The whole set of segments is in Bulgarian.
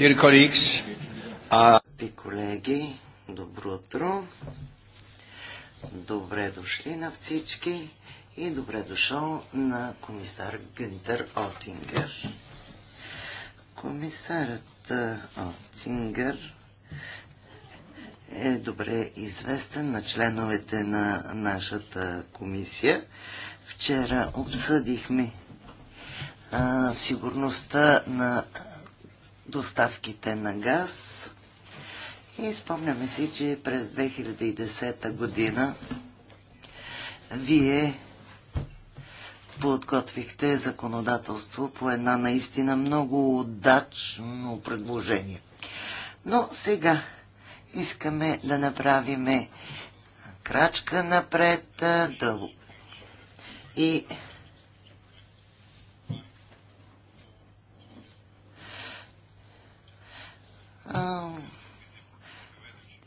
Dear colleagues, uh... колеги, добро утро. Добре дошли на всички и добре дошъл на комисар Гентер Отингер. Комисарът Отингер е добре известен на членовете на нашата комисия. Вчера обсъдихме а, сигурността на доставките на газ. И спомняме си, че през 2010 година вие подготвихте законодателство по една наистина много удачно предложение. Но сега искаме да направиме крачка напред да... и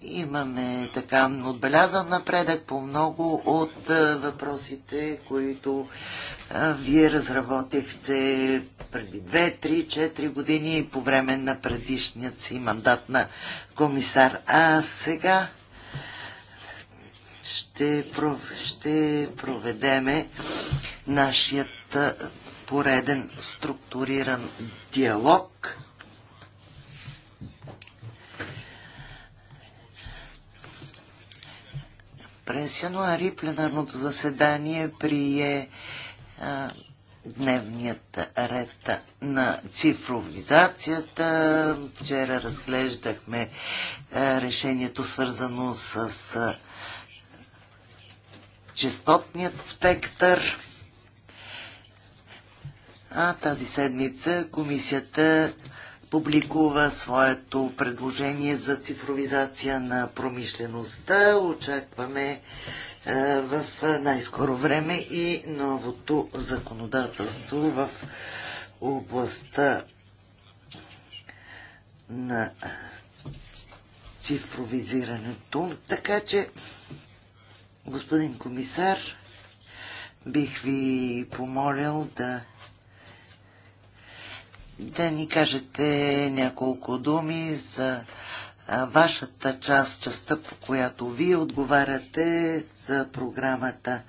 имаме така отбелязан напредък по много от въпросите, които вие разработихте преди 2, 3, 4 години по време на предишният си мандат на комисар. А сега ще, пров... ще проведеме нашият пореден структуриран диалог. През януари пленарното заседание прие а, дневният ред на цифровизацията. Вчера разглеждахме а, решението свързано с а, частотният спектър. А тази седмица комисията публикува своето предложение за цифровизация на промишлеността. Очакваме е, в най-скоро време и новото законодателство в областта на цифровизирането. Така че, господин комисар, бих ви помолил да да ни кажете няколко думи за вашата част, частта, по която вие отговаряте за програмата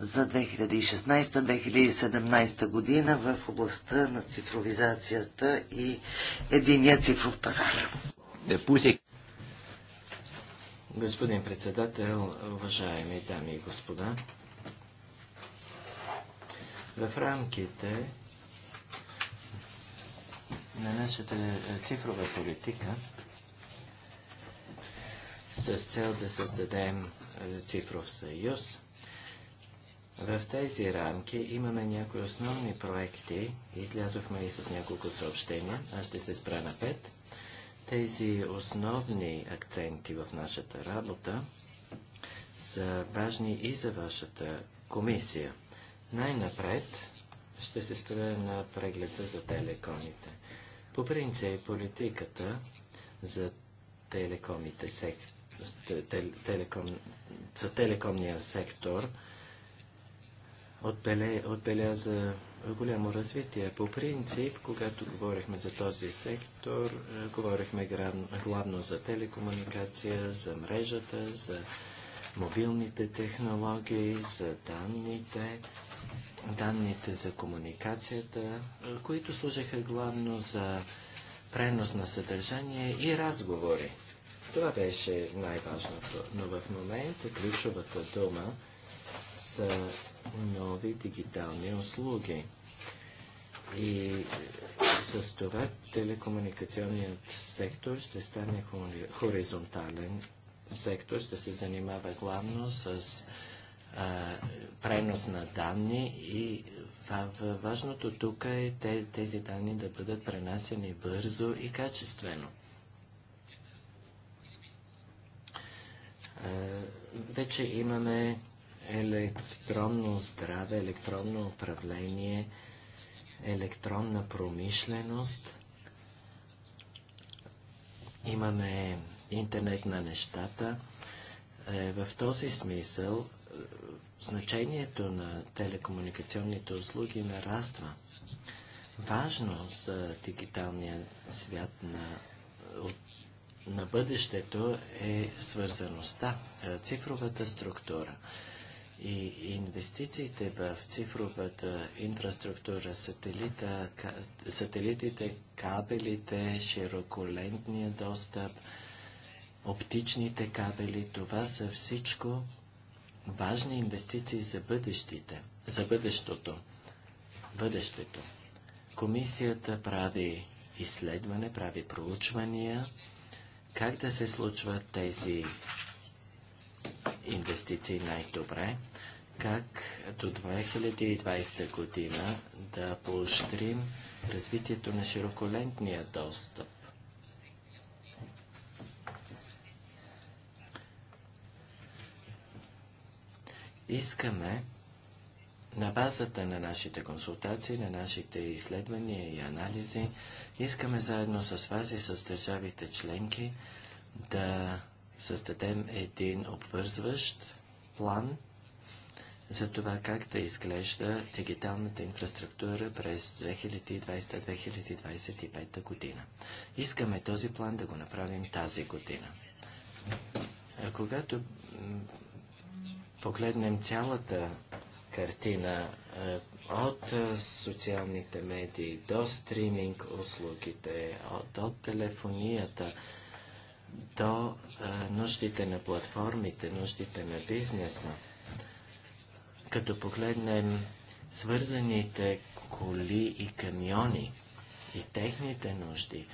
за 2016-2017 година в областта на цифровизацията и единия цифров пазар. Е, Господин председател, уважаеми дами и господа, в рамките на нашата е, цифрова политика с цел да създадем е, цифров съюз. В тези рамки имаме някои основни проекти. Излязохме и с няколко съобщения. Аз ще се спра на пет. Тези основни акценти в нашата работа са важни и за вашата комисия. Най-напред ще се спра на прегледа за телекомите. По принцип, политиката за телекомите сек... тел... телеком... за телекомния сектор отбеляза голямо развитие. По принцип, когато говорихме за този сектор, е, говорихме главно за телекомуникация, за мрежата, за мобилните технологии, за данните, данните за комуникацията, които служаха главно за пренос на съдържание и разговори. Това беше най-важното, но в момента ключовата дума са нови дигитални услуги. И с това телекомуникационният сектор ще стане хоризонтален сектор, ще се занимава главно с а, пренос на данни и важното тук е тези данни да бъдат пренасени бързо и качествено. А, вече имаме електронно здраве, електронно управление, електронна промишленост. Имаме интернет на нещата. Е, в този смисъл Значението на телекомуникационните услуги нараства. Важно за дигиталния свят на, от, на бъдещето е свързаността, е, цифровата структура. И инвестициите в цифровата инфраструктура, сателита, ка, сателитите, кабелите, широколентния достъп, оптичните кабели, това са всичко важни инвестиции за, бъдещите, за бъдещото. бъдещето. Комисията прави изследване, прави проучвания, как да се случват тези инвестиции най-добре, как до 2020 година да поощрим развитието на широколентния достъп Искаме на базата на нашите консултации, на нашите изследвания и анализи, искаме заедно с вас и с държавите членки да създадем един обвързващ план за това как да изглежда дигиталната инфраструктура през 2020-2025 година. Искаме този план да го направим тази година. А когато погледнем цялата картина е, от е, социалните медии до стриминг услугите, от, от телефонията до е, нуждите на платформите, нуждите на бизнеса. Като погледнем свързаните коли и камиони и техните нужди,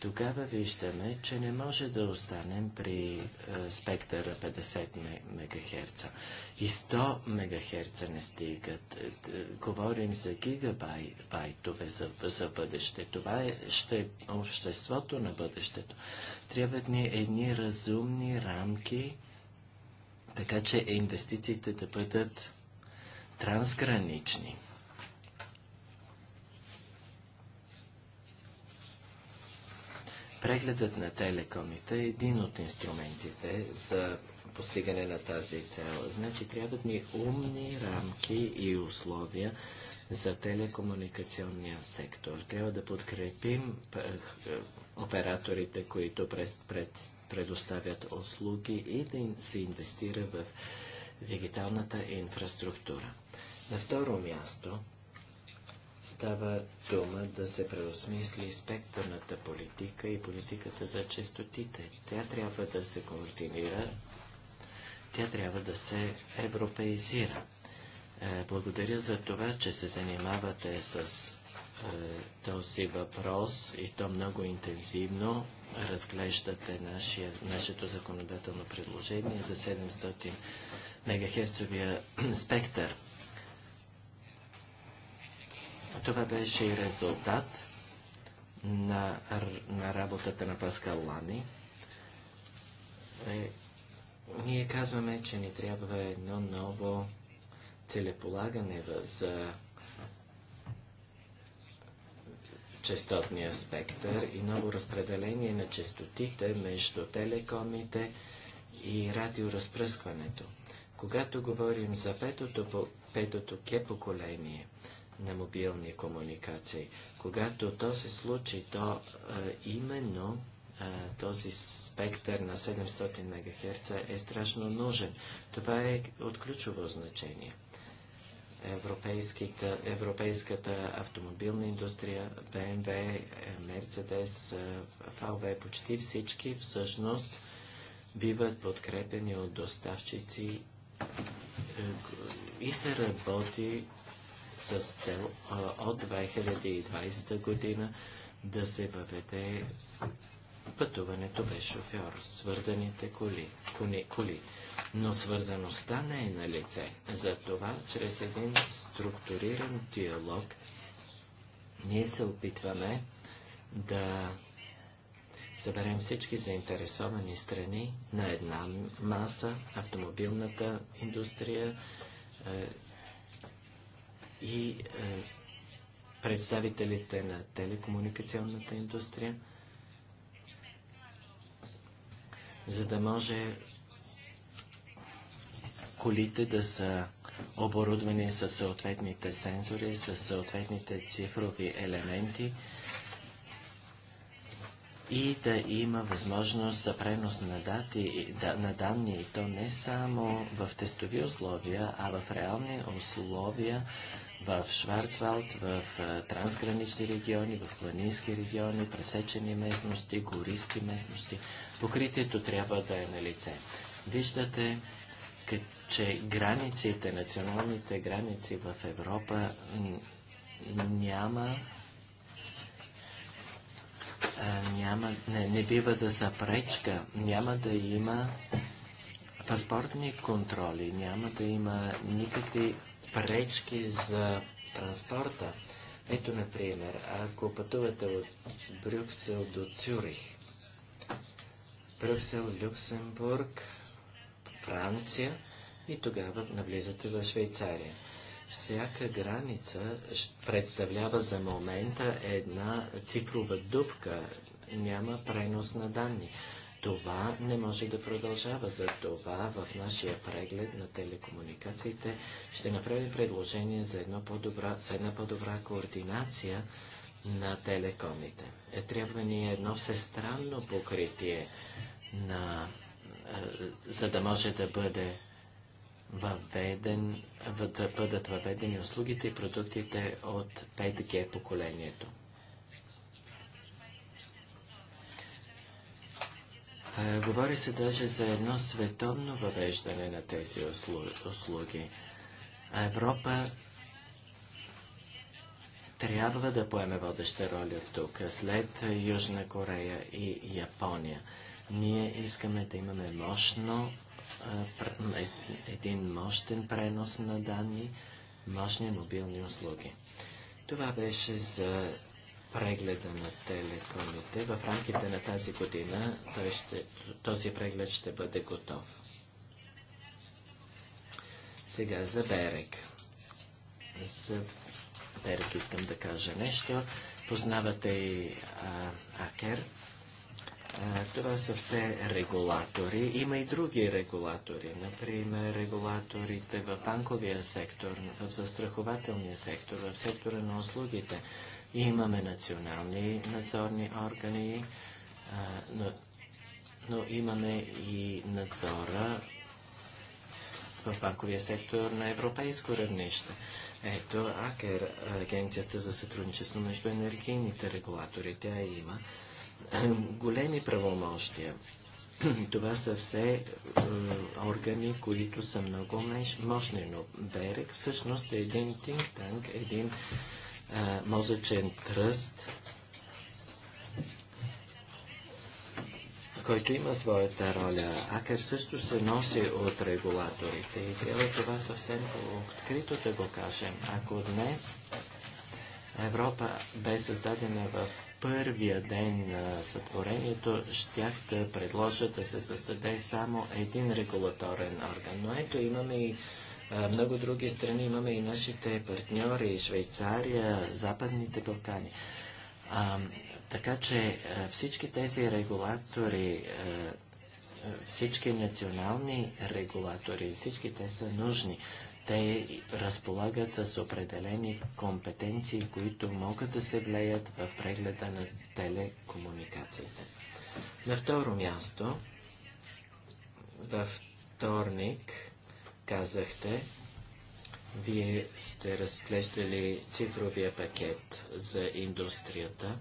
тогава виждаме, че не може да останем при е, спектъра 50 МГц. И 100 МГц не стигат. Е, е, говорим за гигабайтове за, за бъдеще. Това е, ще е обществото на бъдещето. Трябват ни едни разумни рамки, така че инвестициите да бъдат трансгранични. Прегледът на телекомите е един от инструментите за постигане на тази цел. Значи трябват ни умни рамки и условия за телекомуникационния сектор. Трябва да подкрепим е, е, операторите, които предоставят услуги и да се инвестира в дигиталната инфраструктура. На второ място става дума да се преосмисли спектърната политика и политиката за честотите. Тя трябва да се координира, тя трябва да се европеизира. Е, благодаря за това, че се занимавате с е, този въпрос и то много интензивно разглеждате нашия, нашето законодателно предложение за 700 мегахерцовия спектър. Това беше и резултат на, на работата на Паскал Лами. Е, ние казваме, че ни трябва едно ново целеполагане в, за частотния спектър и ново разпределение на частотите между телекомите и радиоразпръскването. Когато говорим за петото, петото ке поколение – на мобилни комуникации. Когато то се случи, то а, именно а, този спектър на 700 МГц е страшно нужен. Това е от ключово значение. Европейската автомобилна индустрия, BMW, Mercedes, VW, почти всички всъщност биват подкрепени от доставчици е, и се работи с цел от 2020 година да се въведе пътуването без шофьор, свързаните коли, коли, коли. Но свързаността не е на лице. Затова, чрез един структуриран диалог, ние се опитваме да съберем всички заинтересовани страни на една маса, автомобилната индустрия, е, и е, представителите на телекомуникационната индустрия, за да може колите да са оборудвани с съответните сензори, с съответните цифрови елементи и да има възможност за пренос на, дати, на данни, и то не само в тестови условия, а в реални условия в Шварцвалд, в трансгранични региони, в планински региони, пресечени местности, гористи местности. Покритието трябва да е на лице. Виждате, че границите, националните граници в Европа няма няма, не, не бива да са пречка, няма да има паспортни контроли, няма да има никакви пречки за транспорта. Ето, например, ако пътувате от Брюксел до Цюрих, Брюксел, Люксембург, Франция и тогава навлизате в Швейцария. Всяка граница представлява за момента една цифрова дупка, няма пренос на данни това не може да продължава. За това в нашия преглед на телекомуникациите ще направим предложение за, едно по-добра, за една по-добра координация на телекомите. Е, трябва ни едно всестранно покритие, на, е, за да може да бъде въведен, да бъдат въведени услугите и продуктите от 5G поколението. говори се даже за едно световно въвеждане на тези услуги. А Европа трябва да поеме водеща роля тук, след Южна Корея и Япония. Ние искаме да имаме мощно, един мощен пренос на данни, мощни мобилни услуги. Това беше за прегледа на телефоните. В рамките на тази година той ще, този преглед ще бъде готов. Сега за Берек. За Берек искам да кажа нещо. Познавате и а, Акер. А, това са все регулатори. Има и други регулатори. Например, регулаторите в банковия сектор, в застрахователния сектор, в сектора на услугите. Имаме национални надзорни органи, но, но имаме и надзора в банковия сектор на европейско равнище. Ето, АКЕР, Агенцията за сътрудничество между енергийните регулатори, тя има големи правомощия. Това са все е, органи, които са много мощни, но Берек всъщност е един think tank, един мозъчен кръст, който има своята роля. Акър също се носи от регулаторите и трябва това съвсем открито да го кажем. Ако днес Европа бе създадена в първия ден на сътворението, щях да предложа да се създаде само един регулаторен орган. Но ето имаме и много други страни. Имаме и нашите партньори, Швейцария, Западните Балкани. А, така че всички тези регулатори, всички национални регулатори, всички те са нужни. Те разполагат с определени компетенции, които могат да се влеят в прегледа на телекомуникациите. На второ място, във вторник, казахте, вие сте разглеждали цифровия пакет за индустрията.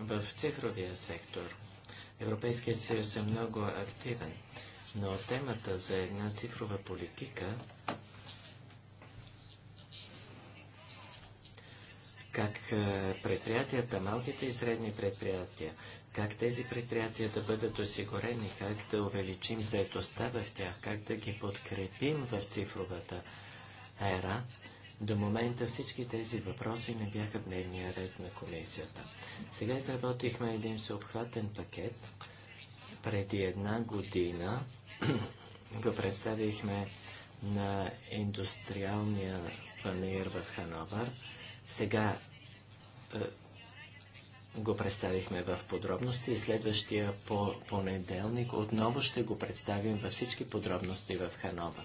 В цифровия сектор Европейският съюз е много активен, но темата за една цифрова политика как предприятията, малките и средни предприятия, как тези предприятия да бъдат осигурени, как да увеличим заедостта в тях, как да ги подкрепим в цифровата ера. До момента всички тези въпроси не бяха в дневния ред на комисията. Сега изработихме един всеобхватен пакет. Преди една година го представихме на индустриалния панер в Хановър. Сега е, го представихме в подробности и следващия по понеделник отново ще го представим във всички подробности в Ханова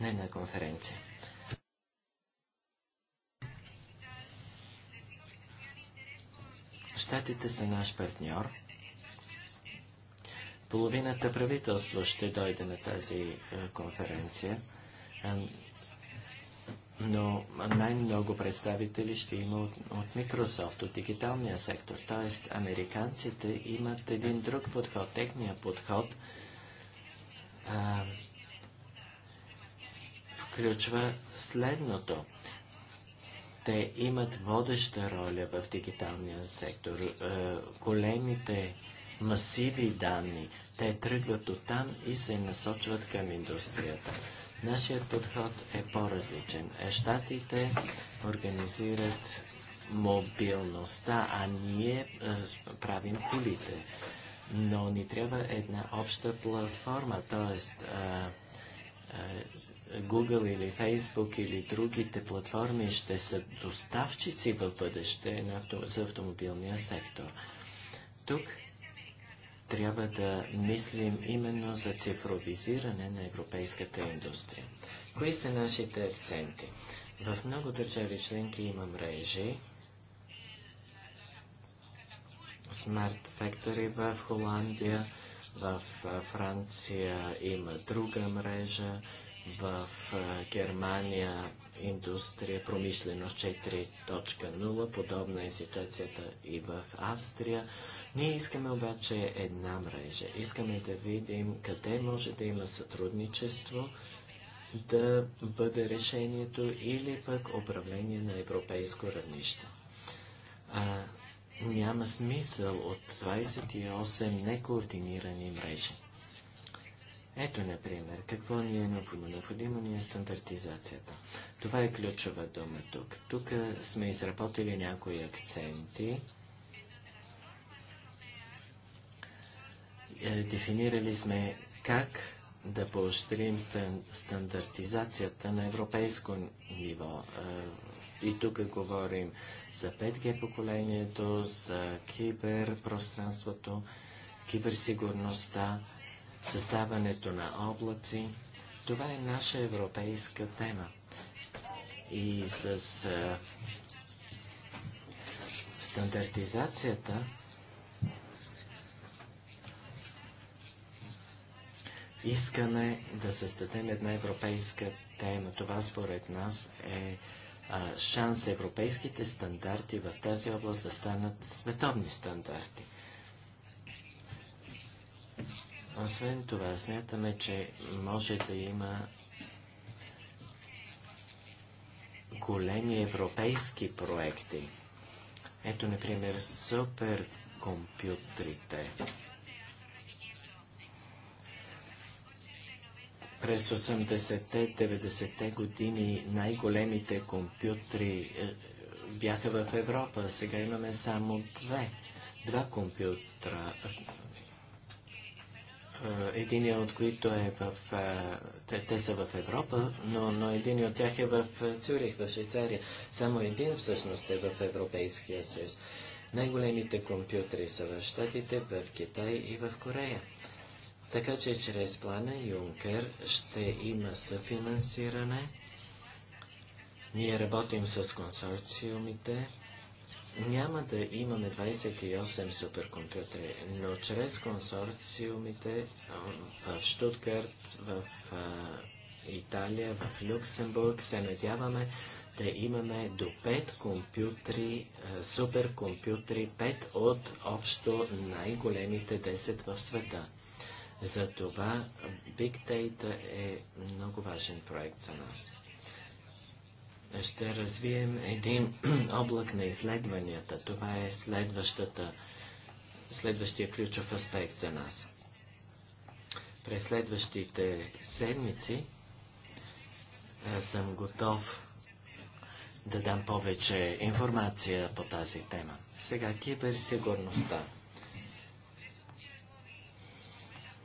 на една конференция. Штатите са наш партньор. Половината правителство ще дойде на тази е, конференция но най-много представители ще има от, от Microsoft, от дигиталния сектор. Тоест, американците имат един друг подход. Техният подход а, включва следното. Те имат водеща роля в дигиталния сектор. А, е, големите масиви данни, те тръгват оттам и се насочват към индустрията. Нашият подход е по-различен. Штатите е, организират мобилността, а ние е, правим колите. Но ни трябва една обща платформа, т.е. Е, Google или Facebook или другите платформи ще са доставчици в бъдеще за автомобилния сектор. Тук трябва да мислим именно за цифровизиране на европейската индустрия. Кои са нашите акценти? В много държави членки има мрежи, Smart Factory в Холандия, в Франция има друга мрежа, в Германия индустрия, промишленост 4.0. Подобна е ситуацията и в Австрия. Ние искаме обаче една мрежа. Искаме да видим къде може да има сътрудничество, да бъде решението или пък управление на европейско равнище. А, няма смисъл от 28 некоординирани мрежи. Ето, например, какво ни е необходимо? Необходимо ни е стандартизацията. Това е ключова дума тук. Тук сме изработили някои акценти, е, дефинирали сме как да поощрим стандартизацията на европейско ниво. Е, и тук говорим за 5G поколението, за киберпространството, киберсигурността създаването на облаци. Това е наша европейска тема. И с а, стандартизацията искаме да създадем една европейска тема. Това според нас е а, шанс европейските стандарти в тази област да станат световни стандарти. Освен това, смятаме, че може да има големи европейски проекти. Ето, например, суперкомпютрите. През 80-те, 90-те години най-големите компютри е, бяха в Европа. Сега имаме само две. Два компютра, е, единият от които е в... Е, те, те са в Европа, но, но един от тях е в е, Цюрих, в Швейцария. Само един всъщност е в Европейския съюз. Най-големите компютри са в Штатите, в Китай и в Корея. Така че чрез плана Юнкер ще има съфинансиране. Ние работим с консорциумите няма да имаме 28 суперкомпютри, но чрез консорциумите в Штутгарт, в Италия, в Люксембург се надяваме да имаме до 5 компютри, суперкомпютри, 5 от общо най-големите 10 в света. Затова Big Data е много важен проект за нас ще развием един облак на изследванията. Това е следващата, следващия ключов аспект за нас. През следващите седмици съм готов да дам повече информация по тази тема. Сега киберсигурността.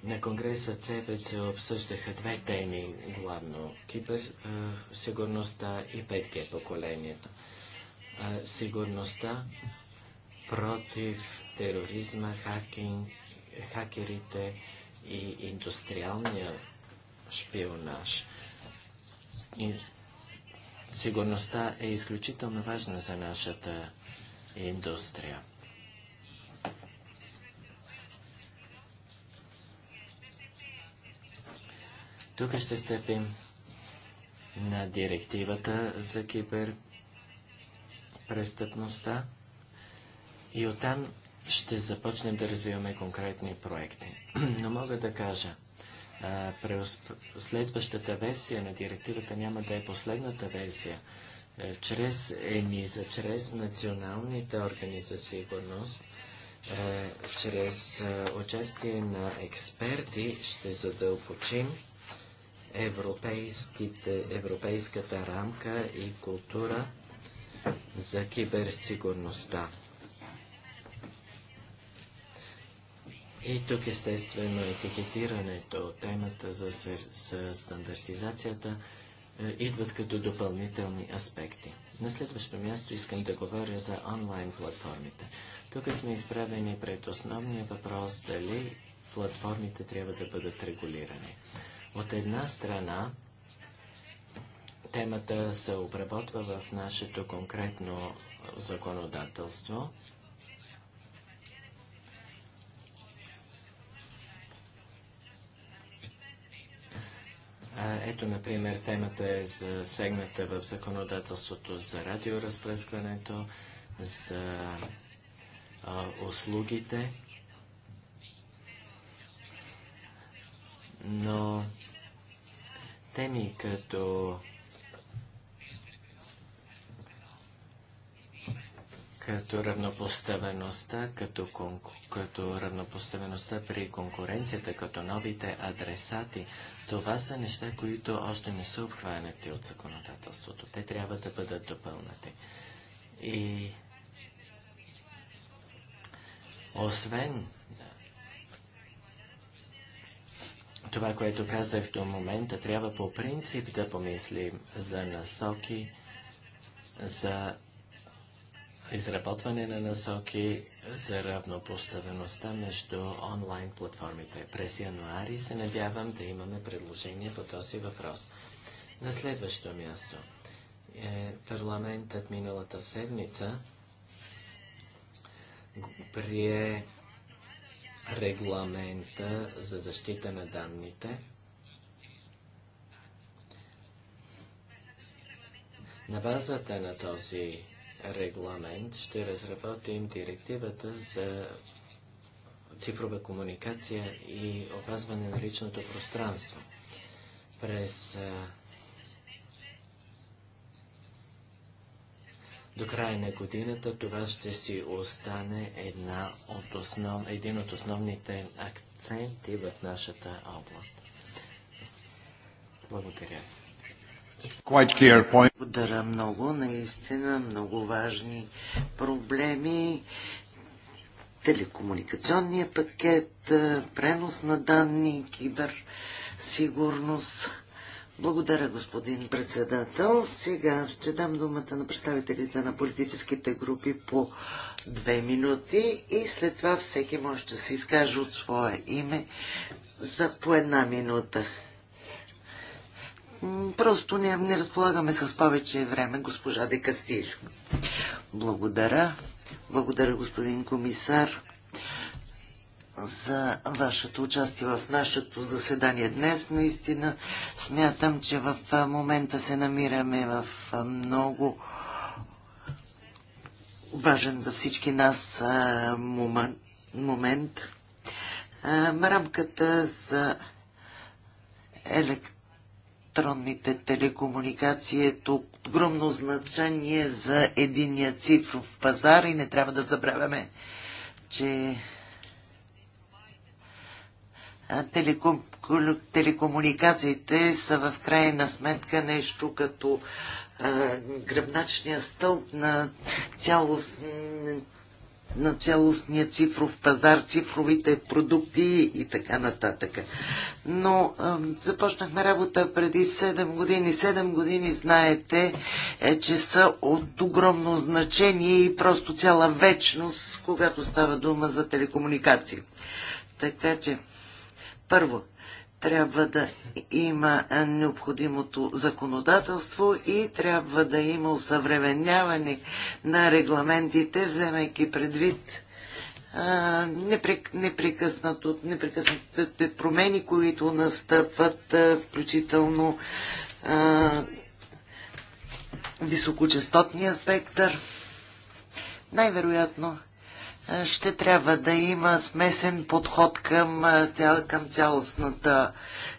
На конгреса ЦПЦ се обсъждаха две теми главно – киберсигурността и 5G поколението. сигурността против тероризма, хакинг, хакерите и индустриалния шпионаж. И сигурността е изключително важна за нашата индустрия. Тук ще стъпим на директивата за киберпрестъпността и оттам ще започнем да развиваме конкретни проекти. Но мога да кажа, следващата версия на директивата няма да е последната версия. Е, чрез ЕМИЗа, чрез националните органи за сигурност, е, чрез участие на експерти ще задълбочим европейската рамка и култура за киберсигурността. И тук естествено етикетирането, темата за, за стандартизацията е, идват като допълнителни аспекти. На следващо място искам да говоря за онлайн платформите. Тук сме изправени пред основния въпрос дали платформите трябва да бъдат регулирани. От една страна, темата се обработва в нашето конкретно законодателство. Ето, например, темата е засегната в законодателството за радиоразпръскването, за а, услугите, но теми като като равнопоставеността, като, конку... като равнопоставеността при конкуренцията, като новите адресати. Това са неща, които още не са обхванати от законодателството. Те трябва да бъдат допълнати. И освен това, което казах до момента, трябва по принцип да помислим за насоки, за изработване на насоки за равнопоставеността между онлайн платформите. През януари се надявам да имаме предложение по този въпрос. На следващо място. Е, парламентът миналата седмица прие регламента за защита на данните. На базата на този регламент ще разработим директивата за цифрова комуникация и опазване на личното пространство. През До края на годината това ще си остане една от основ... един от основните акценти в нашата област. Благодаря. Благодаря много, наистина много важни проблеми. Телекомуникационния пакет, пренос на данни, киберсигурност. Благодаря, господин председател. Сега ще дам думата на представителите на политическите групи по две минути и след това всеки може да се изкаже от свое име за по една минута. Просто не, не разполагаме с повече време, госпожа Де Благодаря. Благодаря, господин комисар за вашето участие в нашето заседание днес. Наистина смятам, че в момента се намираме в много важен за всички нас момент. Рамката за електронните телекомуникации е тук огромно значение за единия цифров пазар и не трябва да забравяме, че телеком, телекомуникациите са в крайна сметка нещо като гръбначния стълб на, цялост, на цялостния цифров пазар, цифровите продукти и така нататък. Но а, започнахме работа преди 7 години. 7 години, знаете, е, че са от огромно значение и просто цяла вечност, когато става дума за телекомуникации. Така че първо, трябва да има необходимото законодателство и трябва да има усъвременяване на регламентите, вземайки предвид непрекъснатите промени, които настъпват, включително високочастотния спектър. Най-вероятно ще трябва да има смесен подход към, към, цялостната,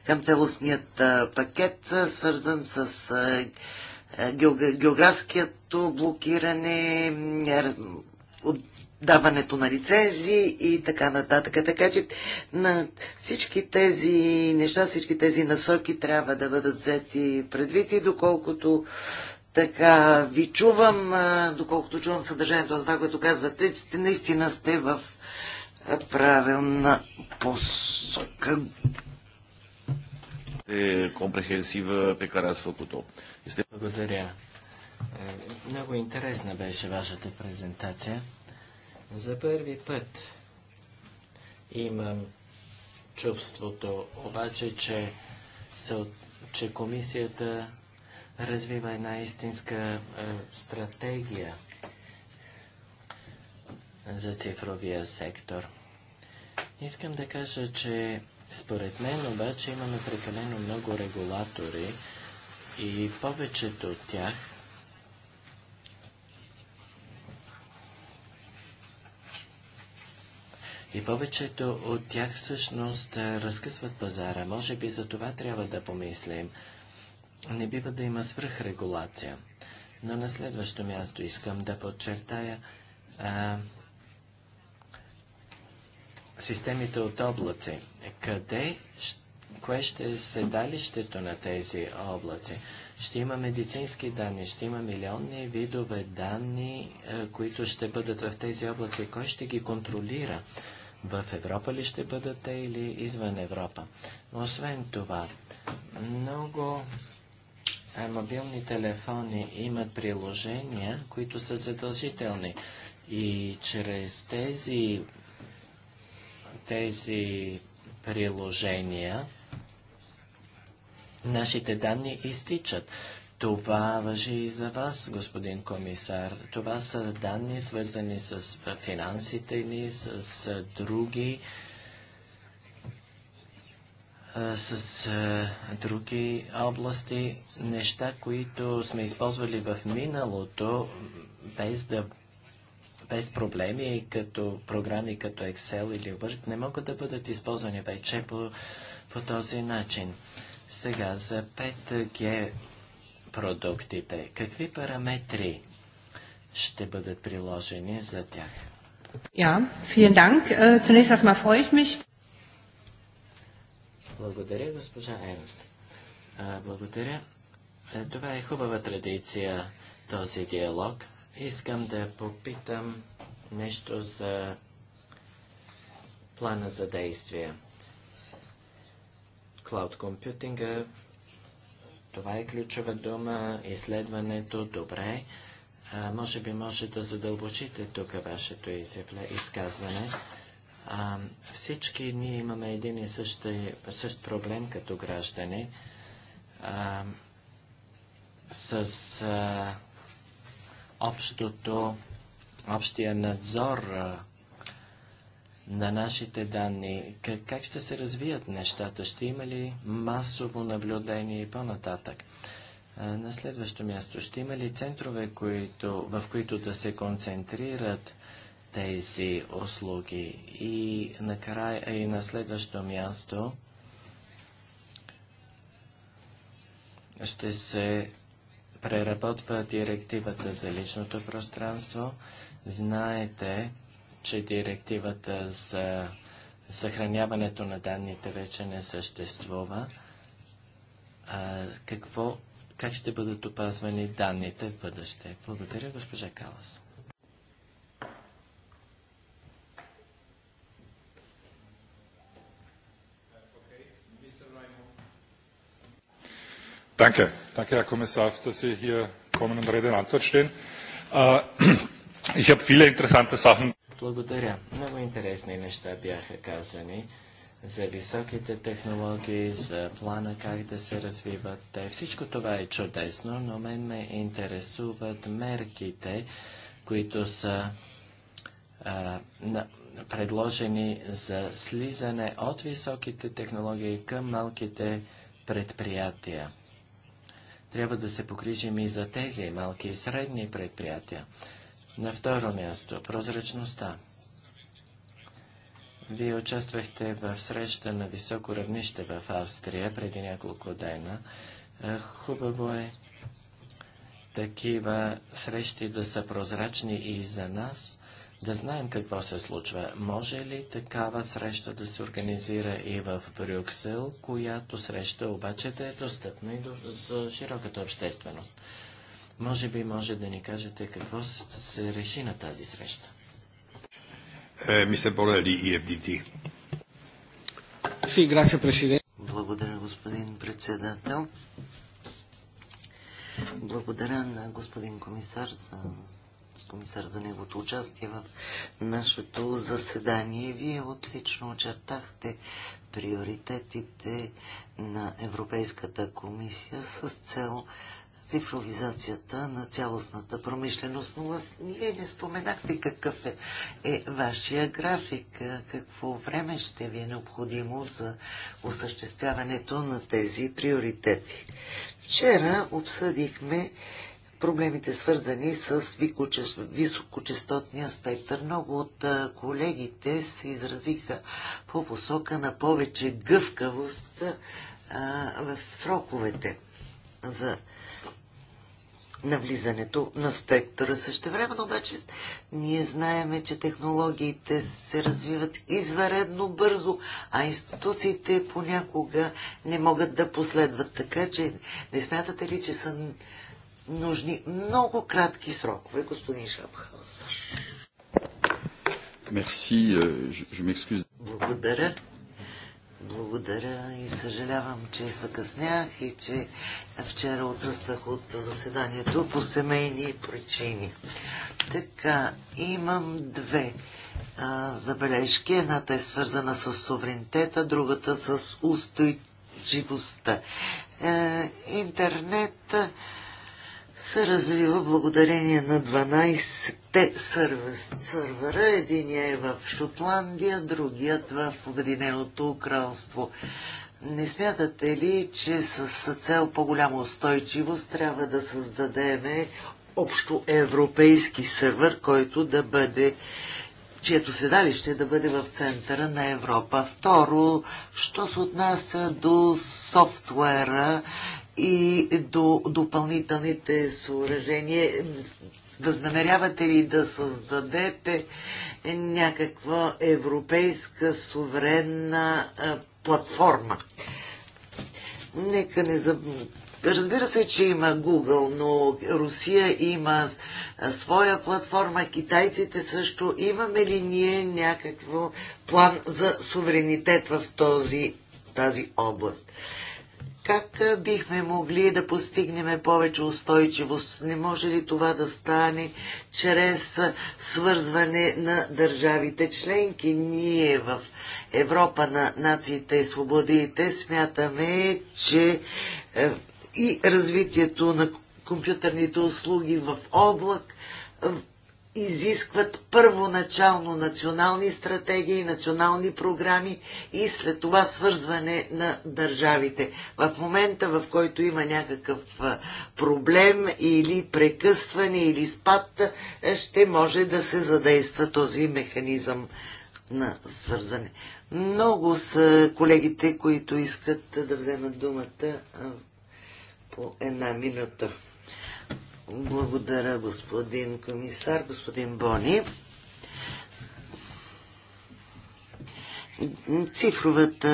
към цялостният пакет, свързан с географското блокиране, отдаването на лицензии и така нататък. Така че на всички тези неща, всички тези насоки трябва да бъдат взети предвид и доколкото така ви чувам, доколкото чувам съдържанието на това, което казвате, сте, наистина сте в правилна посока. Е компрехенсива пекара care Благодаря. Е, много интересна беше вашата презентация. За първи път имам чувството обаче, че, се, че комисията развива една истинска е, стратегия за цифровия сектор. Искам да кажа, че според мен обаче имаме прекалено много регулатори и повечето от тях И повечето от тях всъщност е, разкъсват пазара. Може би за това трябва да помислим. Не бива да има свръхрегулация. Но на следващо място искам да подчертая а, системите от облаци. Къде, кое ще е седалището на тези облаци? Ще има медицински данни, ще има милионни видове данни, а, които ще бъдат в тези облаци. Кой ще ги контролира? В Европа ли ще бъдат те или извън Европа? Освен това, много мобилни телефони имат приложения, които са задължителни. И чрез тези, тези приложения нашите данни изтичат. Това въжи и за вас, господин комисар. Това са данни, свързани с финансите ни, с, с други с други области, неща, които сме използвали в миналото, без да без проблеми, като програми като Excel или Word, не могат да бъдат използвани вече по, по този начин. Сега за 5G продуктите. Какви параметри ще бъдат приложени за тях? Ja, vielen Dank. Äh, zunächst erstmal freue ich mich. Благодаря, госпожа Ернст. Благодаря. Е, това е хубава традиция, този диалог. Искам да попитам нещо за плана за действие. Клауд компютинга, това е ключова дума, изследването, добре. А, може би може да задълбочите тук вашето изказване. А, всички ние имаме един и същи, същ проблем като граждани а, с а, общото, общия надзор а, на нашите данни. Как, как ще се развият нещата? Ще има ли масово наблюдение и по-нататък? На следващо място ще има ли центрове, които, в които да се концентрират тези услуги. И накрая и на следващо място ще се преработва директивата за личното пространство. Знаете, че директивата за съхраняването на данните вече не съществува. А, какво, как ще бъдат опазвани данните в бъдеще? Благодаря, госпожа Калас. Danke. Danke, Herr Kommissar, dass Sie hier kommen und Rede und Antwort stehen. Äh, ich habe viele interessante Sachen. Благодаря. Много интересни неща бяха казани за високите технологии, за плана как да се развиват те. Всичко това е чудесно, но мен ме интересуват мерките, които са а, на, предложени за слизане от високите технологии към малките предприятия. Трябва да се погрижим и за тези малки и средни предприятия. На второ място, прозрачността. Вие участвахте в среща на високо равнище в Австрия преди няколко дена. Е, хубаво е такива срещи да са прозрачни и за нас, да знаем какво се случва. Може ли такава среща да се организира и в Брюксел, която среща обаче да е достъпна и до, за широката общественост? Може би може да ни кажете какво се реши на тази среща. Е, мистер и е EFDT. Благодаря, господин председател. Благодаря на господин комисар за комисар за неговото участие в нашето заседание. Вие отлично очертахте приоритетите на Европейската комисия с цел цифровизацията на цялостната промишленост, но ние не споменахте какъв е, е вашия график, какво време ще ви е необходимо за осъществяването на тези приоритети. Вчера обсъдихме проблемите свързани с високочастотния спектър. Много от колегите се изразиха по посока на повече гъвкавост в сроковете за навлизането на спектъра. Също време, обаче ние знаеме, че технологиите се развиват изваредно бързо, а институциите понякога не могат да последват. Така че не смятате ли, че са нужни много кратки срокове, господин Шапхаузър. Мерси, je, е, Благодаря. Благодаря и съжалявам, че закъснях и че вчера отсъствах от заседанието по семейни причини. Така, имам две а, забележки. Едната е свързана с суверенитета, другата с устойчивостта. Е, интернет. А, се развива благодарение на 12-те сървъра. Единия е в Шотландия, другият в Обединеното кралство. Не смятате ли, че с цел по-голяма устойчивост трябва да създадеме общо европейски сървър, който да бъде чието седалище да бъде в центъра на Европа. Второ, що се отнася до софтуера и до допълнителните съоръжения. Възнамерявате ли да създадете някаква европейска суверенна платформа? Нека не заб... Разбира се, че има Google, но Русия има своя платформа, китайците също. Имаме ли ние някакво план за суверенитет в този, тази област? как бихме могли да постигнем повече устойчивост? Не може ли това да стане чрез свързване на държавите членки? Ние в Европа на нациите и свободите смятаме, че е, и развитието на компютърните услуги в облак изискват първоначално национални стратегии, национални програми и след това свързване на държавите. В момента, в който има някакъв проблем или прекъсване или спад, ще може да се задейства този механизъм на свързване. Много са колегите, които искат да вземат думата по една минута. Благодаря, господин комисар, господин Бони. цифровата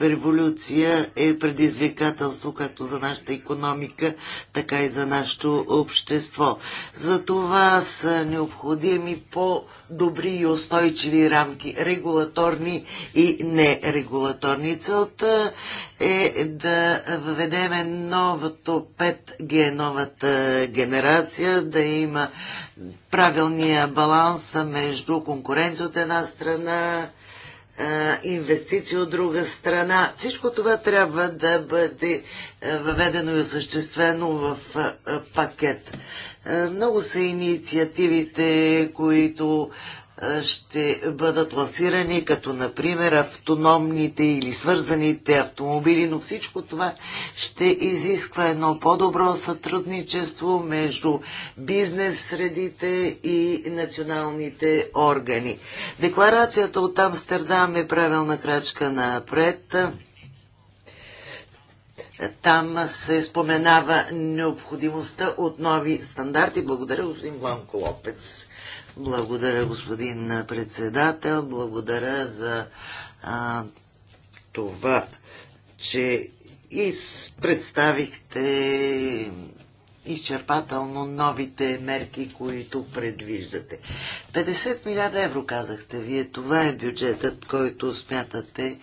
революция е предизвикателство както за нашата економика, така и за нашето общество. За това са необходими по-добри и устойчиви рамки, регулаторни и нерегулаторни. Целта е да въведеме новото 5G, новата генерация, да има правилния баланс между конкуренция от една страна, инвестиции от друга страна. Всичко това трябва да бъде въведено и осъществено в пакет. Много са инициативите, които ще бъдат ласирани, като например автономните или свързаните автомобили, но всичко това ще изисква едно по-добро сътрудничество между бизнес средите и националните органи. Декларацията от Амстердам е правилна крачка напред. Там се споменава необходимостта от нови стандарти. Благодаря, господин Бланко Лопец. Благодаря, господин председател. Благодаря за а, това, че представихте изчерпателно новите мерки, които предвиждате. 50 милиарда евро казахте вие. Това е бюджетът, който смятате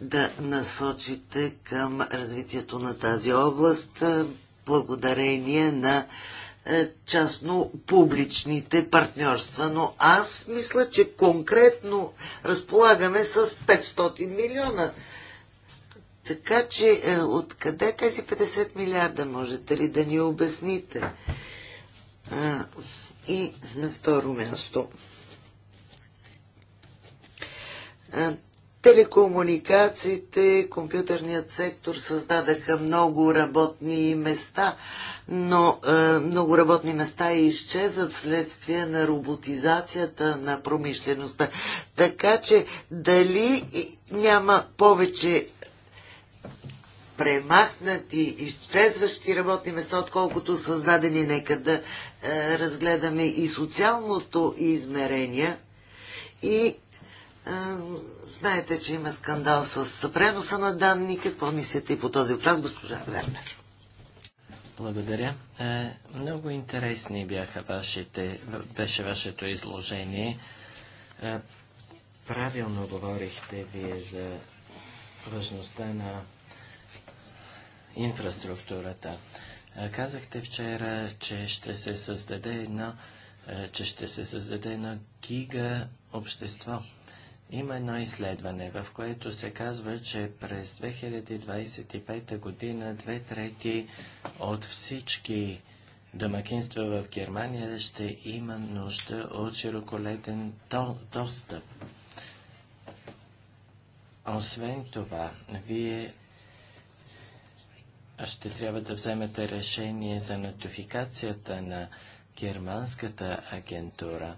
да насочите към развитието на тази област благодарение на е, частно-публичните партньорства. Но аз мисля, че конкретно разполагаме с 500 милиона. Така че е, откъде тези 50 милиарда можете ли да ни обясните? А, и на второ място. Телекомуникациите, компютърният сектор създадаха много работни места, но е, много работни места изчезват вследствие на роботизацията на промишлеността. Така че дали няма повече премахнати, изчезващи работни места, отколкото създадени, нека да е, разгледаме и социалното измерение и Знаете, че има скандал с преноса на данни. Какво мислите и по този въпрос, госпожа Вернер? Благодаря. Е, много интересни бяха вашите, беше вашето изложение. Е, правилно говорихте вие за важността на инфраструктурата. Е, казахте вчера, че ще се създаде едно, е, че ще се създаде едно гига общество. Има едно изследване, в което се казва, че през 2025 година две трети от всички домакинства в Германия ще има нужда от широколетен достъп. Освен това, вие ще трябва да вземете решение за нотификацията на германската агентура,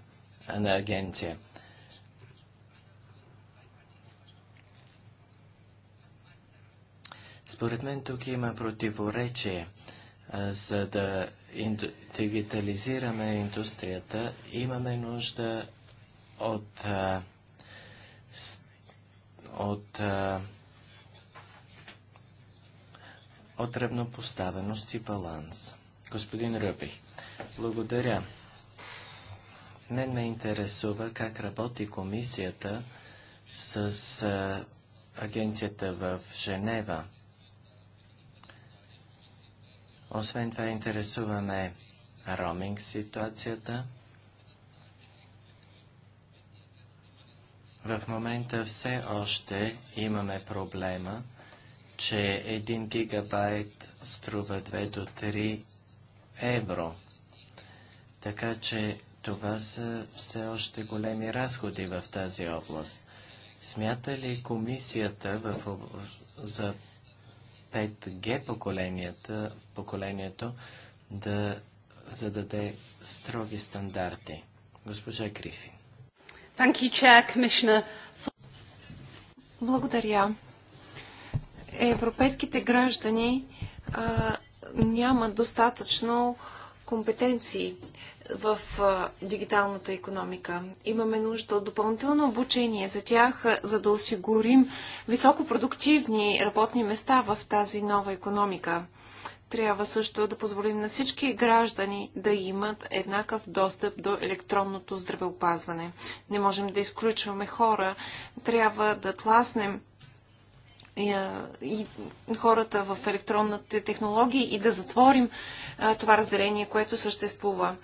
на агенция. Според мен тук има противоречие. За да дигитализираме индустрията, имаме нужда от, от, от равнопоставеност и баланс. Господин Ръбих, благодаря. Мен ме интересува как работи комисията с агенцията в Женева. Освен това интересуваме роминг ситуацията. В момента все още имаме проблема, че 1 гигабайт струва 2 до 3 евро. Така че това са все още големи разходи в тази област. Смята ли комисията в, за 5G поколенията, поколението да зададе строги стандарти. Госпожа Грифин. Благодаря. Европейските граждани а, няма достатъчно компетенции в дигиталната економика. Имаме нужда от допълнително обучение за тях, за да осигурим високопродуктивни работни места в тази нова економика. Трябва също да позволим на всички граждани да имат еднакъв достъп до електронното здравеопазване. Не можем да изключваме хора. Трябва да тласнем и хората в електронните технологии и да затворим това разделение, което съществува.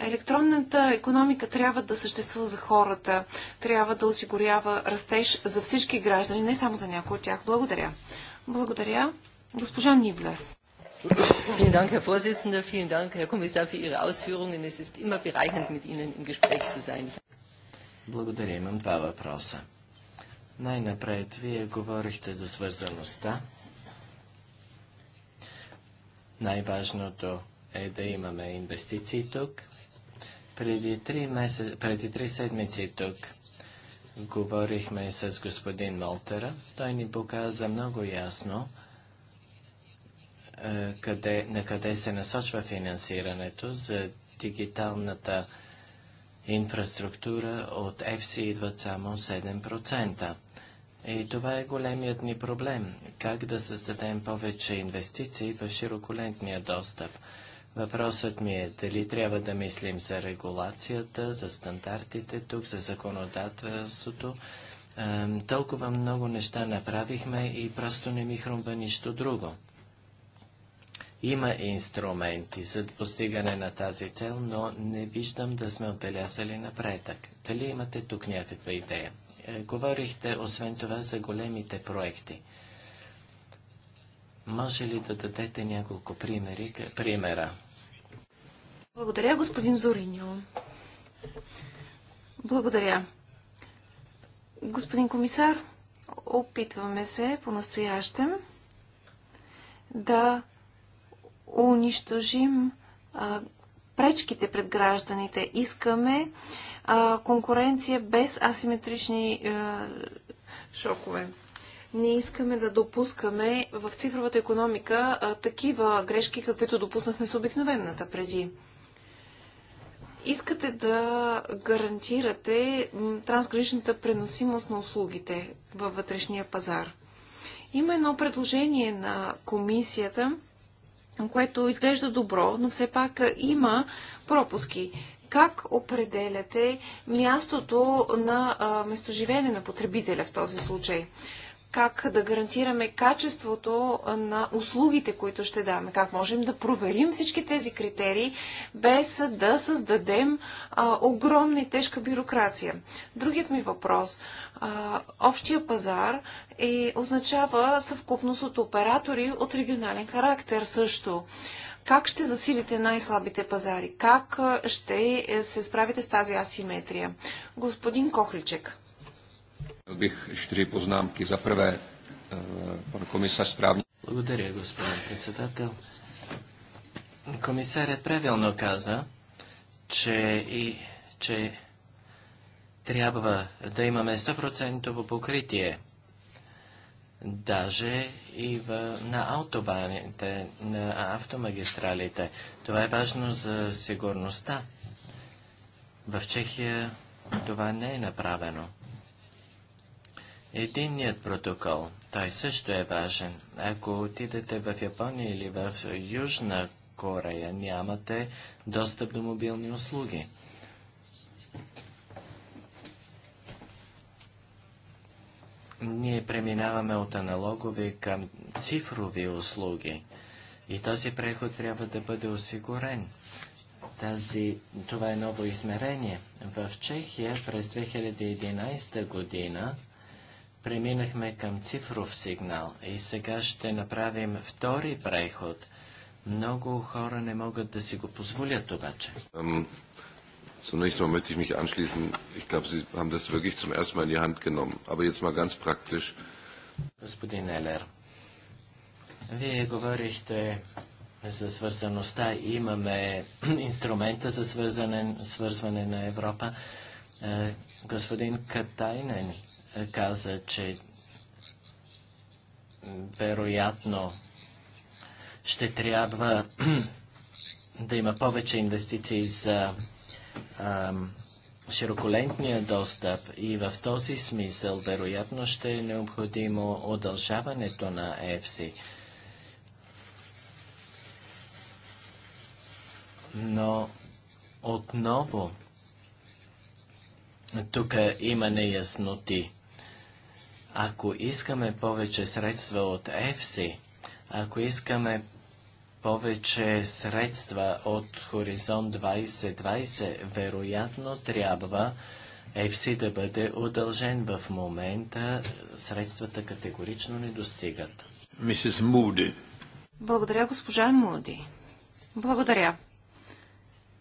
Електронната економика трябва да съществува за хората, трябва да осигурява растеж за всички граждани, не само за някои от тях. Благодаря. Благодаря. Госпожа Ниблер. Vielen Dank, Herr Vorsitzender. Vielen Dank, Herr Kommissar, für Ihre Ausführungen. Es ist immer bereichernd, mit Ihnen im Gespräch zu sein. Благодаря. Имам два въпроса. Най-напред, Вие говорихте за свързаността. Най-важното е да имаме инвестиции тук – преди три, месец, преди три седмици тук говорихме с господин Молтера. Той ни показа много ясно е, къде, на къде се насочва финансирането за дигиталната инфраструктура. От EFSI идват само 7%. И това е големият ни проблем. Как да създадем повече инвестиции в широколентния достъп – Въпросът ми е дали трябва да мислим за регулацията, за стандартите тук, за законодателството. Е, толкова много неща направихме и просто не ми хрумва нищо друго. Има инструменти за постигане на тази цел, но не виждам да сме отбелязали напредък. Дали имате тук някаква идея? Е, говорихте, освен това, за големите проекти. Може ли да дадете няколко примери, примера? Благодаря, господин Зориньо. Благодаря. Господин комисар, опитваме се по-настоящем да унищожим а, пречките пред гражданите. Искаме а, конкуренция без асиметрични а, шокове. Не искаме да допускаме в цифровата економика а, такива грешки, каквито допуснахме с обикновената преди искате да гарантирате трансграничната преносимост на услугите във вътрешния пазар. Има едно предложение на комисията, което изглежда добро, но все пак има пропуски. Как определяте мястото на местоживеене на потребителя в този случай? как да гарантираме качеството на услугите, които ще даме, как можем да проверим всички тези критерии, без да създадем а, огромна и тежка бюрокрация. Другият ми въпрос. А, общия пазар е, означава съвкупност от оператори от регионален характер също. Как ще засилите най-слабите пазари? Как ще е, се справите с тази асиметрия? Господин Кохличек. Бих четири познамки. За първе, пан комисар správně. Благодаря, господин председател. Комисарят правилно каза, че, и, че трябва да имаме 100% покритие. Даже и в, на автобаните, на автомагистралите. Това е важно за сигурността. В Чехия това не е направено. Единният протокол, той също е важен. Ако отидете в Япония или в Южна Корея, нямате достъп до мобилни услуги. Ние преминаваме от аналогови към цифрови услуги. И този преход трябва да бъде осигурен. Тази, това е ново измерение. В Чехия през 2011 година преминахме към цифров сигнал и сега ще направим втори преход. Много хора не могат да си го позволят обаче. Zunächst mal möchte ich mich anschließen. Ich glaube, Sie haben das wirklich zum ersten Mal in die Hand genommen. Aber jetzt mal ganz praktisch. Господин Елер, Вие говорихте за свързаността. Имаме инструмента за свързване, свързване на Европа. Е, господин Катайнен каза, че вероятно ще трябва да има повече инвестиции за а, широколентния достъп и в този смисъл вероятно ще е необходимо удължаването на ЕФСИ. Но отново тук има неясноти. Ако искаме повече средства от ЕФСИ, ако искаме повече средства от Хоризонт 2020, вероятно трябва ЕФСИ да бъде удължен. В момента средствата категорично не достигат. Мисис Муди. Благодаря, госпожа Муди. Благодаря.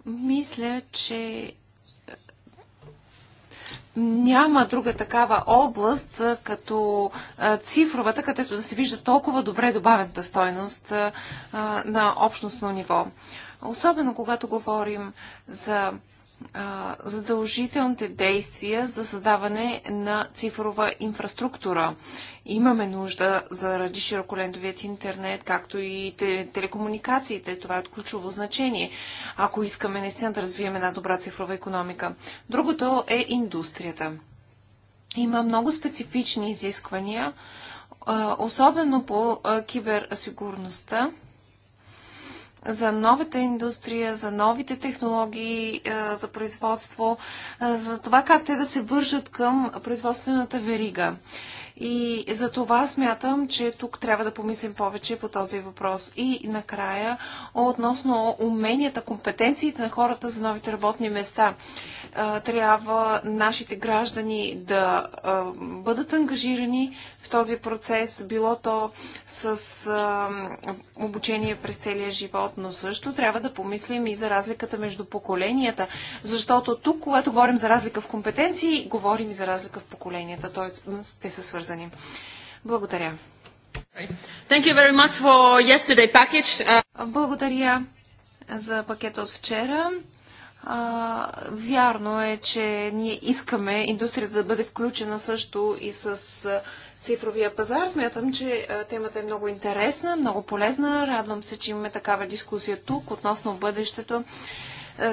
Мисля, че няма друга такава област, като цифровата, където да се вижда толкова добре добавената стойност на общностно ниво. Особено когато говорим за задължителните действия за създаване на цифрова инфраструктура. Имаме нужда заради широколентовият интернет, както и телекомуникациите. Това е от ключово значение, ако искаме наистина да развием една добра цифрова економика. Другото е индустрията. Има много специфични изисквания, особено по киберсигурността за новата индустрия, за новите технологии е, за производство, е, за това как те да се вържат към производствената верига. И за това смятам, че тук трябва да помислим повече по този въпрос. И накрая, относно уменията, компетенциите на хората за новите работни места. Е, трябва нашите граждани да бъдат ангажирани в този процес, било то с а, обучение през целия живот, но също трябва да помислим и за разликата между поколенията, защото тук, когато говорим за разлика в компетенции, говорим и за разлика в поколенията, т.е. те са свързани. Благодаря. Благодаря за пакета от вчера. А, вярно е, че ние искаме индустрията да бъде включена също и с цифровия пазар. Смятам, че темата е много интересна, много полезна. Радвам се, че имаме такава дискусия тук относно бъдещето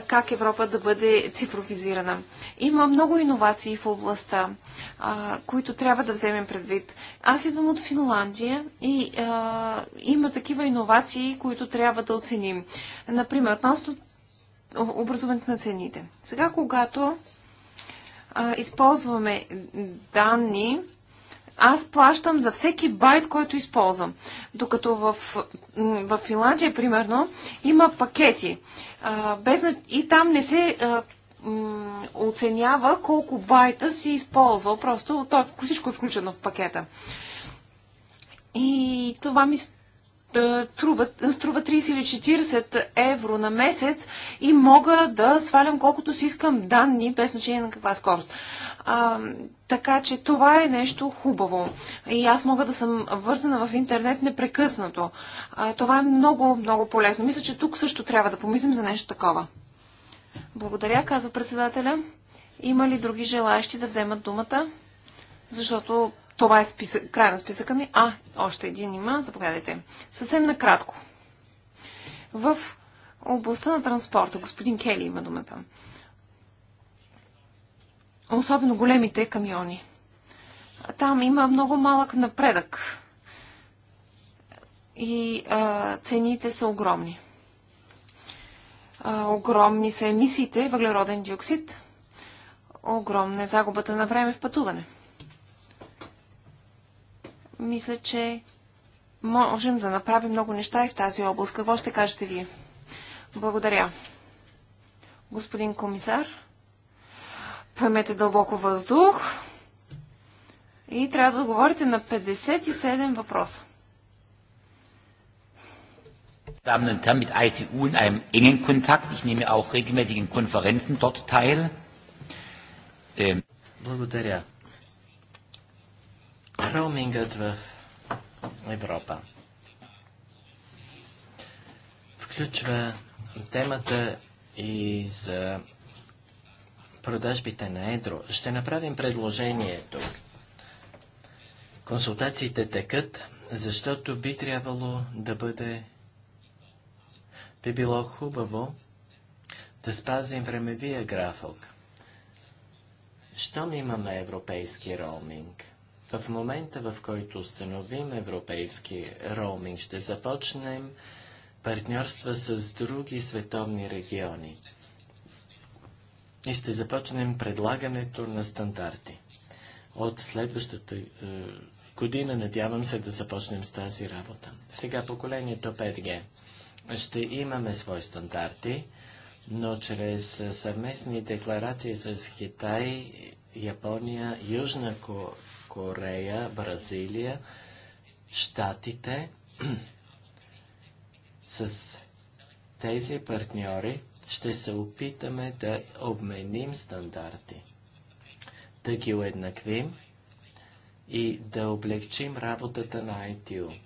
как Европа да бъде цифровизирана. Има много иновации в областта, а, които трябва да вземем предвид. Аз идвам от Финландия и а, има такива иновации, които трябва да оценим. Например, относно образуването на цените. Сега, когато а, използваме данни, аз плащам за всеки байт, който използвам. Докато в, в Финландия, примерно, има пакети. А, без, и там не се а, м, оценява колко байта си използва. Просто то, е- всичко е включено в пакета. И това ми е, струва, струва 30 или 40 евро на месец и мога да свалям колкото си искам данни, без значение на каква скорост. А, така че това е нещо хубаво. И аз мога да съм вързана в интернет непрекъснато. А, това е много, много полезно. Мисля, че тук също трябва да помислим за нещо такова. Благодаря, казва председателя. Има ли други желаящи да вземат думата? Защото това е списък, край на списъка ми. А, още един има. Заповядайте. Съвсем накратко. В областта на транспорта, господин Кели има думата особено големите камиони. Там има много малък напредък и а, цените са огромни. А, огромни са емисиите въглероден диоксид. Огромна е загубата на време в пътуване. Мисля, че можем да направим много неща и в тази област. Какво ще кажете вие? Благодаря. Господин комисар. Поемете дълбоко въздух. И трябва да отговорите на 57 въпроса. Damen und Herren, mit ITU in einem engen Kontakt. Ich nehme auch regelmäßig in Konferenzen dort teil. Ähm, Благодаря. Роумингът в Европа включва темата и за продажбите на едро. Ще направим предложение тук. Консултациите текат, защото би трябвало да бъде... Би било хубаво да спазим времевия график. Щом имаме европейски роуминг? В момента, в който установим европейски роуминг, ще започнем партньорства с други световни региони и ще започнем предлагането на стандарти. От следващата е, година надявам се да започнем с тази работа. Сега поколението 5G. Ще имаме свои стандарти, но чрез съвместни декларации с Китай, Япония, Южна Корея, Бразилия, Штатите, с тези партньори ще се опитаме да обменим стандарти, да ги уеднаквим и да облегчим работата на ITU.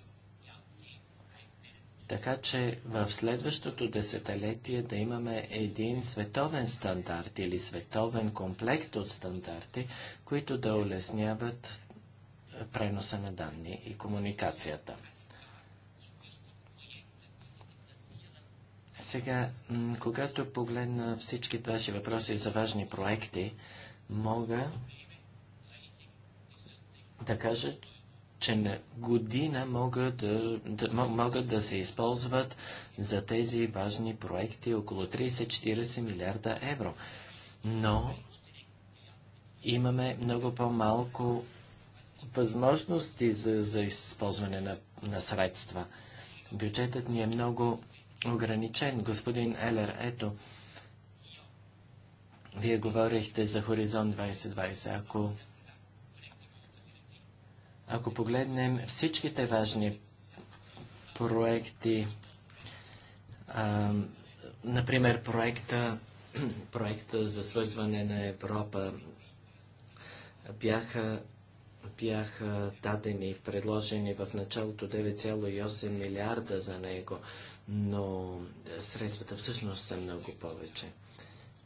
Така че в следващото десетилетие да имаме един световен стандарт или световен комплект от стандарти, които да улесняват преноса на данни и комуникацията. Сега, когато погледна всички ваши въпроси за важни проекти, мога да кажа, че на година могат да, да, могат да се използват за тези важни проекти около 30-40 милиарда евро. Но имаме много по-малко възможности за, за използване на, на средства. Бюджетът ни е много ограничен. Господин Елер, ето, вие говорихте за Хоризонт 2020. Ако, ако погледнем всичките важни проекти, а, например проекта, проекта за свързване на Европа, бяха бяха дадени, предложени в началото 9,8 милиарда за него но е, средствата всъщност са много повече,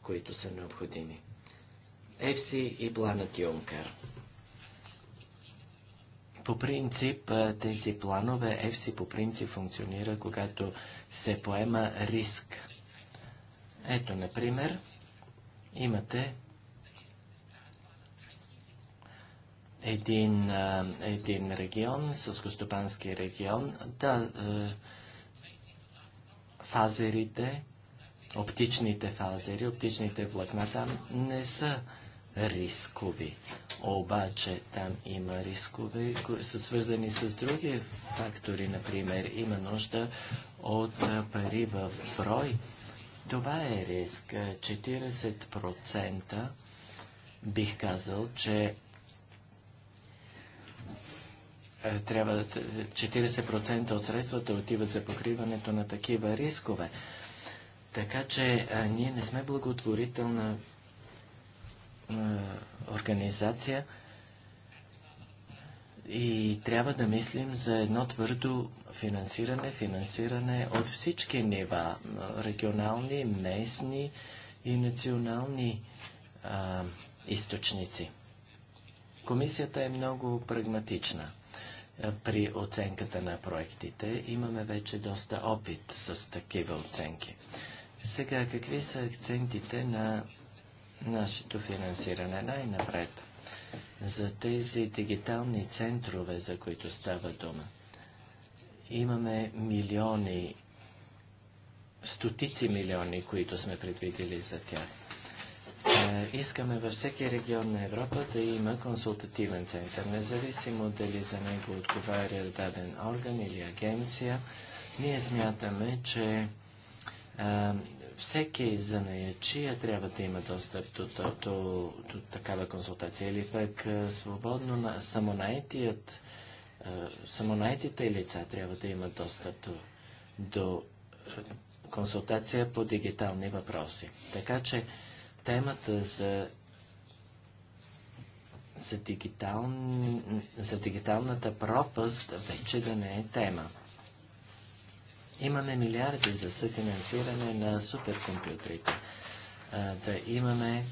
които са необходими. ЕФСИ и планът Юнкер. По принцип, е, тези планове, ЕФСИ по принцип функционира, когато се поема риск. Ето, например, имате един, е, един регион, сълскостопански регион. Да, фазерите, оптичните фазери, оптичните влакна там не са рискови. Обаче там има рискове, които са свързани с други фактори. Например, има нужда от пари в брой. Това е риск. 40% бих казал, че е, трябва 40% от средствата отиват за покриването на такива рискове. Така че а, е, ние не сме благотворителна а, е, организация и трябва да мислим за едно твърдо финансиране, финансиране от всички нива, регионални, местни и национални а, източници. Комисията е много прагматична. Е, при оценката на проектите. Имаме вече доста опит с такива оценки. Сега, какви са акцентите на нашето финансиране? Най-напред за тези дигитални центрове, за които става дума. Имаме милиони, стотици милиони, които сме предвидели за тях. Е, искаме във всеки регион на Европа да има консултативен център. Независимо дали за него отговаря даден орган или агенция, ние смятаме, че а, е, всеки занаячия трябва да има достъп до, до, до, до такава консултация. Или пък е, свободно на самонайтият самонайтите самонаетите лица трябва да имат достъп до, до консултация по дигитални въпроси. Така че Темата за, за, дигитал, за дигиталната пропаст вече да не е тема. Имаме милиарди за съфинансиране на суперкомпютрите. А, да имаме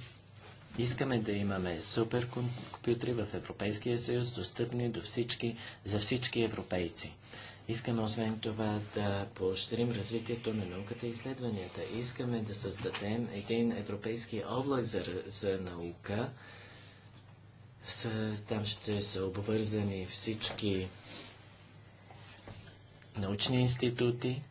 Искаме да имаме суперкомпютри в Европейския съюз, достъпни до всички, за всички европейци. Искаме освен това да поощрим развитието на науката и изследванията. Искаме да създадем един европейски облак за, за наука. С, там ще са обвързани всички научни институти.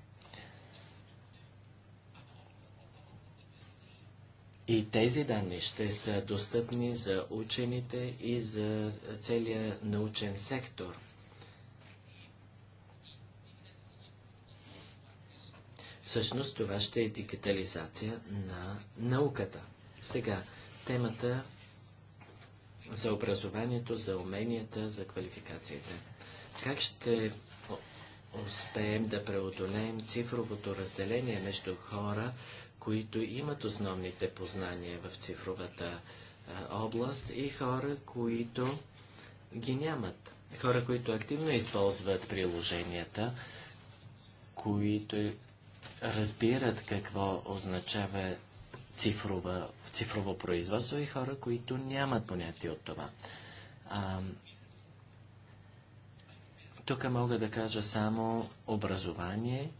И тези данни ще са достъпни за учените и за целия научен сектор – Всъщност това ще е дигитализация на науката. Сега, темата за образованието, за уменията, за квалификациите. Как ще успеем да преодолеем цифровото разделение между хора, които имат основните познания в цифровата а, област и хора, които ги нямат. Хора, които активно използват приложенията, които разбират какво означава цифрова, цифрово производство и хора, които нямат понятие от това. А, тук мога да кажа само образование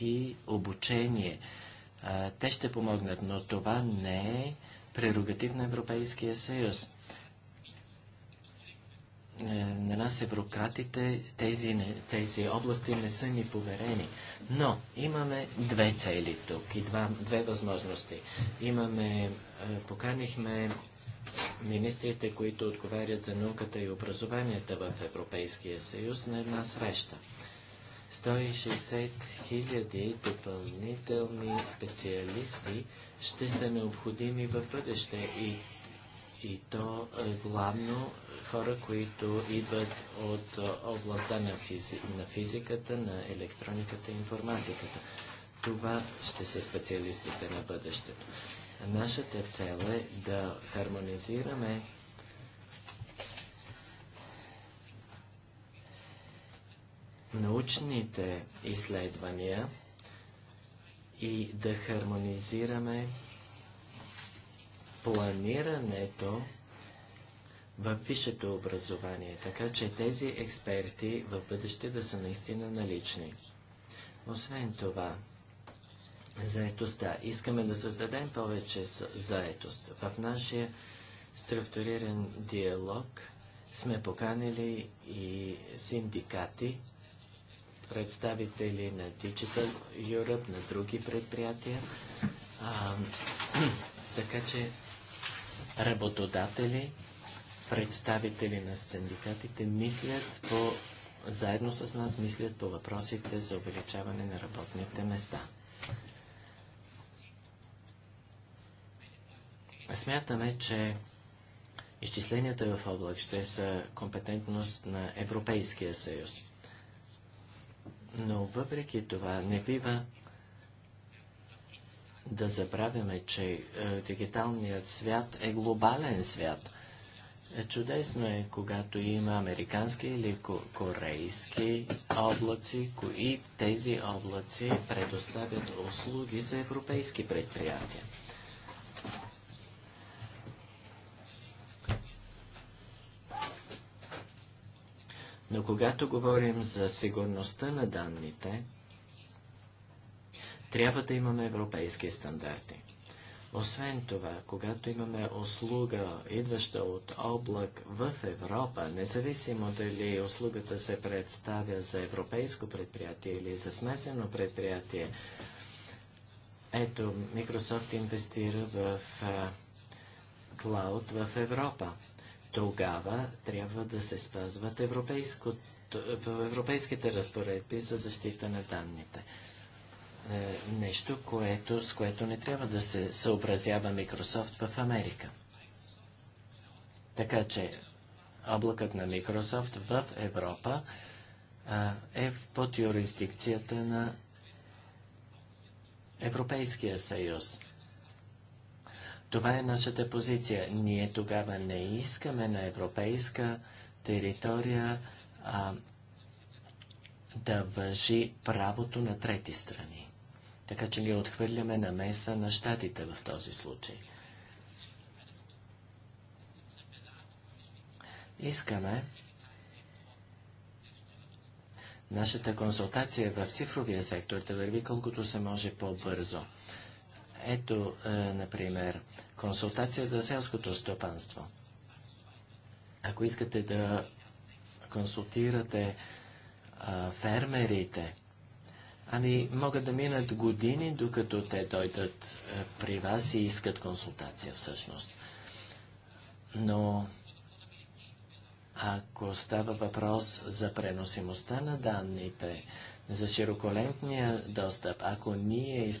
и обучение. А, те ще помогнат, но това не е прерогатив на Европейския съюз. Е, на нас еврократите тези, тези области не са ни поверени. Но имаме две цели тук и два, две възможности. Имаме, е, поканихме министрите, които отговарят за науката и образованията в Европейския съюз на една среща. 160 хиляди допълнителни специалисти ще са необходими в бъдеще и и то е главно хора, които идват от областта на, физи... на физиката, на електрониката и информатиката. Това ще са специалистите на бъдещето. Нашата цел е да хармонизираме научните изследвания и да хармонизираме планирането в висшето образование, така че тези експерти в бъдеще да са наистина налични. Освен това, заетостта. Искаме да създадем повече заетост. В нашия структуриран диалог сме поканили и синдикати, представители на Digital Europe, на други предприятия. А, така че работодатели, представители на синдикатите мислят по, заедно с нас мислят по въпросите за увеличаване на работните места. Смятаме, че изчисленията в облак ще са компетентност на Европейския съюз. Но въпреки това не бива да забравяме, че е, дигиталният свят е глобален свят. Е, чудесно е, когато има американски или корейски облаци, и тези облаци предоставят услуги за европейски предприятия. Но когато говорим за сигурността на данните, трябва да имаме европейски стандарти. Освен това, когато имаме услуга, идваща от облак в Европа, независимо дали услугата се представя за европейско предприятие или за смесено предприятие, ето, Microsoft инвестира в клауд в Европа. Тогава трябва да се спазват европейските разпоредби за защита на данните е, нещо, което, с което не трябва да се съобразява Microsoft в Америка. Така че облакът на Microsoft в Европа а, е под юрисдикцията на Европейския съюз. Това е нашата позиция. Ние тогава не искаме на европейска територия а, да въжи правото на трети страни. Така че ние отхвърляме намеса на щатите в този случай. Искаме нашата консултация в цифровия сектор да върви колкото се може по-бързо. Ето, е, например, консултация за селското стопанство. Ако искате да консултирате фермерите Ами, могат да минат години, докато те дойдат е, при вас и искат консултация всъщност. Но ако става въпрос за преносимостта на данните, за широколентния достъп, ако, ние,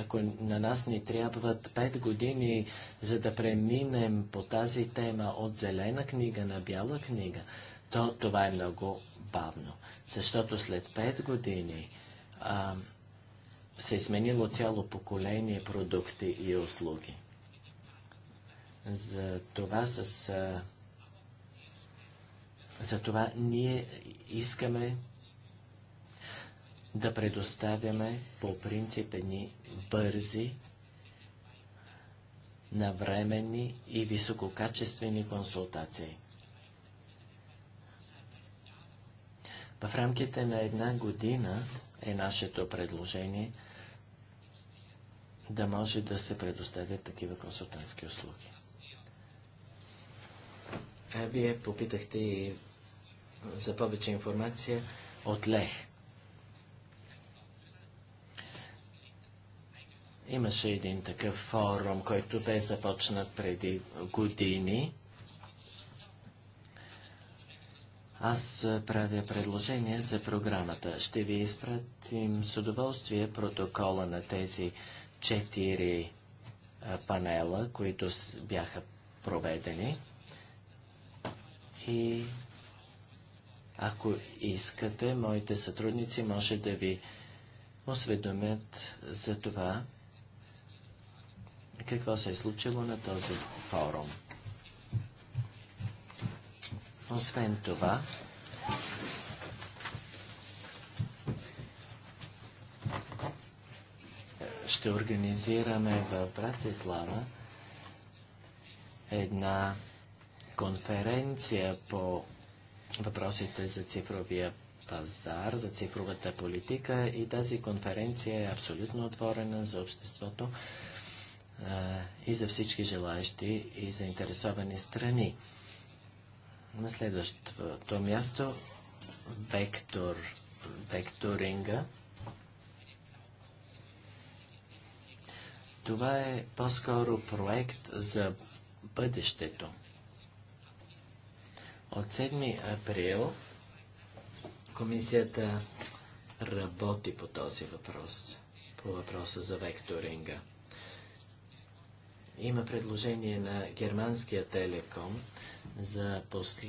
ако на нас ни трябват 5 години, за да преминем по тази тема от зелена книга на бяла книга, то това е много по-бавно, защото след 5 години а, се е сменило цяло поколение продукти и услуги. За това с а, за това ние искаме да предоставяме по принцип ни бързи, навременни и висококачествени консултации. В рамките на една година е нашето предложение да може да се предоставят такива консултантски услуги. А вие попитахте и за повече информация от Лех. Имаше един такъв форум, който бе започнат преди години Аз правя предложение за програмата. Ще ви изпратим с удоволствие протокола на тези четири панела, които бяха проведени. И ако искате, моите сътрудници може да ви осведомят за това, какво се е случило на този форум. Освен това, ще организираме в Братислава една конференция по въпросите за цифровия пазар, за цифровата политика и тази конференция е абсолютно отворена за обществото и за всички желаящи и заинтересовани страни. На следващото място вектор, векторинга. Това е по-скоро проект за бъдещето. От 7 април комисията работи по този въпрос, по въпроса за векторинга. Има предложение на германския телеком за, посл...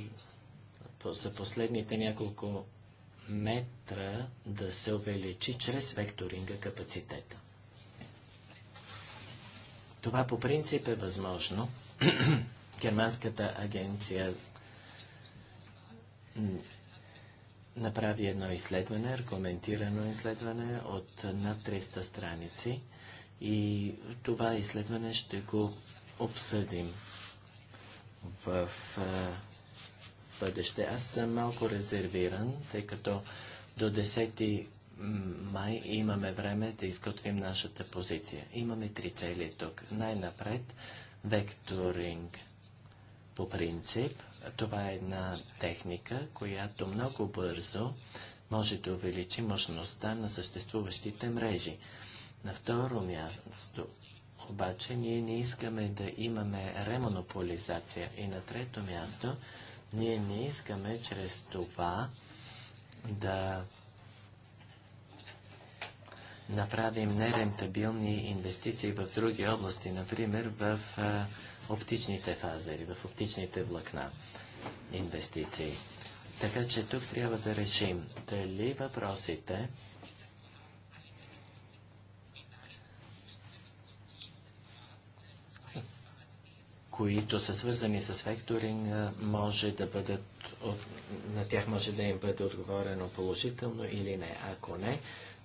за последните няколко метра да се увеличи чрез векторинга капацитета. Това по принцип е възможно. Германската агенция направи едно изследване, аргументирано изследване от над 300 страници и това изследване ще го обсъдим в, в бъдеще. Аз съм малко резервиран, тъй като до 10 май имаме време да изготвим нашата позиция. Имаме три цели тук. Най-напред векторинг по принцип. Това е една техника, която много бързо може да увеличи мощността на съществуващите мрежи. На второ място, обаче, ние не искаме да имаме ремонополизация. И на трето място, ние не искаме чрез това да направим нерентабилни инвестиции в други области, например в оптичните фазери, в оптичните влакна инвестиции. Така че тук трябва да решим дали въпросите, които са свързани с фекторинга, може да бъдат, на тях може да им бъде отговорено положително или не. Ако не,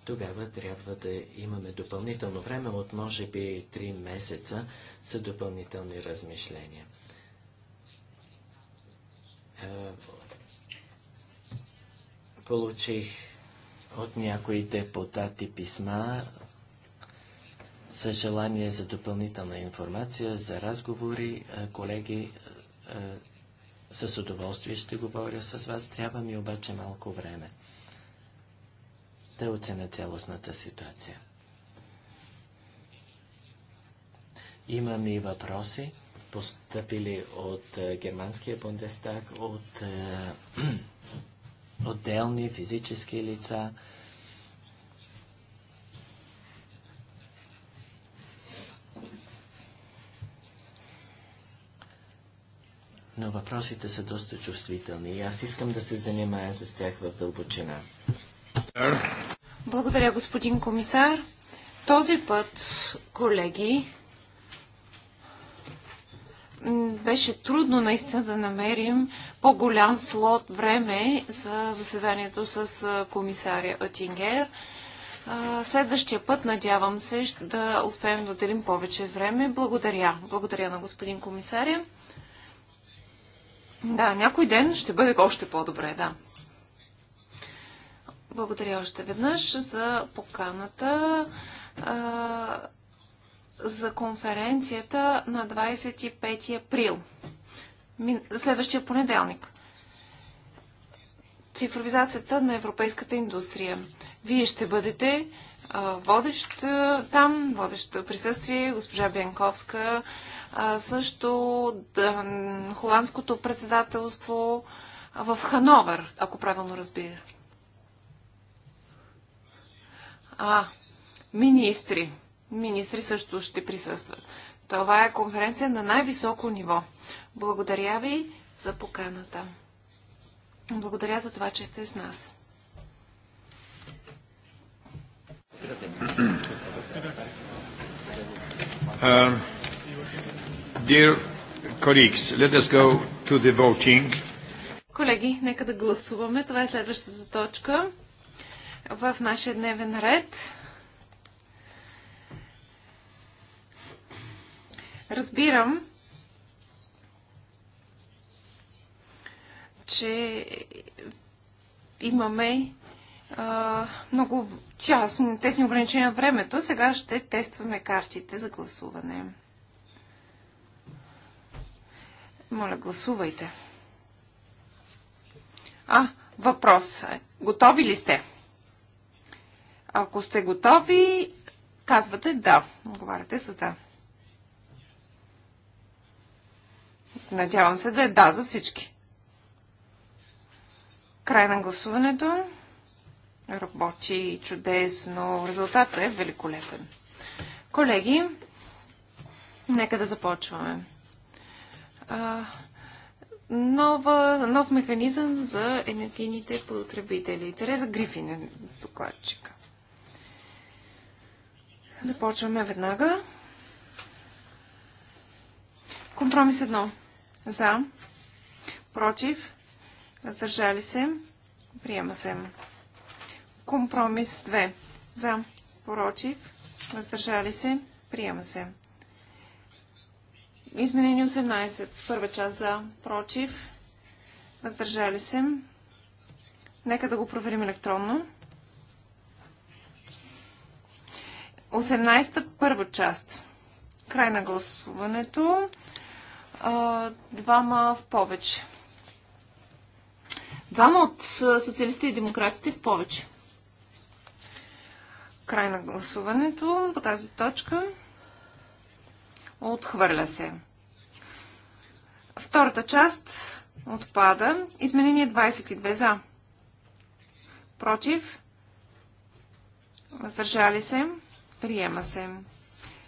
тогава трябва да имаме допълнително време от може би 3 месеца за допълнителни размишления. Е, получих от някои депутати писма за желание за допълнителна информация, за разговори. Колеги, с удоволствие ще говоря с вас. Трябва ми обаче малко време да оценя цялостната ситуация. Имам и въпроси, постъпили от Германския Бундестаг, от отделни физически лица. но въпросите са доста чувствителни и аз искам да се занимая с тях в дълбочина. Благодаря, господин комисар. Този път, колеги, беше трудно наистина да намерим по-голям слот време за заседанието с комисаря Отингер. Следващия път, надявам се, да успеем да отделим повече време. Благодаря. Благодаря на господин комисаря. Да, някой ден ще бъде още по-добре, да. Благодаря още веднъж за поканата а, за конференцията на 25 април, следващия понеделник. Цифровизацията на европейската индустрия. Вие ще бъдете водещ там, водещо присъствие, госпожа Бянковска, също да, холандското председателство в Хановер, ако правилно разбира. А, министри. Министри също ще присъстват. Това е конференция на най-високо ниво. Благодаря ви за поканата. Благодаря за това, че сте с нас. Uh... Dear colleagues, let us go to the voting. Колеги, нека да гласуваме. Това е следващата точка в нашия дневен ред. Разбирам, че имаме а, много тясни, тесни ограничения на времето. Сега ще тестваме картите за гласуване. Моля, гласувайте. А, въпрос е. Готови ли сте? Ако сте готови, казвате да. Отговаряте с да. Надявам се да е да за всички. Край на гласуването. Работи чудесно. Резултатът е великолепен. Колеги, нека да започваме а, нова, нов механизъм за енергийните потребители. Тереза Грифин е докладчика. Започваме веднага. Компромис едно. За. Против. Въздържали се. Приема се. Компромис 2. За. Против. Въздържали се. Приема се. Изменени 18. Първа част за, против, въздържали се. Нека да го проверим електронно. 18-та първа част. Край на гласуването. Двама в повече. Двама от социалистите и демократите в повече. Край на гласуването по тази точка. Отхвърля се. Втората част отпада. Изменение 22 за. Против. Въздържали се. Приема се.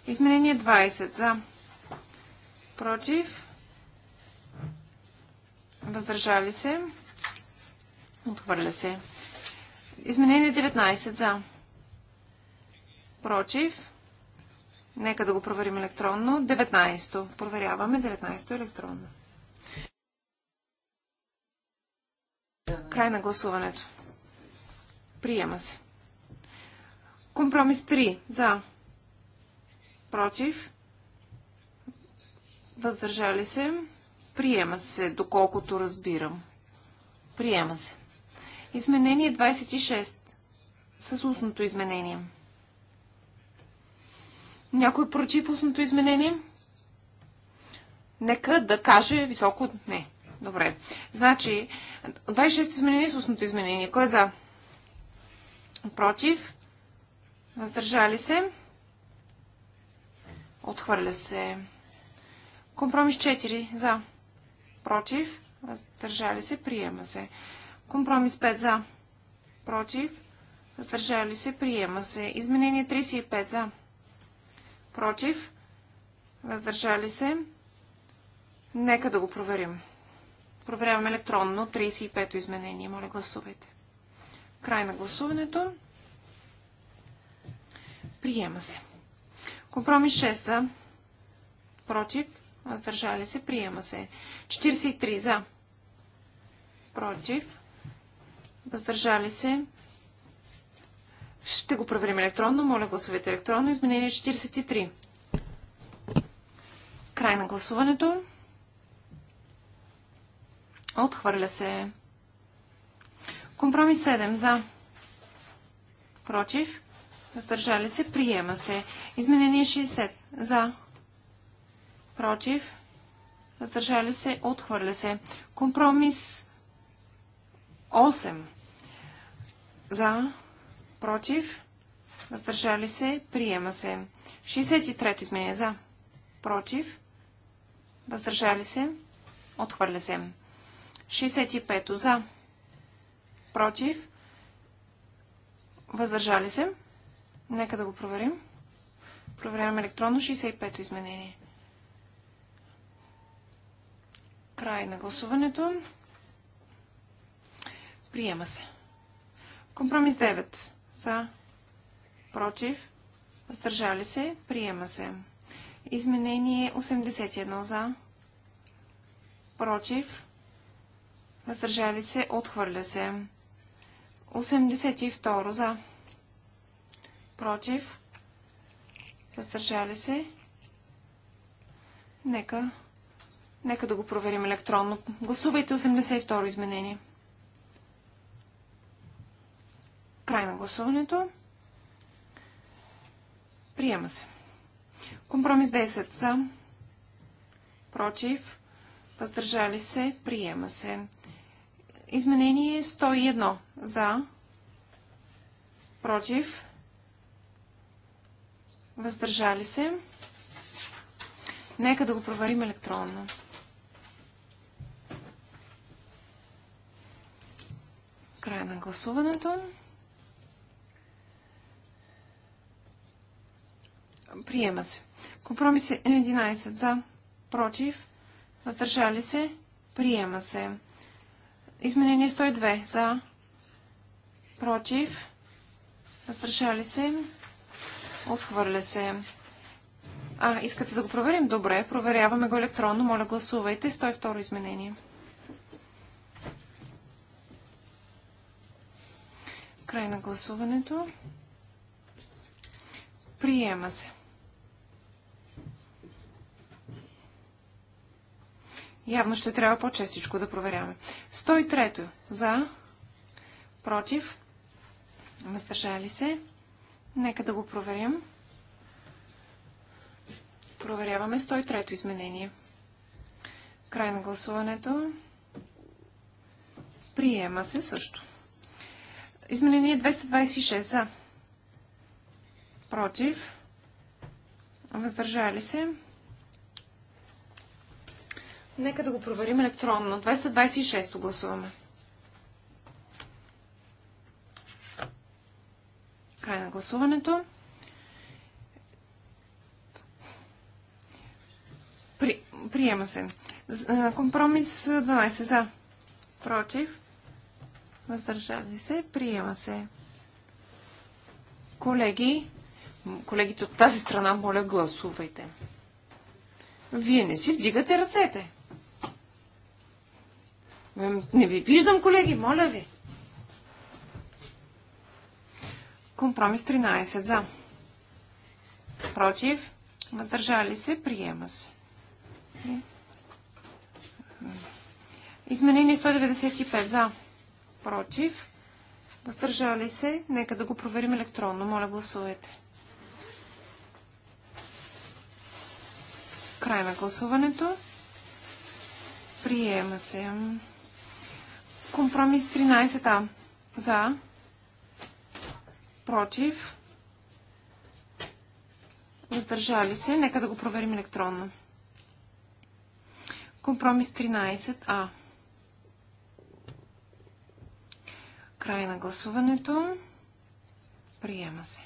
Изменение 20 за. Против. Въздържали се. Отхвърля се. Изменение 19 за. Против. Нека да го проверим електронно. 19-то. Проверяваме 19-то електронно. Край на гласуването. Приема се. Компромис 3. За. Против. Въздържали се. Приема се, доколкото разбирам. Приема се. Изменение 26. С устното изменение. Някой против устното изменение? Нека да каже високо не. Добре. Значи, 26 изменение с устното изменение. Кой е за? Против? Въздържали се? Отхвърля се. Компромис 4 за. Против? Въздържали се? Приема се. Компромис 5 за. Против? Въздържали се? Приема се. Изменение 35 за против, въздържали се. Нека да го проверим. Проверяваме електронно 35-то изменение. Моля, гласувайте. Край на гласуването. Приема се. Компромис 6 за. Против. Въздържали се. Приема се. 43 за. Против. Въздържали се. Ще го проверим електронно. Моля, гласувайте електронно. Изменение 43. Край на гласуването. Отхвърля се. Компромис 7 за. Против. Въздържали се. Приема се. Изменение 60 за. Против. Въздържали се. Отхвърля се. Компромис 8 за против, въздържали се, приема се. 63-то изменение за, против, въздържали се, отхвърля се. 65-то за, против, въздържали се. Нека да го проверим. Проверяваме електронно 65-то изменение. Край на гласуването. Приема се. Компромис 9 за, против, въздържали се, приема се. Изменение 81 за, против, въздържали се, отхвърля се. 82 за, против, въздържали се. Нека, нека да го проверим електронно. Гласувайте 82 изменение. Край на гласуването. Приема се. Компромис 10 за. Против. Въздържали се. Приема се. Изменение 101 за. Против. Въздържали се. Нека да го проверим електронно. Край на гласуването. Приема се. Компромис 11 е за. Против. Въздържали се. Приема се. Изменение 102 за. Против. Въздържали се. Отхвърля се. А, искате да го проверим? Добре, проверяваме го електронно. Моля, гласувайте. 102 изменение. Край на гласуването. Приема се. Явно ще трябва по-честичко да проверяваме. 103. За. Против. Въздържали се. Нека да го проверим. Проверяваме 103 изменение. Край на гласуването. Приема се също. Изменение 226 за. Против. Въздържали се. Нека да го проверим електронно. 226 гласуваме. Край на гласуването. При, приема се. Компромис 12 за. Против. Въздържали се. Приема се. Колеги, колегите от тази страна, моля, гласувайте. Вие не си вдигате ръцете. Не ви виждам, колеги, моля ви. Компромис 13 за. Против. Въздържали се. Приема се. Изменение 195 за. Против. Въздържали се. Нека да го проверим електронно. Моля, гласувайте. Край на гласуването. Приема се. Компромис 13А. За. Против. Въздържали се. Нека да го проверим електронно. Компромис 13А. Край на гласуването. Приема се.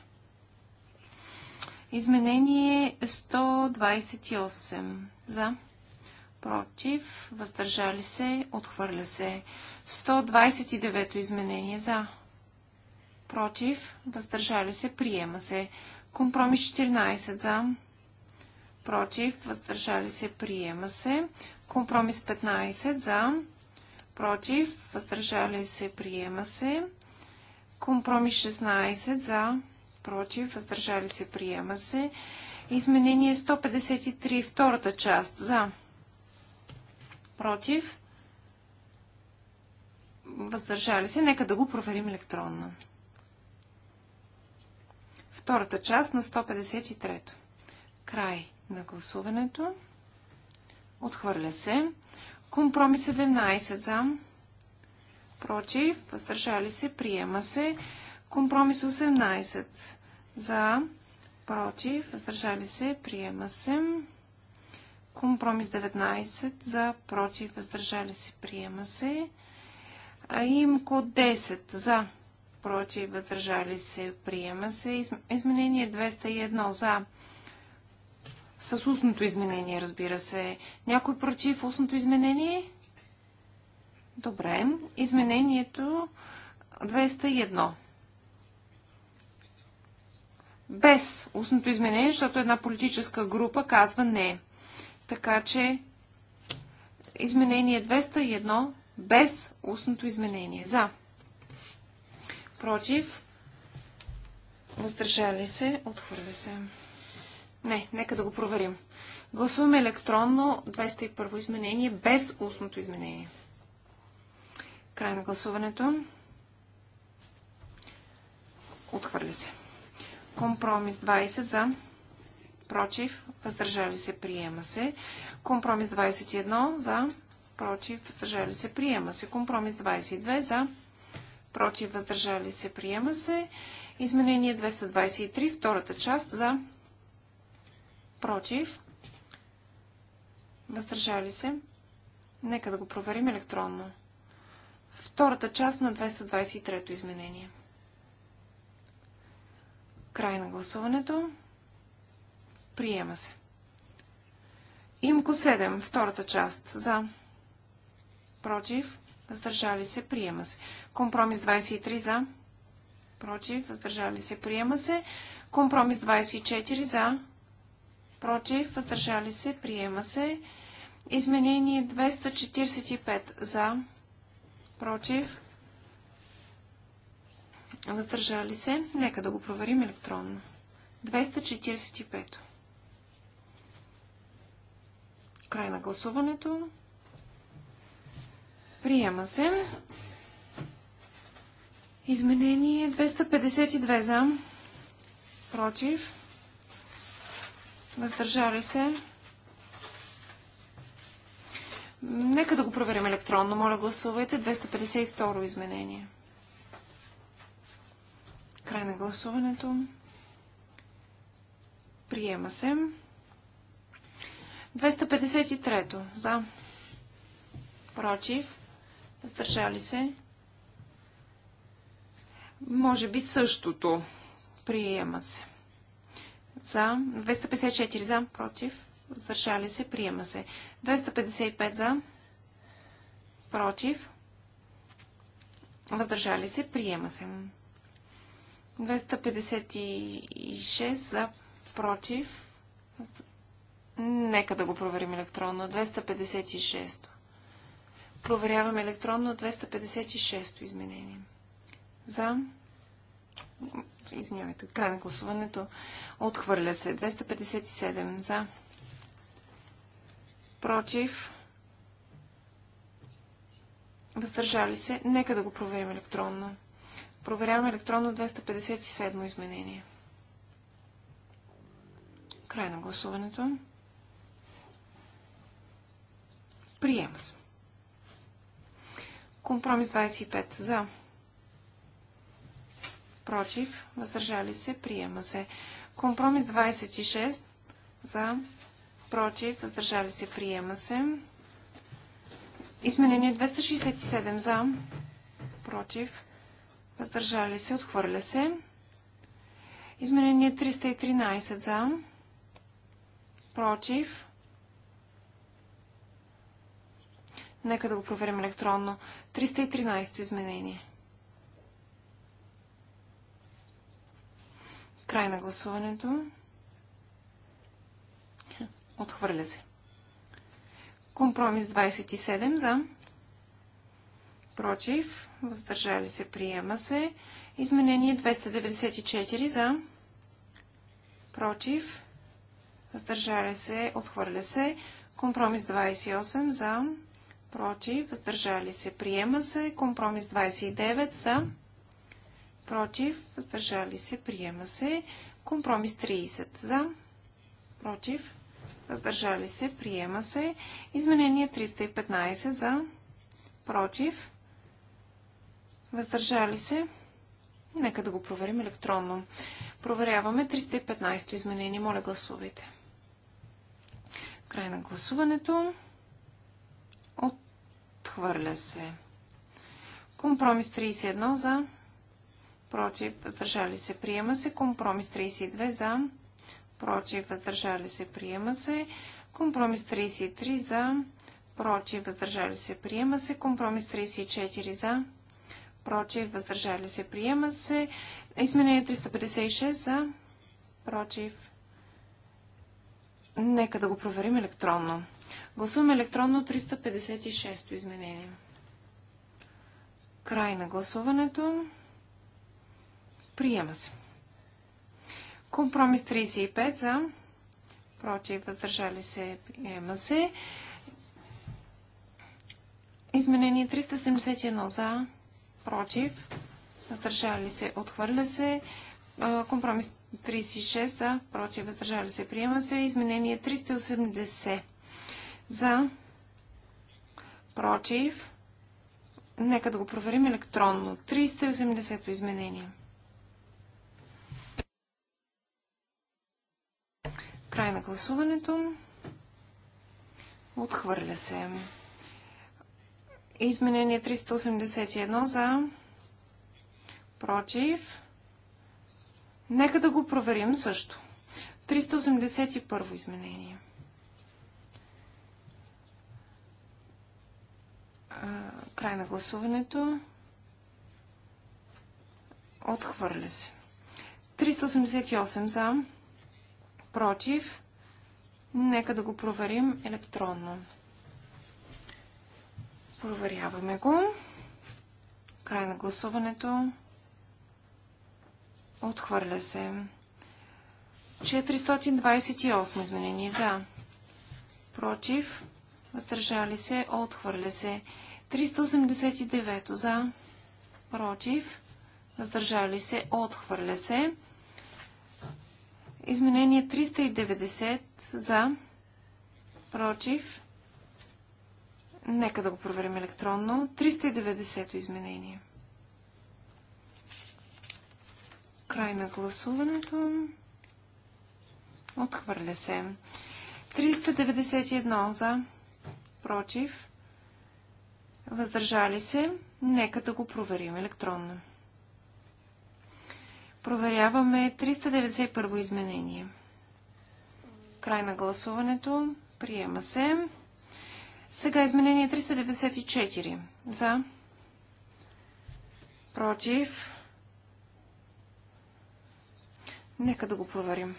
Изменение 128. За против, въздържали се, отхвърля се. 129 изменение за, против, въздържали се, приема се. Компромис 14 за, против, въздържали се, приема се. Компромис 15 за, против, въздържали се, приема се. Компромис 16 за, против, въздържали се, приема се. Изменение 153, втората част за, против, въздържали се. Нека да го проверим електронно. Втората част на 153-то. Край на гласуването. Отхвърля се. Компромис 17 за. Против. Въздържали се. Приема се. Компромис 18 за. Против. Въздържали се. Приема се. Компромис 19 за против въздържали се приема се. Имко 10 за против въздържали се приема се. Изменение 201 за с устното изменение, разбира се. Някой против устното изменение? Добре. Изменението 201. Без устното изменение, защото една политическа група казва не. Така че изменение 201 без устното изменение. За. Против. Въздържали се. Отхвърля се. Не, нека да го проверим. Гласуваме електронно 201 изменение без устното изменение. Край на гласуването. Отхвърля се. Компромис 20 за против, въздържали се, приема се. Компромис 21 за, против, въздържали се, приема се. Компромис 22 за, против, въздържали се, приема се. Изменение 223, втората част за, против, въздържали се. Нека да го проверим електронно. Втората част на 223 изменение. Край на гласуването. Приема се. Имко 7, втората част. За. Против. Въздържали се. Приема се. Компромис 23 за. Против. Въздържали се. Приема се. Компромис 24 за. Против. Въздържали се. Приема се. Изменение 245 за. Против. Въздържали се. Нека да го проверим електронно. 245. Край на гласуването. Приема се. Изменение 252 за. Против. Въздържали се. Нека да го проверим електронно. Моля, гласувайте. 252 изменение. Край на гласуването. Приема се. 253 за против, въздържали се. Може би същото. Приема се. За 254 за против, въздържали се, приема се. 255 за против, въздържали се, приема се. 256 за против, Нека да го проверим електронно. 256. Проверяваме електронно 256 изменение. За. Извинявайте, край на гласуването. Отхвърля се. 257 за. Против. Въздържали се. Нека да го проверим електронно. Проверяваме електронно 257 изменение. Край на гласуването. Приема се. Компромис 25 за. Против. Въздържали се. Приема се. Компромис 26 за. Против. Въздържали се. Приема се. Изменение 267 за. Против. Въздържали се. Отхвърля се. Изменение 313 за. Против. Нека да го проверим електронно. 313 изменение. Край на гласуването. Отхвърля се. Компромис 27 за. Против. Въздържали се. Приема се. Изменение 294 за. Против. Въздържали се. Отхвърля се. Компромис 28 за против, въздържали се, приема се. Компромис 29 за, против, въздържали се, приема се. Компромис 30 за, против, въздържали се, приема се. Изменение 315 за, против, въздържали се. Нека да го проверим електронно. Проверяваме 315 изменение. Моля, гласувайте. Край на гласуването. Отхвърля се. Компромис 31 за. Против. Въздържали се. Приема се. Компромис 32 за. Против. Въздържали се. Приема се. Компромис 33 за. Против. Въздържали се. Приема се. Компромис 34 за. Против. Въздържали се. Приема се. Изменение 356 за. Против. Нека да го проверим електронно. Гласуваме електронно 356-то изменение. Край на гласуването. Приема се. Компромис 35 за. Против, въздържали се, приема се. Изменение 371 за. Против, въздържали се, отхвърля се. Компромис 36 за. Против, въздържали се, приема се. Изменение 380 за. Против. Нека да го проверим електронно. 380 изменение. Край на гласуването. Отхвърля се. Изменение 381 за против. Нека да го проверим също. 381 изменение. Край на гласуването. Отхвърля се. 388 за. Против. Нека да го проверим електронно. Проверяваме го. Край на гласуването. Отхвърля се. 428 изменения за. Против. Въздържали се. Отхвърля се. 389 за, против, въздържали се, отхвърля се. Изменение 390 за, против. Нека да го проверим електронно. 390 изменение. Край на гласуването. Отхвърля се. 391 за, против въздържали се, нека да го проверим електронно. Проверяваме 391 изменение. Край на гласуването. Приема се. Сега изменение 394. За. Против. Нека да го проверим.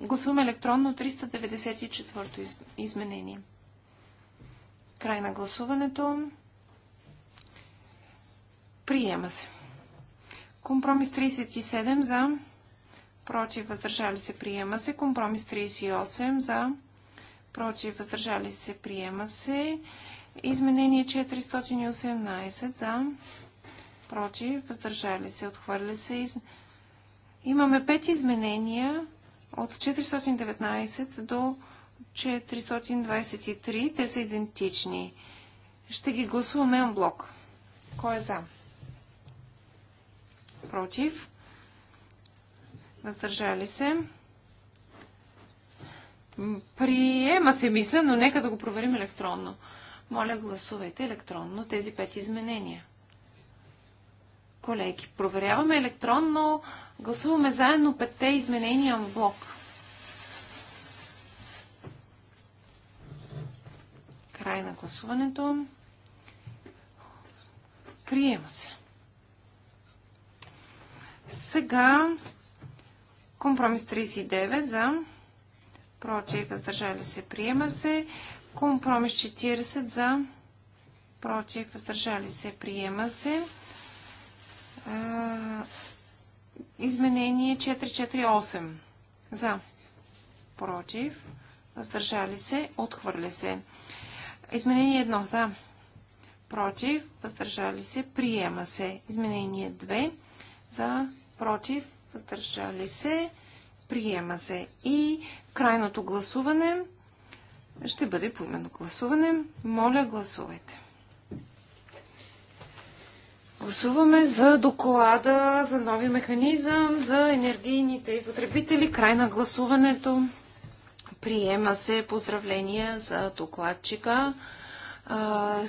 Гласуваме електронно 394 изменение. Край на гласуването. Приема се. Компромис 37 за. Против, въздържали се, приема се. Компромис 38 за. Против, въздържали се, приема се. Изменение 418 за. Против, въздържали се, отхвърля се. Из... Имаме 5 изменения от 419 до 423. Те са идентични. Ще ги гласуваме блок. Кой е за? против, въздържали се. Приема се мисля, но нека да го проверим електронно. Моля, гласувайте електронно тези пет изменения. Колеги, проверяваме електронно, гласуваме заедно петте изменения в блок. Край на гласуването. Приема се. Сега компромис 39 за против, въздържали се, приема се. Компромис 40 за против, въздържали се, приема се. Изменение 448 за против, въздържали се, отхвърля се. Изменение 1 за против, въздържали се, приема се. Изменение 2 за, против, въздържали се, приема се. И крайното гласуване ще бъде поименно гласуване. Моля, гласувайте. Гласуваме за доклада за нови механизъм за енергийните и потребители. Край на гласуването. Приема се поздравления за докладчика,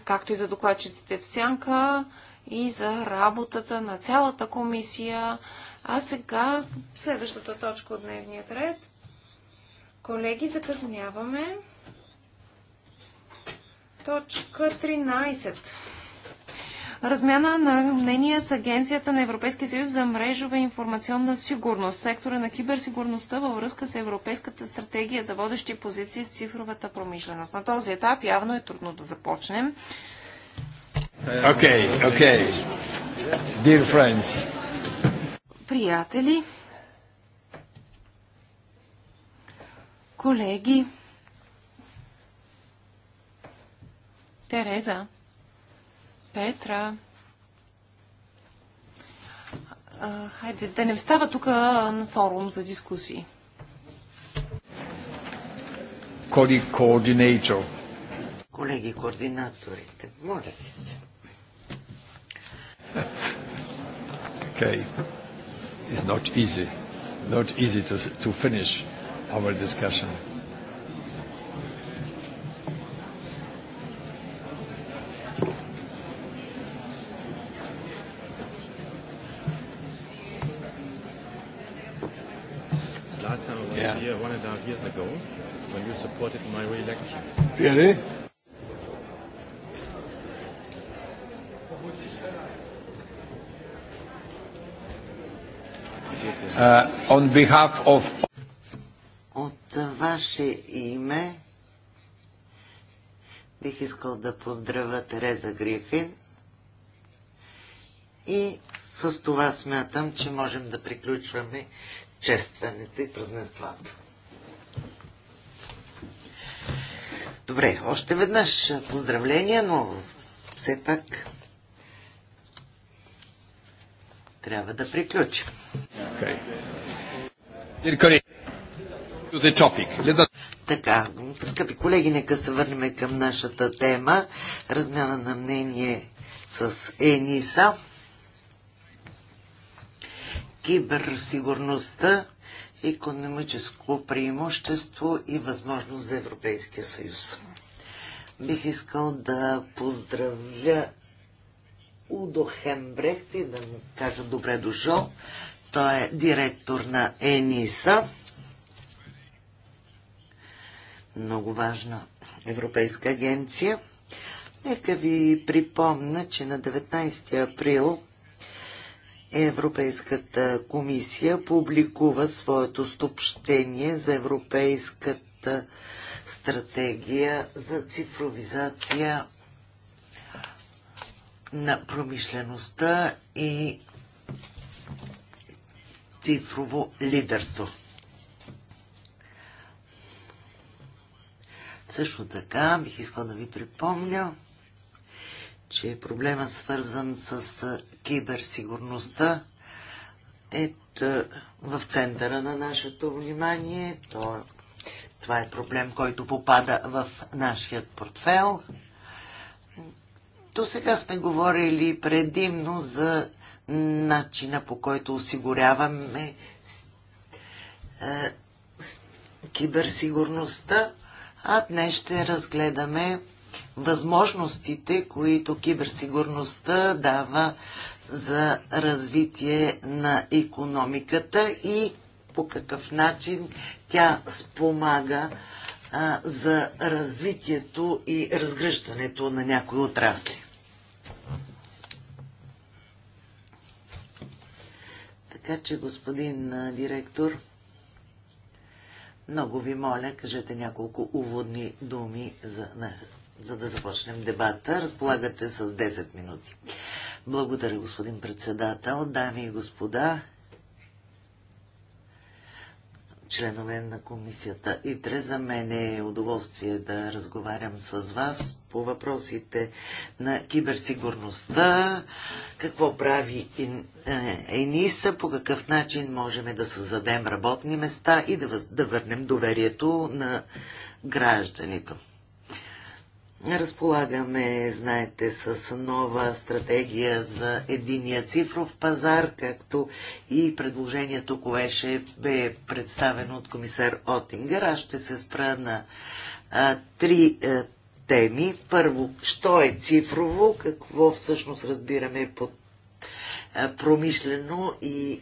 както и за докладчиците в сянка и за работата на цялата комисия. А сега следващата точка от дневния ред. Колеги, закъсняваме. Точка 13. Размяна на мнения с Агенцията на Европейския съюз за мрежова и информационна сигурност, сектора на киберсигурността във връзка с Европейската стратегия за водещи позиции в цифровата промишленост. На този етап явно е трудно да започнем, Okay, okay. Dear friends. Приятели, колеги, Тереза, Петра, а, хайде, да не става тук на форум за дискусии. Коди координатор. Колеги координаторите, моля ви се okay. It's not easy, not easy to, to finish our discussion. Last time I was yeah. here one and a half years ago when you supported my re-election. Really? Uh, on behalf of... От ваше име бих искал да поздравя Тереза Грифин и с това смятам, че можем да приключваме честваните и празненствата. Добре, още веднъж поздравления, но все пак трябва да приключим. Okay. Така, скъпи колеги, нека се върнем към нашата тема. Размяна на мнение с ЕНИСА. Киберсигурността, економическо преимущество и възможност за Европейския съюз. Бих искал да поздравя Удо Хембрехт и да му кажа добре дошъл. Той е директор на ЕНИСА. Много важна европейска агенция. Нека ви припомна, че на 19 април Европейската комисия публикува своето стопщение за Европейската стратегия за цифровизация на промишлеността и цифрово лидерство. Също така бих искал да ви припомня, че проблема свързан с киберсигурността е в центъра на нашето внимание. това е проблем, който попада в нашия портфел – до сега сме говорили предимно за начина по който осигуряваме е, киберсигурността, а днес ще разгледаме възможностите, които киберсигурността дава за развитие на економиката и по какъв начин тя спомага а, за развитието и разгръщането на някои отрасли. Така че, господин директор, много ви моля, кажете няколко уводни думи, за, на, за да започнем дебата. Разполагате с 10 минути. Благодаря, господин председател, дами и господа членове на комисията. И тре за мен е удоволствие да разговарям с вас по въпросите на киберсигурността, какво прави е, ЕНИСА, по какъв начин можем да създадем работни места и да, да върнем доверието на гражданите. Разполагаме, знаете, с нова стратегия за единия цифров пазар, както и предложението, което бе представено от комисар Отингер. Аз ще се спра на а, три а, теми. Първо, що е цифрово, какво всъщност разбираме под а, промишлено и,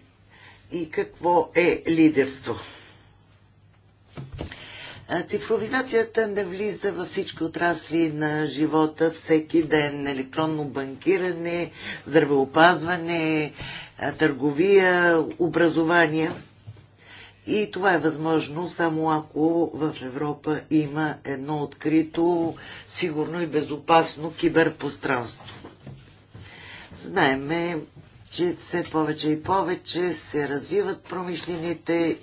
и какво е лидерство. Цифровизацията не влиза във всички отрасли на живота всеки ден. Електронно банкиране, здравеопазване, търговия, образование. И това е възможно само ако в Европа има едно открито, сигурно и безопасно киберпространство. Знаеме, че все повече и повече се развиват промишлените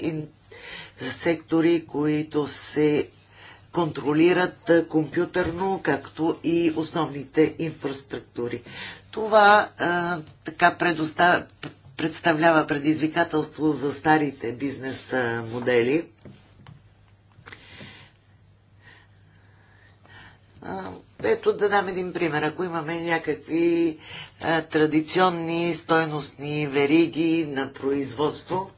сектори, които се контролират компютърно, както и основните инфраструктури. Това а, така предостав... представлява предизвикателство за старите бизнес модели. Ето да дам един пример. Ако имаме някакви а, традиционни стойностни вериги на производство,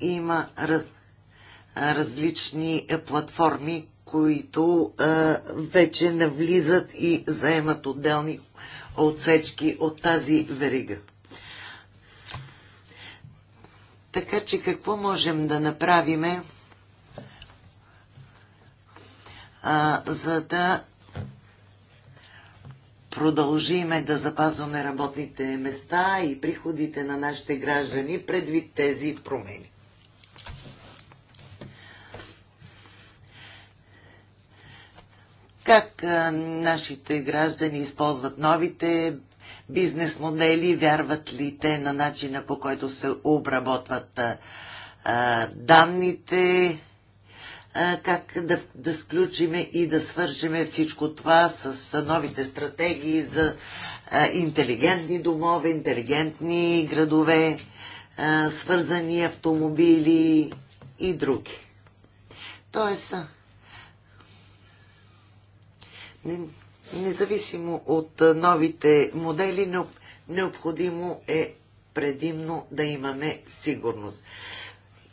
има раз, различни е, платформи, които а, е, вече навлизат и заемат отделни отсечки от тази верига. Така че какво можем да направиме, а, за да продължиме да запазваме работните места и приходите на нашите граждани предвид тези промени. Как нашите граждани използват новите бизнес модели, вярват ли те на начина по който се обработват данните, как да, да сключиме и да свържиме всичко това с новите стратегии за интелигентни домове, интелигентни градове, свързани автомобили и други. Тоест, независимо от новите модели, необходимо е предимно да имаме сигурност.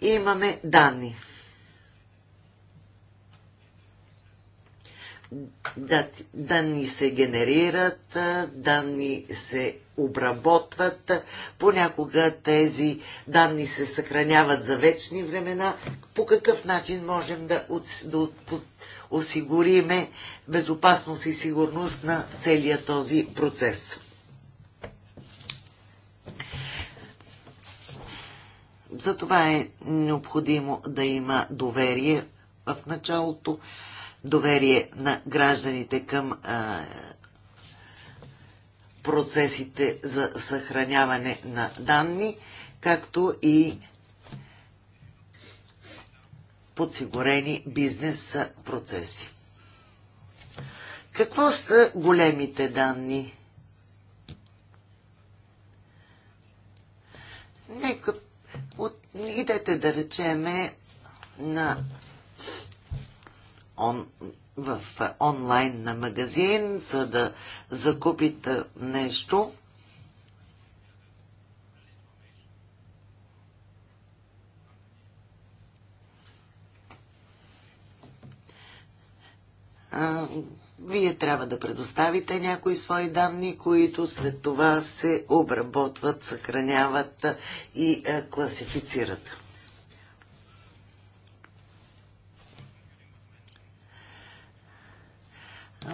Имаме данни. данни се генерират, данни се обработват, понякога тези данни се съхраняват за вечни времена. По какъв начин можем да, да осигуриме безопасност и сигурност на целия този процес? Затова е необходимо да има доверие в началото доверие на гражданите към а, процесите за съхраняване на данни, както и подсигурени бизнес процеси. Какво са големите данни? Нека от, идете да речеме на он, в онлайн на магазин, за да закупите нещо. вие трябва да предоставите някои свои данни, които след това се обработват, съхраняват и класифицират.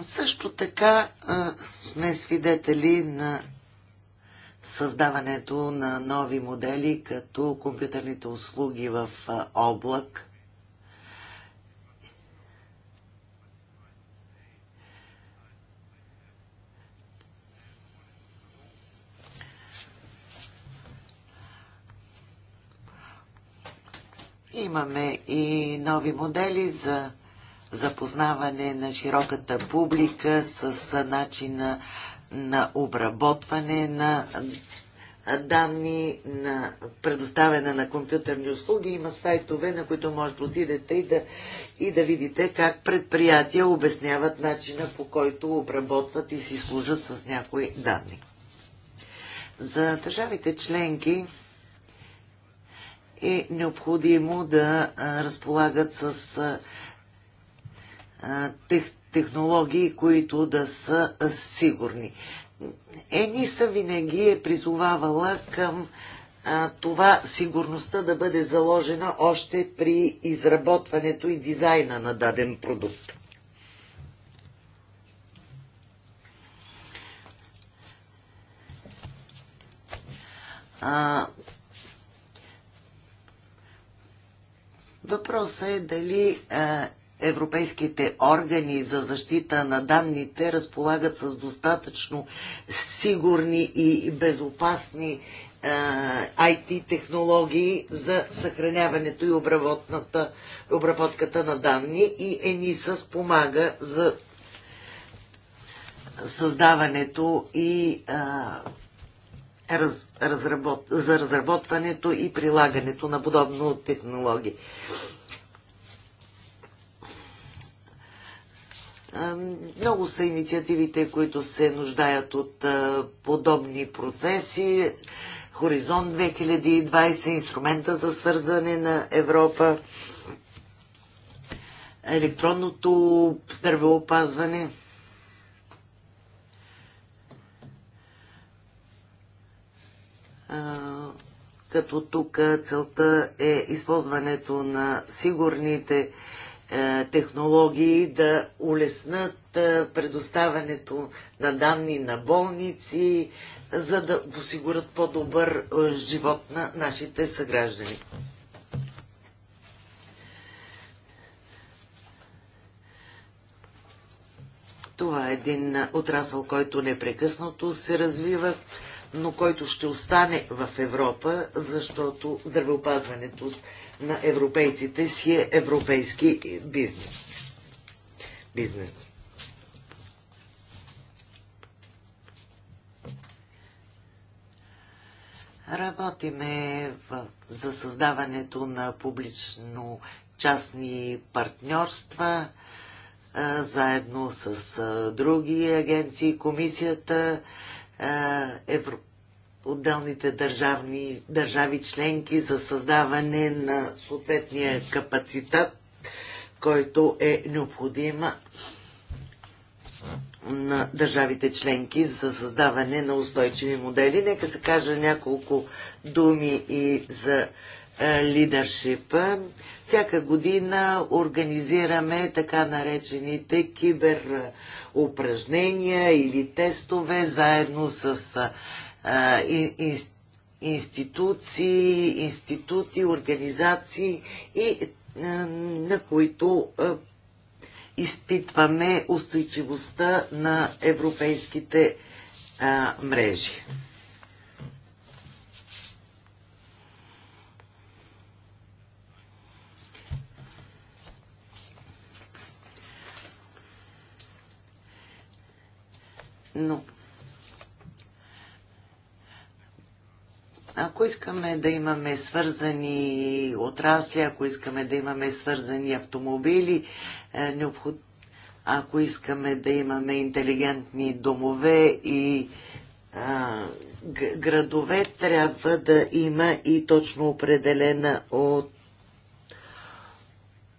Също така а, сме свидетели на създаването на нови модели, като компютърните услуги в а, облак. Имаме и нови модели за запознаване на широката публика с начина на обработване на данни, на предоставяне на компютърни услуги. Има сайтове, на които може да отидете и да, и да видите как предприятия обясняват начина по който обработват и си служат с някои данни. За държавите членки е необходимо да разполагат с тех, технологии, които да са сигурни. Ениса винаги е призовавала към а, това сигурността да бъде заложена още при изработването и дизайна на даден продукт. А, въпросът е дали а, европейските органи за защита на данните разполагат с достатъчно сигурни и безопасни IT технологии за съхраняването и обработката на данни и ЕНИСА спомага за създаването и а, раз, разработ, за разработването и прилагането на подобно технологии. Много са инициативите, които се нуждаят от подобни процеси. Хоризонт 2020, инструмента за свързане на Европа, електронното здравеопазване. като тук целта е използването на сигурните е, технологии да улеснат е, предоставянето на данни на болници, за да осигурят по-добър е, живот на нашите съграждани. Това е един отрасъл, който непрекъснато се развива, но който ще остане в Европа, защото здравеопазването на европейците си е европейски бизнес. бизнес. Работиме за създаването на публично-частни партньорства заедно с други агенции, комисията, евро... отделните държавни, държави членки за създаване на съответния капацитет, който е необходим на държавите членки за създаване на устойчиви модели. Нека се кажа няколко думи и за е, лидършипа. Всяка година организираме така наречените кибер упражнения или тестове заедно с а, е, е, институции, институти, организации и а, на които а, изпитваме устойчивостта на европейските а, мрежи. Но ако искаме да имаме свързани отрасли, ако искаме да имаме свързани автомобили, е, необход... ако искаме да имаме интелигентни домове и а, градове, трябва да има и точно определена от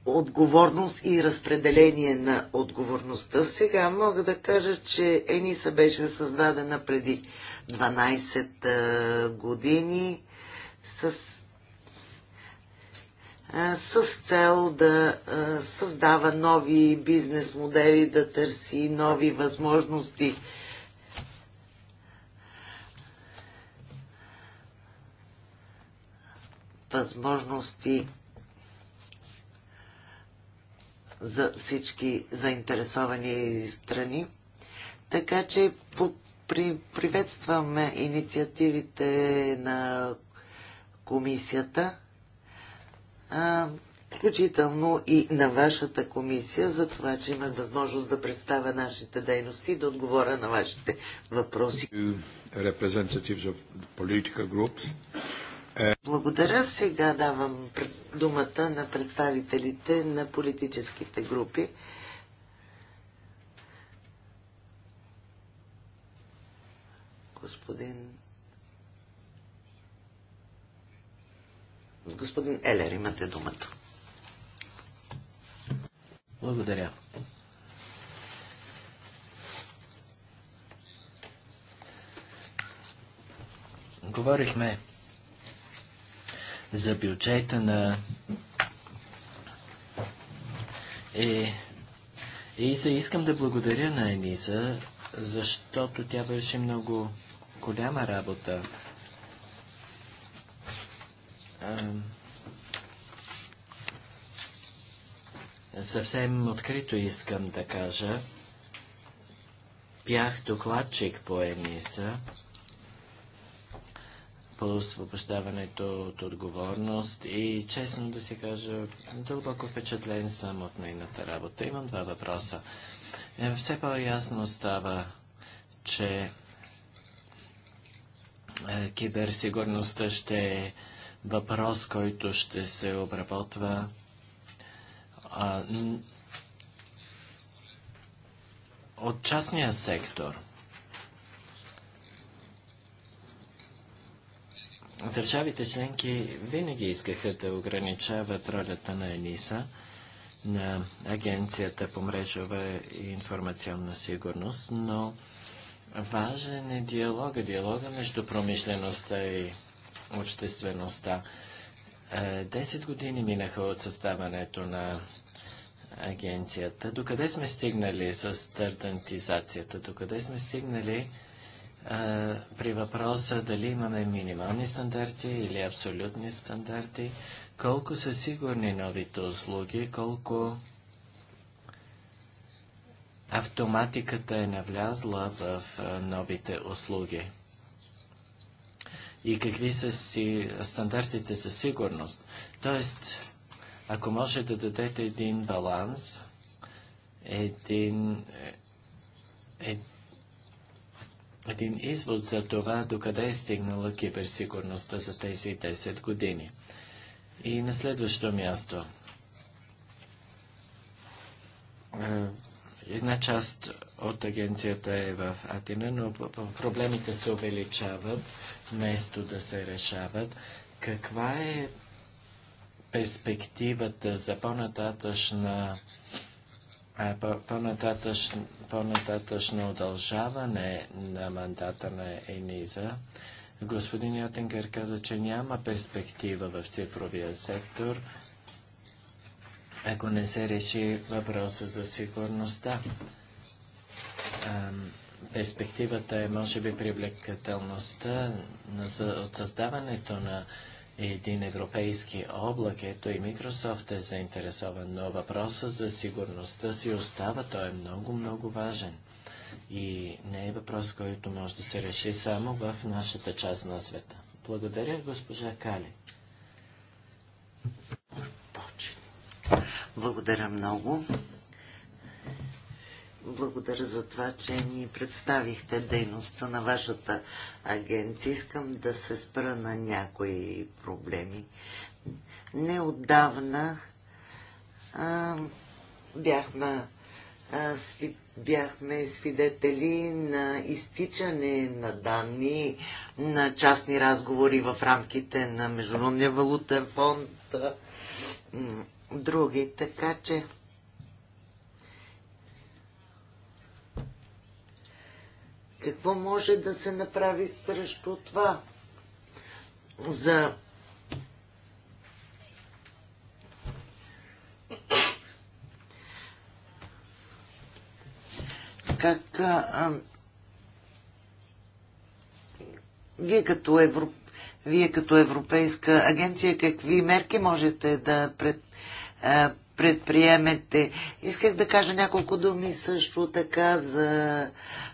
отговорност и разпределение на отговорността. Сега мога да кажа, че ЕНИСА беше създадена преди 12 години с, с цел да създава нови бизнес модели, да търси нови възможности. Възможности за всички заинтересовани страни. Така че под, при, приветстваме инициативите на комисията, а, включително и на вашата комисия, за това, че имах възможност да представя нашите дейности и да отговоря на вашите въпроси. Благодаря. Сега давам думата на представителите на политическите групи. Господин Господин Елер, имате думата. Благодаря. Говорихме за бюджета на е, е, и за, искам да благодаря на Ениза, защото тя върши много голяма работа. А, съвсем открито искам да кажа, бях докладчик по Ениса по освобождаването от отговорност и честно да си кажа, дълбоко впечатлен съм от нейната работа. Имам два въпроса. Е, все по-ясно става, че е, киберсигурността ще е въпрос, който ще се обработва. А, от частния сектор – Държавите членки винаги искаха да ограничават ролята на ЕНИСА, на Агенцията по мрежова и информационна сигурност, но важен е диалога, диалога между промишлеността и обществеността. Е, десет години минаха от съставането на агенцията. Докъде сме стигнали с стартантизацията? Докъде сме стигнали при въпроса дали имаме минимални стандарти или абсолютни стандарти, колко са сигурни новите услуги, колко автоматиката е навлязла в новите услуги и какви са си стандартите за сигурност. Тоест, ако може да дадете един баланс, един, е, един извод за това, докъде е стигнала киберсигурността за тези 10 години. И на следващо място. Е, една част от агенцията е в Атина, но проблемите се увеличават, вместо да се решават. Каква е перспективата за по-нататъчна по-нататъчно удължаване на мандата на ЕНИЗА. Господин Йотенгер каза, че няма перспектива в цифровия сектор, ако не се реши въпроса за сигурността. перспективата е, може би, привлекателността от създаването на един европейски облак, ето и Microsoft е заинтересован, но въпроса за сигурността си остава, той е много-много важен. И не е въпрос, който може да се реши само в нашата част на света. Благодаря, госпожа Кали. Благодаря много благодаря за това, че ни представихте дейността на вашата агенция. Искам да се спра на някои проблеми. Неотдавна а, бяхме, а, сви, бяхме свидетели на изтичане на данни, на частни разговори в рамките на Международния валутен фонд, други. Така че Какво може да се направи срещу това? За как а, вие като, евро... Вие като Европейска агенция какви мерки можете да пред предприемете. Исках да кажа няколко думи също така за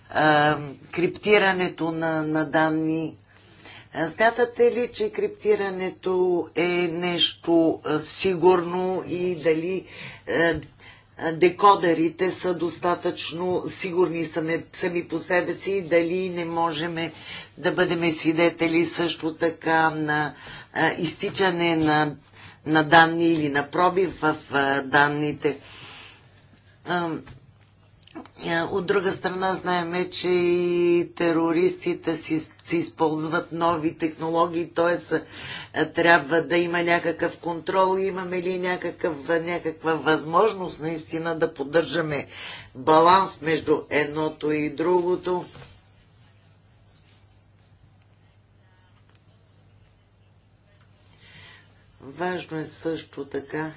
а, криптирането на, на данни. Смятате ли, че криптирането е нещо сигурно и дали е, декодерите са достатъчно сигурни сами, сами по себе си и дали не можем да бъдем свидетели също така на е, изтичане на на данни или на пробив в данните. От друга страна знаеме, че и терористите си, си използват нови технологии, т.е. трябва да има някакъв контрол, имаме ли някакъв, някаква възможност наистина да поддържаме баланс между едното и другото. Важно е също така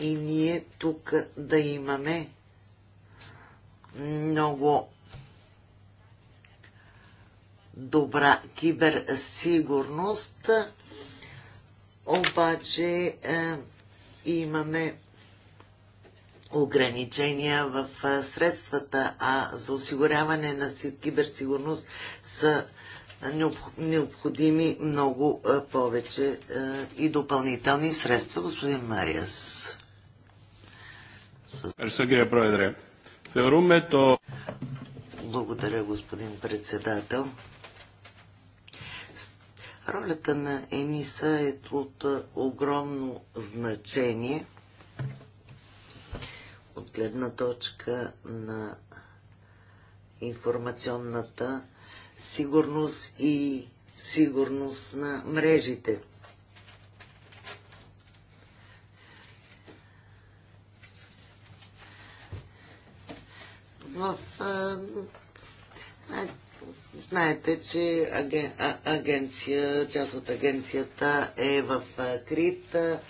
и ние тук да имаме много добра киберсигурност, обаче е, имаме ограничения в е, средствата, а за осигуряване на киберсигурност са необходими много повече и допълнителни средства. Господин Мариас. Благодаря, господин председател. Ролята на ЕНИСА е от огромно значение от гледна точка на информационната сигурност и сигурност на мрежите. В, а, знаете, че аген, а, агенция, част от агенцията е в а, Крит. А,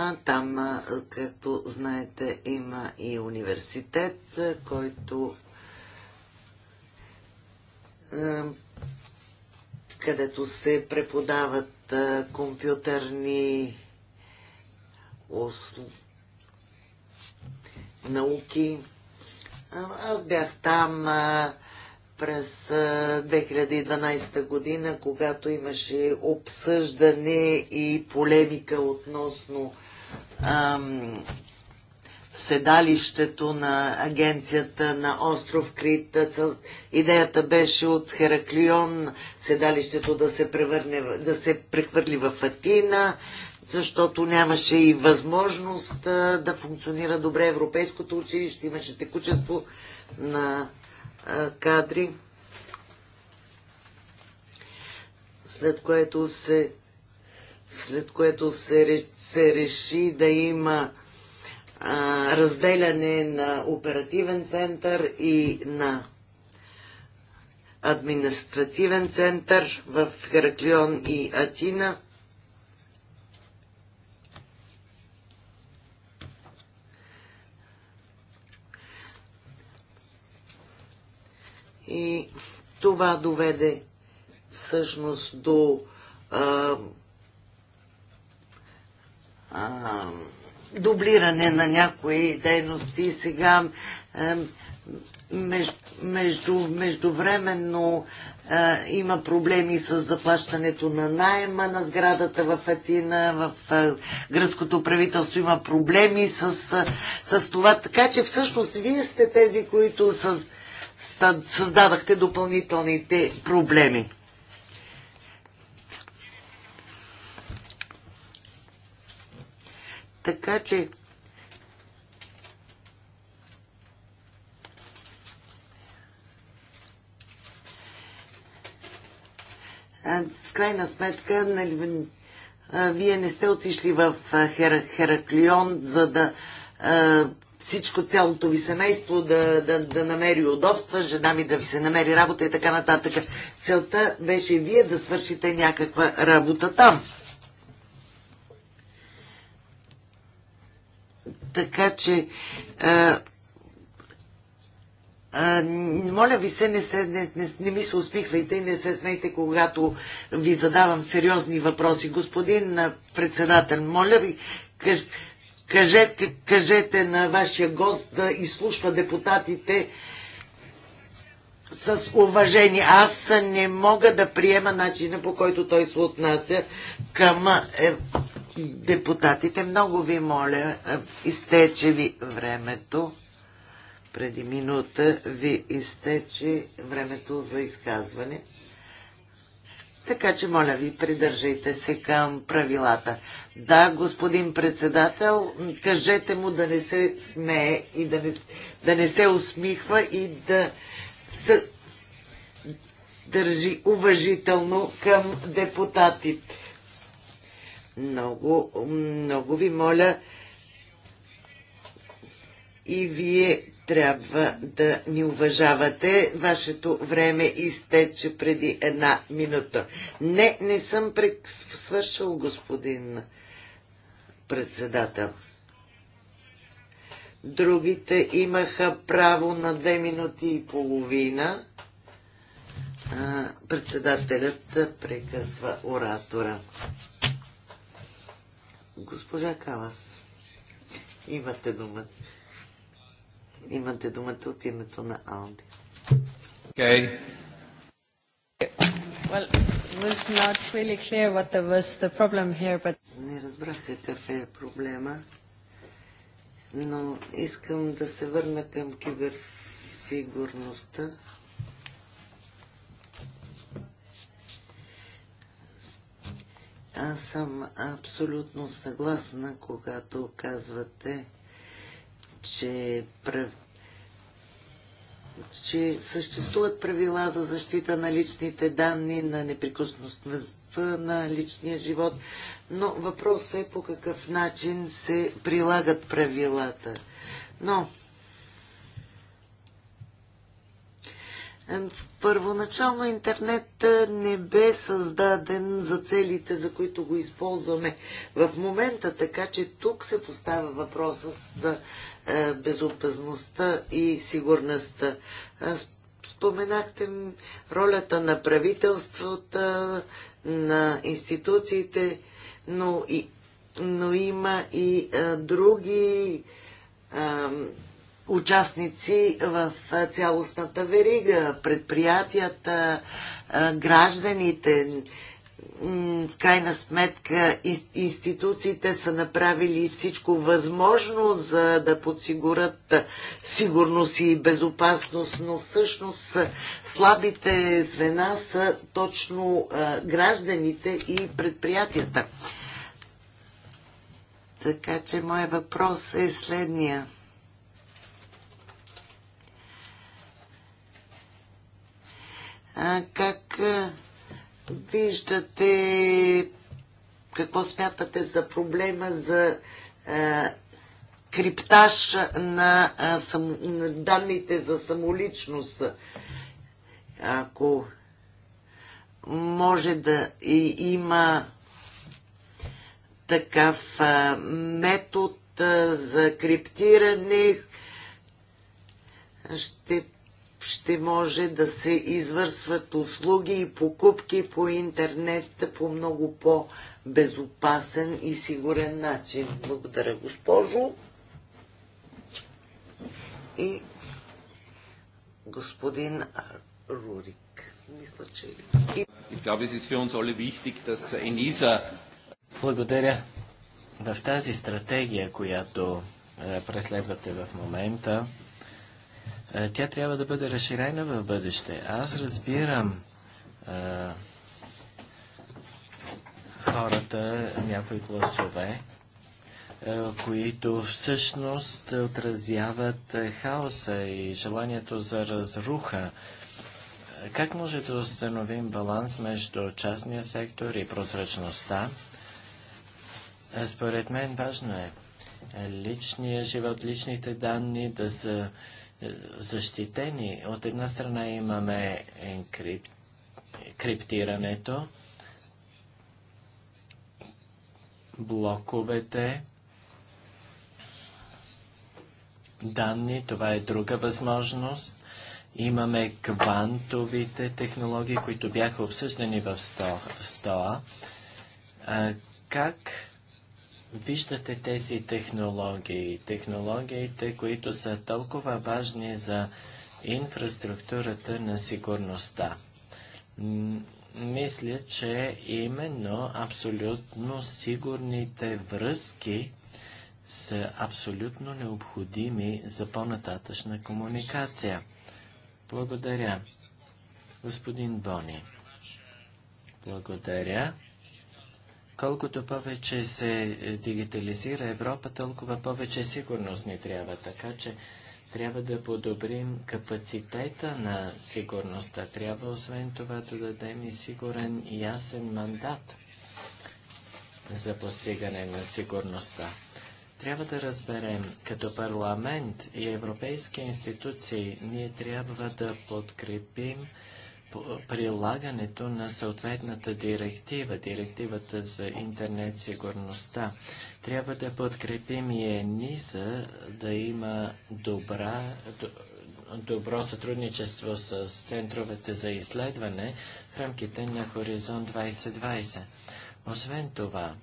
А, там, както знаете, има и университет, който където се преподават компютърни науки. Аз бях там през 2012 година, когато имаше обсъждане и полемика относно седалището на агенцията на остров Крит. Идеята беше от Хераклион седалището да се, превърне, да се прехвърли в Атина, защото нямаше и възможност да функционира добре Европейското училище, имаше текучество на кадри. След което се след което се, се реши да има а, разделяне на оперативен център и на административен център в Хераклион и Атина. И това доведе всъщност до а, а, дублиране на някои дейности. Сега е, между, между, междувременно е, има проблеми с заплащането на найема на сградата в Атина, в е, гръцкото правителство има проблеми с, е, с това. Така че всъщност вие сте тези, които с, създадахте допълнителните проблеми. Така че в крайна сметка нали, вие не сте отишли в Хер, Хераклион, за да всичко, цялото ви семейство да, да, да намери удобства, жена ми да ви се намери работа и така нататък. Целта беше вие да свършите някаква работа там. Така че а, а, моля ви се, не, се не, не, не ми се усмихвайте и не се смейте, когато ви задавам сериозни въпроси. Господин председател, моля ви, къж, кажете, кажете на вашия гост да изслушва депутатите с уважение. Аз не мога да приема начина по който той се отнася към е, депутатите, много ви моля, изтече ви времето. Преди минута ви изтече времето за изказване. Така че, моля ви, придържайте се към правилата. Да, господин председател, кажете му да не се смее и да не, да не се усмихва и да се държи уважително към депутатите. Много, много ви моля и вие трябва да ни уважавате. Вашето време изтече преди една минута. Не, не съм свършил, господин председател. Другите имаха право на две минути и половина. Председателят прекъсва оратора. Госпожа Калас, имате думата. Имате думата от името на Алди. Okay. Well, was not really clear what the, was the problem here, but... Не разбрах какъв е проблема, но искам да се върна към киберсигурността. Аз съм абсолютно съгласна, когато казвате, че, прав... че съществуват правила за защита на личните данни, на неприкосновеността на личния живот, но въпросът е по какъв начин се прилагат правилата. Но Първоначално интернет е, не бе създаден за целите, за които го използваме в момента, така че тук се поставя въпроса за е, безопасността и сигурността. Е, споменахте ролята на правителствата, на институциите, но, и, но има и а, други а, участници в цялостната верига, предприятията, гражданите, в крайна сметка институциите са направили всичко възможно за да подсигурят сигурност и безопасност, но всъщност слабите звена са точно гражданите и предприятията. Така че моят въпрос е следния. Как виждате, какво смятате за проблема за криптаж на, на данните за самоличност? Ако може да и има такъв а, метод а, за криптиране. Ще ще може да се извършват услуги и покупки по интернет по много по-безопасен и сигурен начин. Благодаря, госпожо. И господин Рурик. Мисля, че... Благодаря. В тази стратегия, която е, преследвате в момента, е, тя трябва да бъде разширена в бъдеще. Аз разбирам а, е, хората, някои гласове, а, е, които всъщност отразяват хаоса и желанието за разруха. Как може да установим баланс между частния сектор и прозрачността? Според мен важно е личния живот, личните данни да са защитени. От една страна имаме енкрип... криптирането, блоковете, данни, това е друга възможност. Имаме квантовите технологии, които бяха обсъждани в СТОА. Как виждате тези технологии, технологиите, които са толкова важни за инфраструктурата на сигурността. Мисля, че именно абсолютно сигурните връзки са абсолютно необходими за по-нататъчна комуникация. Благодаря. Господин Бони. Благодаря. Колкото повече се дигитализира Европа, толкова повече сигурност ни трябва. Така че трябва да подобрим капацитета на сигурността. Трябва освен това да дадем и сигурен и ясен мандат за постигане на сигурността. Трябва да разберем, като парламент и европейски институции, ние трябва да подкрепим прилагането на съответната директива, директивата за интернет сигурността. Трябва да подкрепим и ЕНИСА да има добра, добро сътрудничество с центровете за изследване в рамките на Хоризонт 2020. Освен това,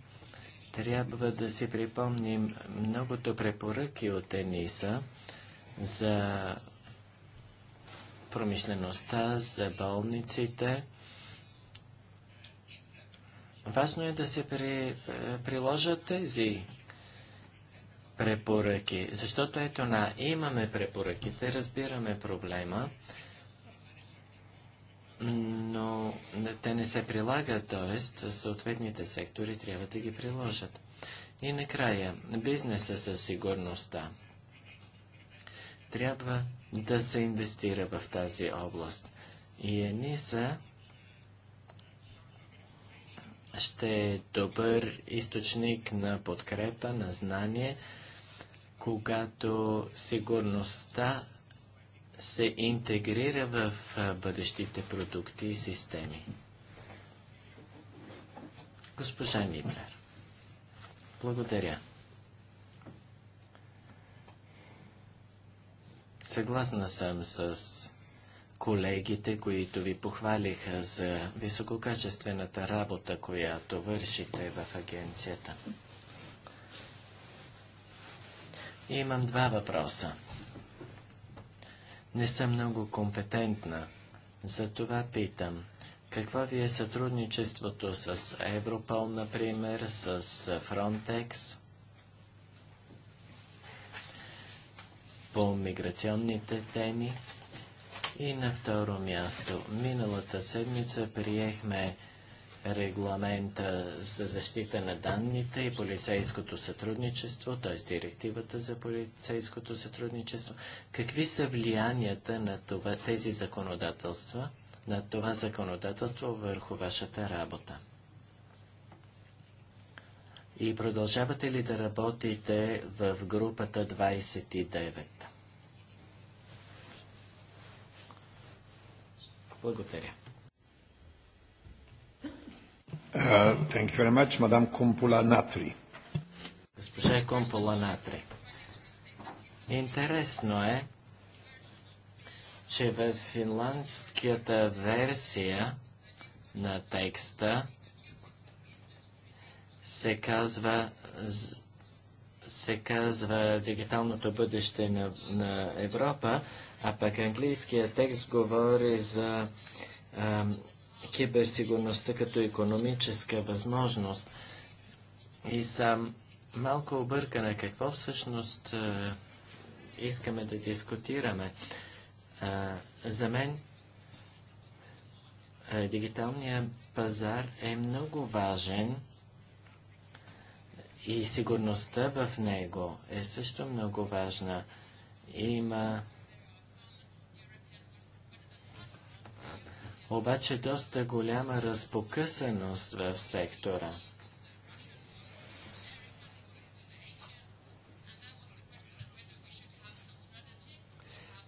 трябва да си припомним многото препоръки от ЕНИСА за промишлеността, за болниците. Важно е да се при, приложат тези препоръки, защото ето на имаме препоръките, разбираме проблема, но те не се прилагат, т.е. съответните сектори трябва да ги приложат. И накрая, бизнеса със сигурността. Трябва да се инвестира в тази област. И ЕНИСА ще е добър източник на подкрепа, на знание, когато сигурността се интегрира в бъдещите продукти и системи. Госпожа Ниблер, благодаря. Съгласна съм с колегите, които ви похвалиха за висококачествената работа, която вършите в агенцията. И имам два въпроса. Не съм много компетентна, затова питам. Какво ви е сътрудничеството с Европол, например, с Фронтекс? по миграционните теми. И на второ място, миналата седмица приехме регламента за защита на данните и полицейското сътрудничество, т.е. директивата за полицейското сътрудничество. Какви са влиянията на това, тези законодателства, на това законодателство върху вашата работа? И продължавате ли да работите в групата 29? Благодаря. Uh, thank you very much, Компула Натри. Госпожа Компула Натри. Интересно е, че в финландската версия на текста се казва, се казва дигиталното бъдеще на, на Европа, а пък английският текст говори за а, киберсигурността като економическа възможност. И съм малко объркана какво всъщност а, искаме да дискутираме. А, за мен а, дигиталният пазар е много важен и сигурността в него е също много важна. Има обаче доста голяма разпокъсаност в сектора.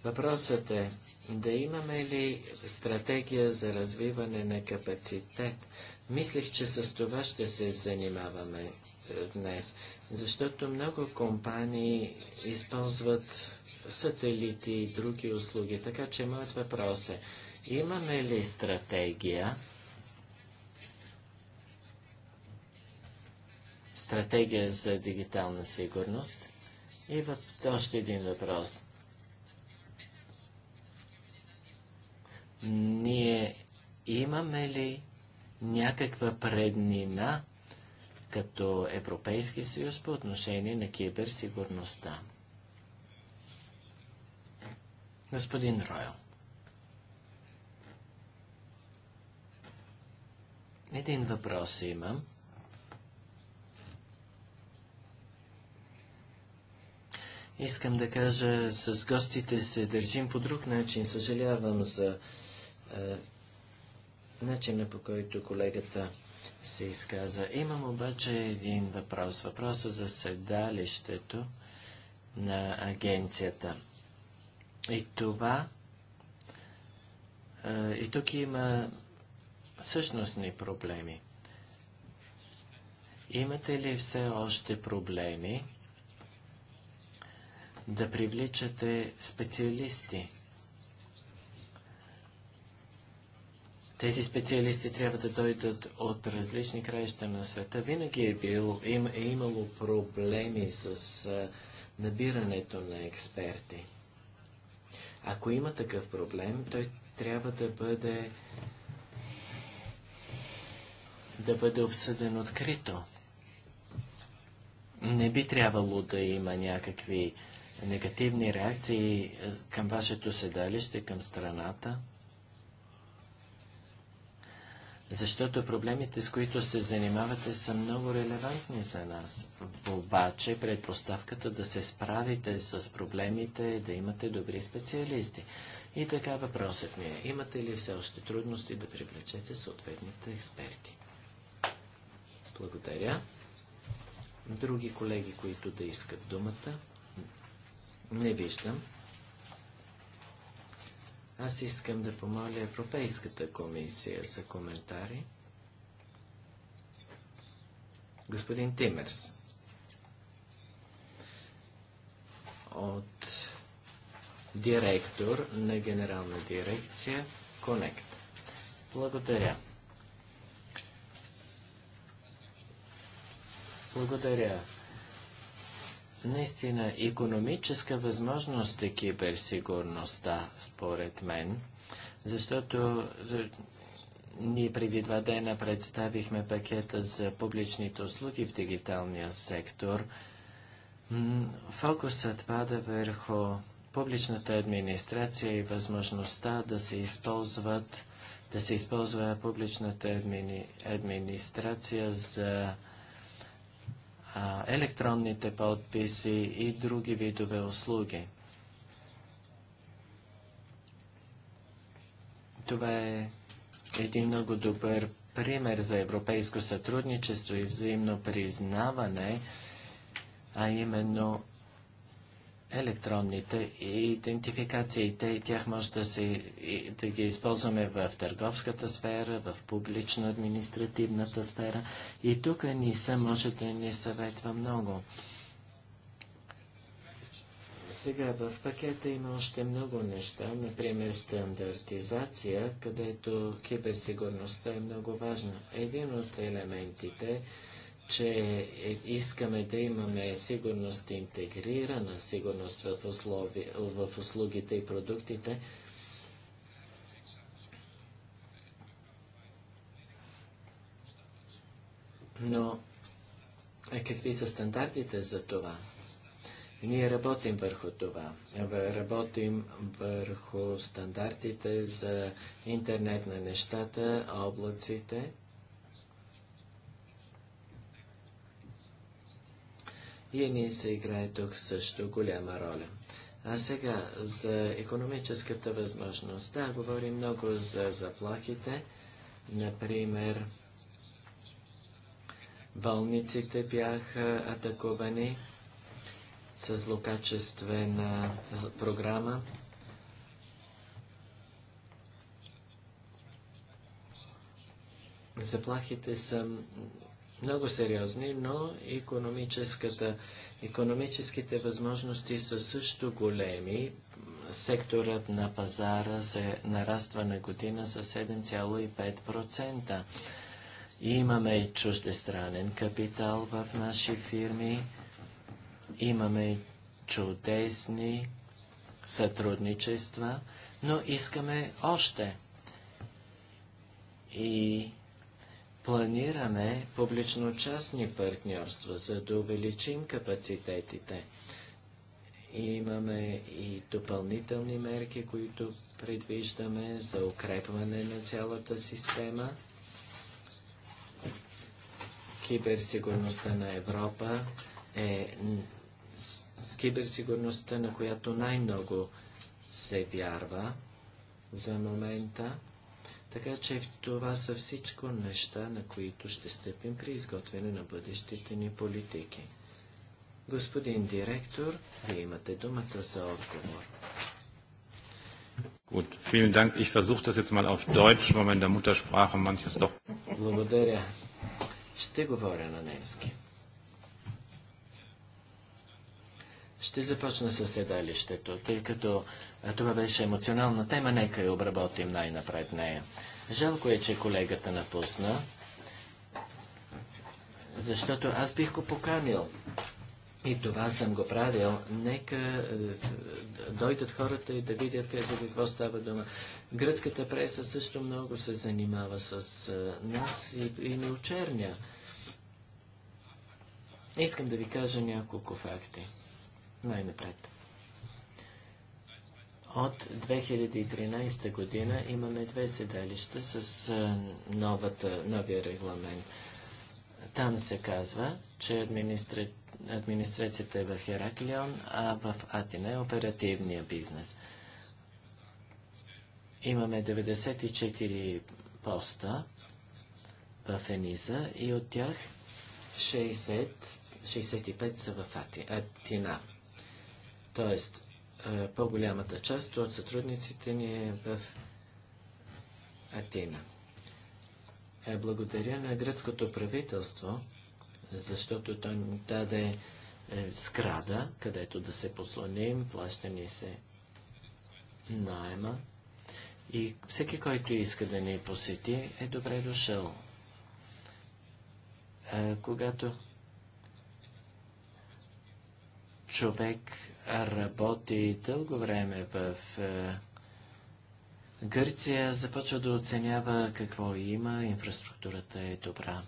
Въпросът е да имаме ли стратегия за развиване на капацитет. Мислих, че с това ще се занимаваме днес, защото много компании използват сателити и други услуги. Така че моят въпрос е, имаме ли стратегия, стратегия за дигитална сигурност? И въп... още един въпрос. Ние имаме ли някаква преднина като Европейски съюз по отношение на киберсигурността. Господин Ройл. Един въпрос имам. Искам да кажа, с гостите се държим по друг начин. Съжалявам за е, начина по който колегата се изказа. Имам обаче един въпрос. Въпросът за седалището на агенцията. И това. и тук има същностни проблеми. Имате ли все още проблеми да привличате специалисти? Тези специалисти трябва да дойдат от различни краища на света. Винаги е, бил, им, е имало проблеми с а, набирането на експерти. Ако има такъв проблем, той трябва да бъде да бъде обсъден открито. Не би трябвало да има някакви негативни реакции към вашето седалище, към страната. Защото проблемите, с които се занимавате, са много релевантни за нас. Обаче предпоставката да се справите с проблемите е да имате добри специалисти. И така въпросът ми е, имате ли все още трудности да привлечете съответните експерти? Благодаря. Други колеги, които да искат думата? Не виждам. Аз искам да помоля Европейската комисия за коментари. Господин Тимерс от директор на генерална дирекция Connect. Благодаря. Благодаря наистина економическа възможност е киберсигурността, според мен, защото е, ние преди два дена представихме пакета за публичните услуги в дигиталния сектор. Фокусът пада върху публичната администрация и възможността да се използват да се използва публичната администрация за електронните подписи и други видове услуги. Това е един много добър пример за европейско сътрудничество и взаимно признаване, а именно електронните идентификациите и тях може да, се, да ги използваме в търговската сфера, в публично-административната сфера. И тук НИСА може да ни съветва много. Сега в пакета има още много неща, например стандартизация, където киберсигурността е много важна. Един от елементите че е, искаме да имаме сигурност интегрирана, сигурност в, услови, в услугите и продуктите, Но какви са стандартите за това? Ние работим върху това. Работим върху стандартите за интернет на нещата, облаците. И се играе тук също голяма роля. А сега за економическата възможност. Да, говорим много за заплахите. Например, болниците бяха атакувани с злокачествена програма. Заплахите са много сериозни, но економическите възможности са също големи. Секторът на пазара се нараства на година с 7,5%. Имаме и чуждестранен капитал в наши фирми. Имаме чудесни сътрудничества, но искаме още. И планираме публично-частни партньорства, за да увеличим капацитетите. И имаме и допълнителни мерки, които предвиждаме за укрепване на цялата система. Киберсигурността на Европа е с киберсигурността, на която най-много се вярва за момента. Така че това са всичко неща, на които ще стъпим при изготвяне на бъдещите ни политики. Господин директор, вие имате думата за отговор. Gut, vielen Dank. Ich versuche das jetzt mal auf Deutsch, weil meine Muttersprache manches doch. Благодаря. Ще говоря на немски. Ще започна с седалището, тъй като това беше емоционална тема, нека я обработим най-напред нея. Жалко е, че колегата напусна, защото аз бих го поканил. И това съм го правил. Нека е, дойдат хората и да видят къде за какво става дума. Гръцката преса също много се занимава с е, нас и, и ни очерня. Искам да ви кажа няколко факти най-напред. От 2013 година имаме две седалища с новата, новия регламент. Там се казва, че администра... администрацията е в Хераклион, а в Атина е оперативния бизнес. Имаме 94 поста в Ениза и от тях 60, 65 са в Атина. Тоест, по-голямата част от сътрудниците ни е в Атина. Е, благодаря на гръцкото правителство, защото той ни даде е, сграда, където да се послоним, плаща ни се найма. И всеки, който иска да ни посети, е добре дошъл. Е, когато човек работи дълго време в е, Гърция, започва да оценява какво има, инфраструктурата е добра.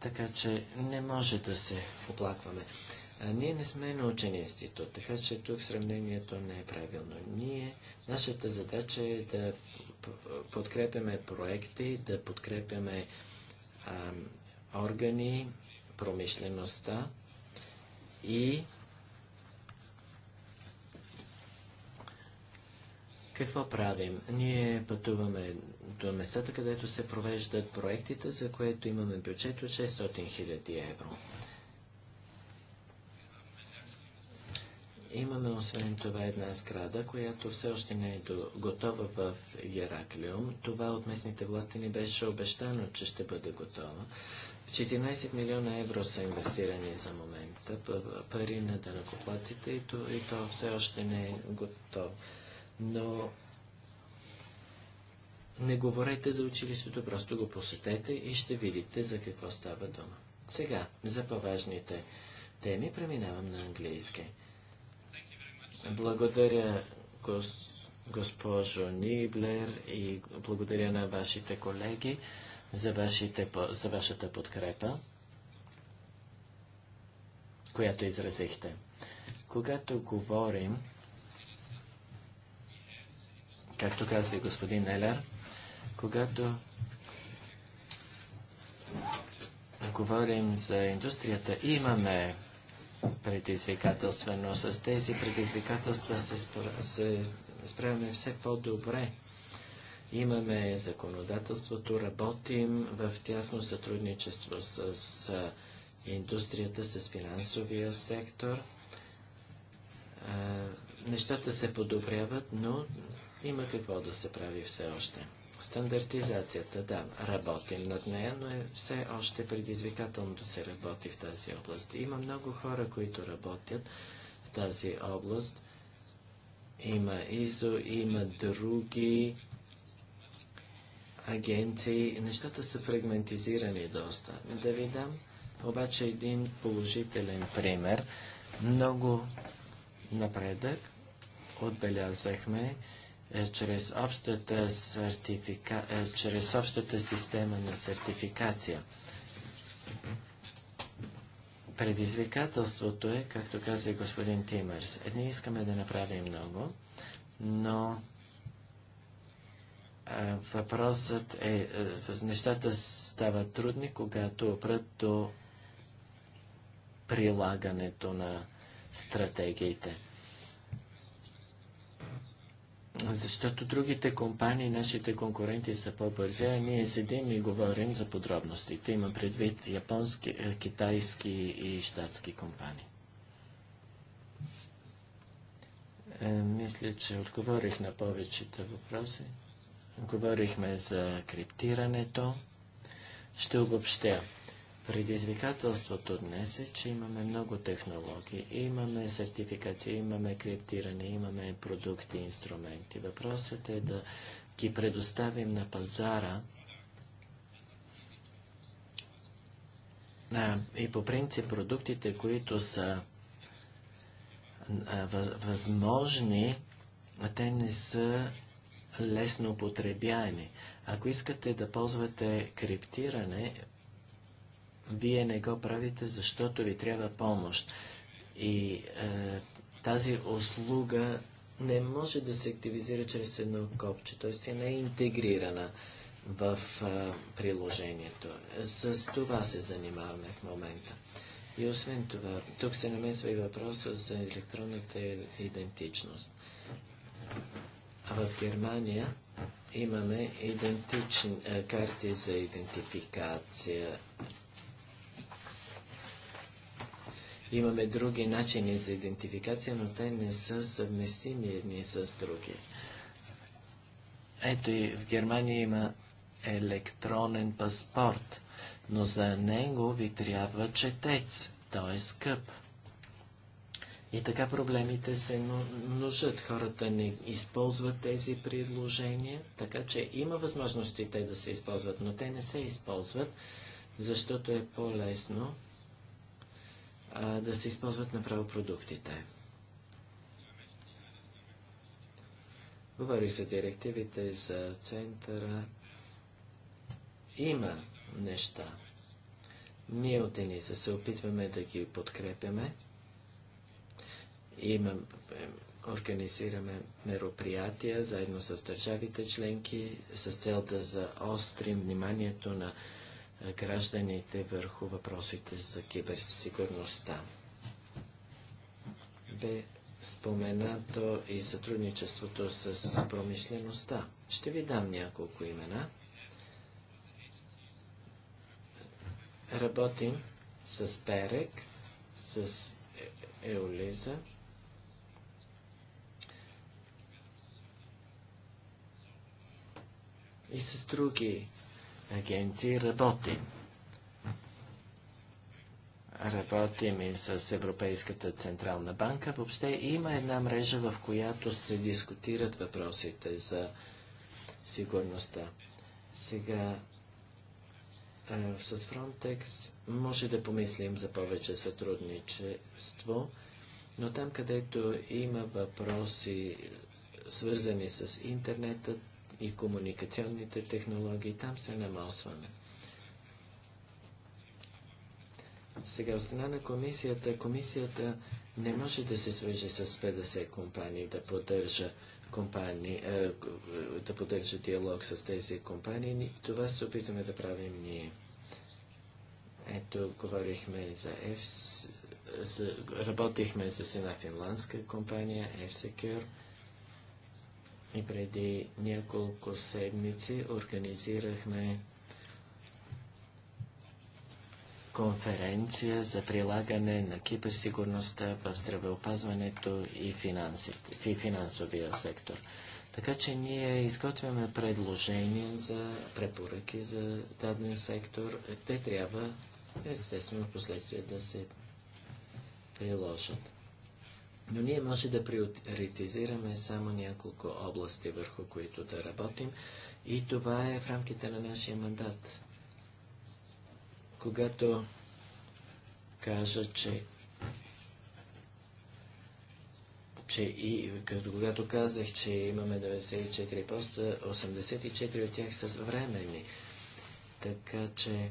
Така че не може да се оплакваме. ние не сме научен институт, така че тук сравнението не е правилно. Ние, нашата задача е да подкрепяме проекти, да подкрепяме а, органи, промишлеността, и какво правим? Ние пътуваме до местата, където се провеждат проектите, за което имаме бюджет от 600 000 евро. Имаме освен това една сграда, която все още не е готова в Яраклиум. Това от местните власти ни беше обещано, че ще бъде готова. 14 милиона евро са инвестирани за момента, пари на данакоплаците и то, и то все още не е готово. Но не говорете за училището, просто го посетете и ще видите за какво става дума. Сега, за по-важните теми, преминавам на английски. Благодаря, гос, госпожо Ниблер, и благодаря на вашите колеги за, вашите, за вашата подкрепа, която изразихте. Когато говорим, както каза и господин Елер, когато говорим за индустрията, имаме предизвикателства, но с тези предизвикателства се, се справяме все по-добре. Имаме законодателството, работим в тясно сътрудничество с, с индустрията, с финансовия сектор. А, нещата се подобряват, но има какво да се прави все още. Стандартизацията, да, работим над нея, но е все още предизвикателно да се работи в тази област. Има много хора, които работят в тази област. Има ИЗО, има други агенции, нещата са фрагментизирани доста. Да ви дам обаче един положителен пример. Много напредък отбелязахме е, чрез общата, сертифика... Е, чрез общата система на сертификация. Предизвикателството е, както каза господин Тимърс, ние искаме да направим много, но Въпросът е, е нещата стават трудни, когато опрат до прилагането на стратегиите. Защото другите компании, нашите конкуренти са по-бързи, а ние седим и говорим за подробностите. Има предвид японски, е, китайски и щатски компании. Е, мисля, че отговорих на повечето въпроси. Говорихме за криптирането. Ще обобщя. Предизвикателството днес е, че имаме много технологии, имаме сертификация, имаме криптиране, имаме продукти, инструменти. Въпросът е да ги предоставим на пазара и по принцип продуктите, които са възможни, те не са лесно употребяеми. Ако искате да ползвате криптиране, вие не го правите, защото ви трябва помощ. И е, тази услуга не може да се активизира чрез едно копче, т.е. тя не е интегрирана в е, приложението. С това се занимаваме в момента. И освен това, тук се намесва и въпроса за електронната идентичност. А в Германия имаме идентични а, е, карти за идентификация. Имаме други начини за идентификация, но те не са съвместими едни с други. Ето и в Германия има електронен паспорт, но за него ви трябва четец. Той е скъп. И така проблемите се множат. Хората не използват тези предложения, така че има възможности те да се използват, но те не се използват, защото е по-лесно да се използват направо продуктите. Говори за директивите, за центъра. Има неща. Ние от Ениса се опитваме да ги подкрепяме. Има, е, организираме мероприятия заедно с държавите членки с цел да заострим вниманието на е, гражданите върху въпросите за киберсигурността. Бе споменато и сътрудничеството с промишлеността. Ще ви дам няколко имена. Работим с Перек, с е, Еолиза, и с други агенции работим. Работим и с Европейската Централна банка. Въобще има една мрежа, в която се дискутират въпросите за сигурността. Сега с Frontex може да помислим за повече сътрудничество, но там, където има въпроси свързани с интернета, и комуникационните технологии. Там се намалсваме. Сега, от страна на комисията, комисията не може да се свържи с 50 компании, да поддържа компании, э, да поддържа диалог с тези компании. Това се опитваме да правим ние. Ето, говорихме за EFS, работихме с една финландска компания, EFSecure, и преди няколко седмици организирахме конференция за прилагане на киберсигурността в здравеопазването и, и финансовия сектор. Така че ние изготвяме предложения за препоръки за даден сектор. Те трябва, естествено, в последствие да се приложат. Но ние може да приоритизираме само няколко области, върху които да работим и това е в рамките на нашия мандат. Когато кажа, че че и като, когато казах, че имаме 94 поста, 84 от тях са временни. Така че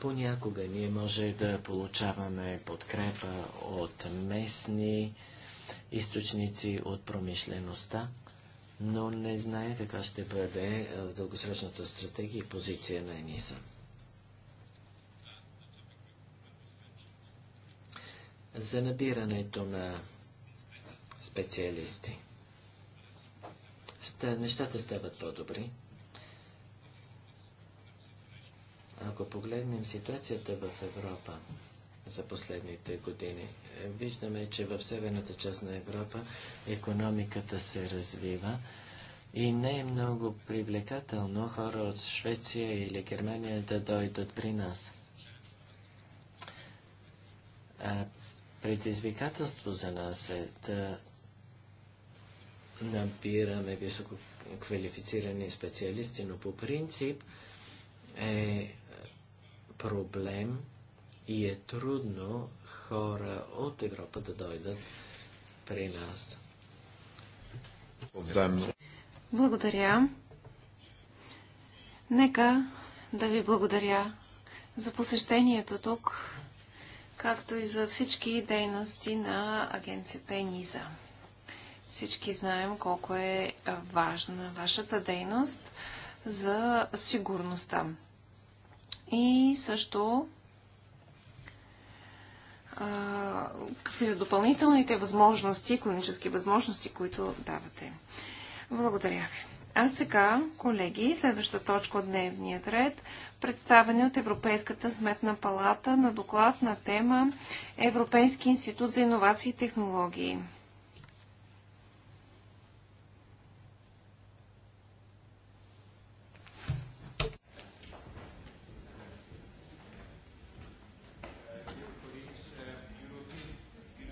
Понякога ние може да получаваме подкрепа от местни източници, от промишлеността, но не знае каква ще бъде в е, дългосрочната стратегия и позиция на ЕНИСА. За набирането на специалисти. нещата стават по-добри. Ако погледнем ситуацията в Европа за последните години, е, виждаме, че в северната част на Европа економиката се развива и не е много привлекателно хора от Швеция или Германия да дойдат при нас. А предизвикателство за нас е да набираме високо квалифицирани специалисти, но по принцип е проблем и е трудно хора от Европа да дойдат при нас. Благодаря. Нека да ви благодаря за посещението тук, както и за всички дейности на агенцията ЕНИЗА. Всички знаем колко е важна вашата дейност за сигурността. И също какви са допълнителните възможности, икономически възможности, които давате. Благодаря ви. А сега, колеги, следваща точка от дневният ред представяне от Европейската сметна палата на доклад на тема Европейски институт за иновации и технологии.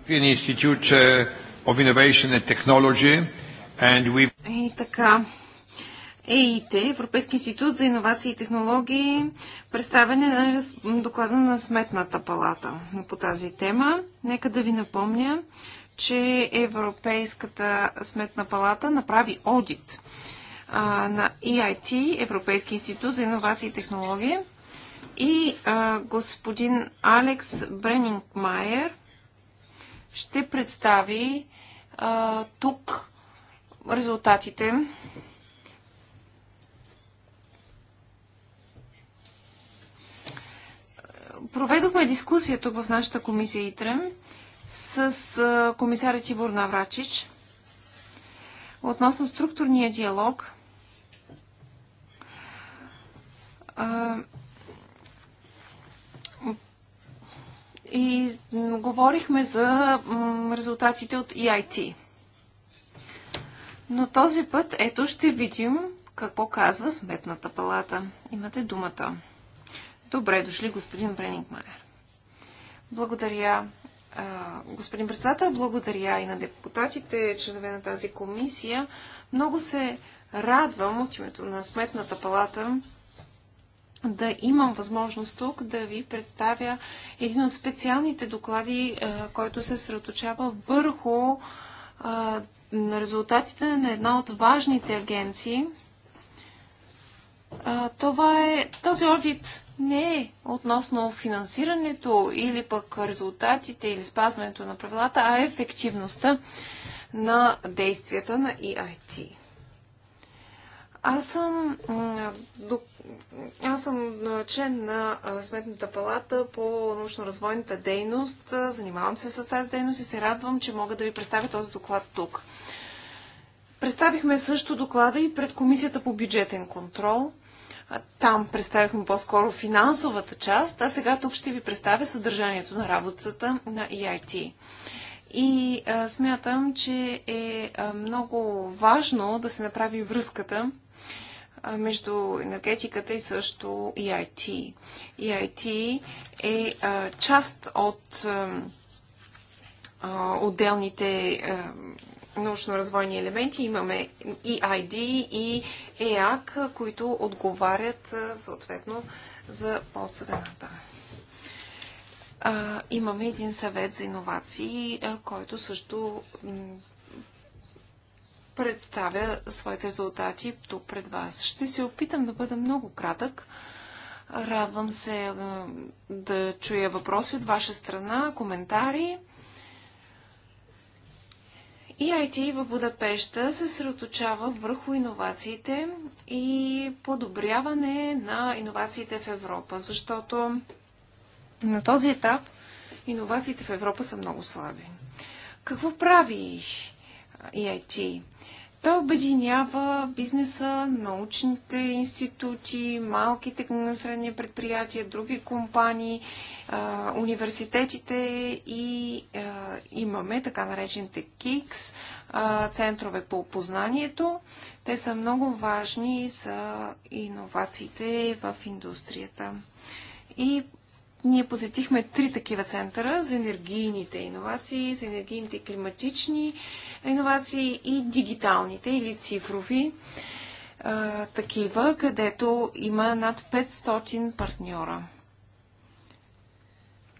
European Institute uh, of Innovation and Technology and we... И така, ЕИТ, Европейски институт за иновации и технологии, представяне на доклада на Сметната палата по тази тема. Нека да ви напомня, че Европейската Сметна палата направи одит а, на EIT, Европейски институт за иновации и технологии, и а, господин Алекс Бренингмайер – ще представи а, тук резултатите. Проведохме дискусия тук в нашата комисия ИТРЕМ с комисаря Тибор Наврачич относно структурния диалог – и говорихме за резултатите от EIT. Но този път, ето ще видим какво казва Сметната палата. Имате думата. Добре дошли, господин Бренингмайер. Благодаря, господин председател, благодаря и на депутатите, членове на тази комисия. Много се радвам от името на Сметната палата, да имам възможност тук да ви представя един от специалните доклади, е, който се сръточава върху е, резултатите на една от важните агенции. Е, това е, този одит не е относно финансирането или пък резултатите или спазването на правилата, а ефективността на действията на EIT. Аз съм аз съм член на Сметната палата по научно-развойната дейност. Занимавам се с тази дейност и се радвам, че мога да ви представя този доклад тук. Представихме също доклада и пред Комисията по бюджетен контрол. Там представихме по-скоро финансовата част, а сега тук ще ви представя съдържанието на работата на EIT. И а, смятам, че е много важно да се направи връзката между енергетиката и също EIT. EIT е а, част от а, отделните научно-развойни елементи. Имаме EID и EAC, които отговарят съответно за подсъдената. Имаме един съвет за иновации, който също представя своите резултати тук пред вас. Ще се опитам да бъда много кратък. Радвам се да чуя въпроси от ваша страна, коментари. EIT в Будапешта се съсредоточава върху иновациите и подобряване на иновациите в Европа, защото на този етап иновациите в Европа са много слаби. Какво прави EIT? Той обединява бизнеса, научните институти, малките средни предприятия, други компании, университетите и имаме така наречените КИКС, центрове по познанието. Те са много важни за иновациите в индустрията. И ние посетихме три такива центъра за енергийните иновации, за енергийните и климатични иновации и дигиталните или цифрови а, такива, където има над 500 партньора.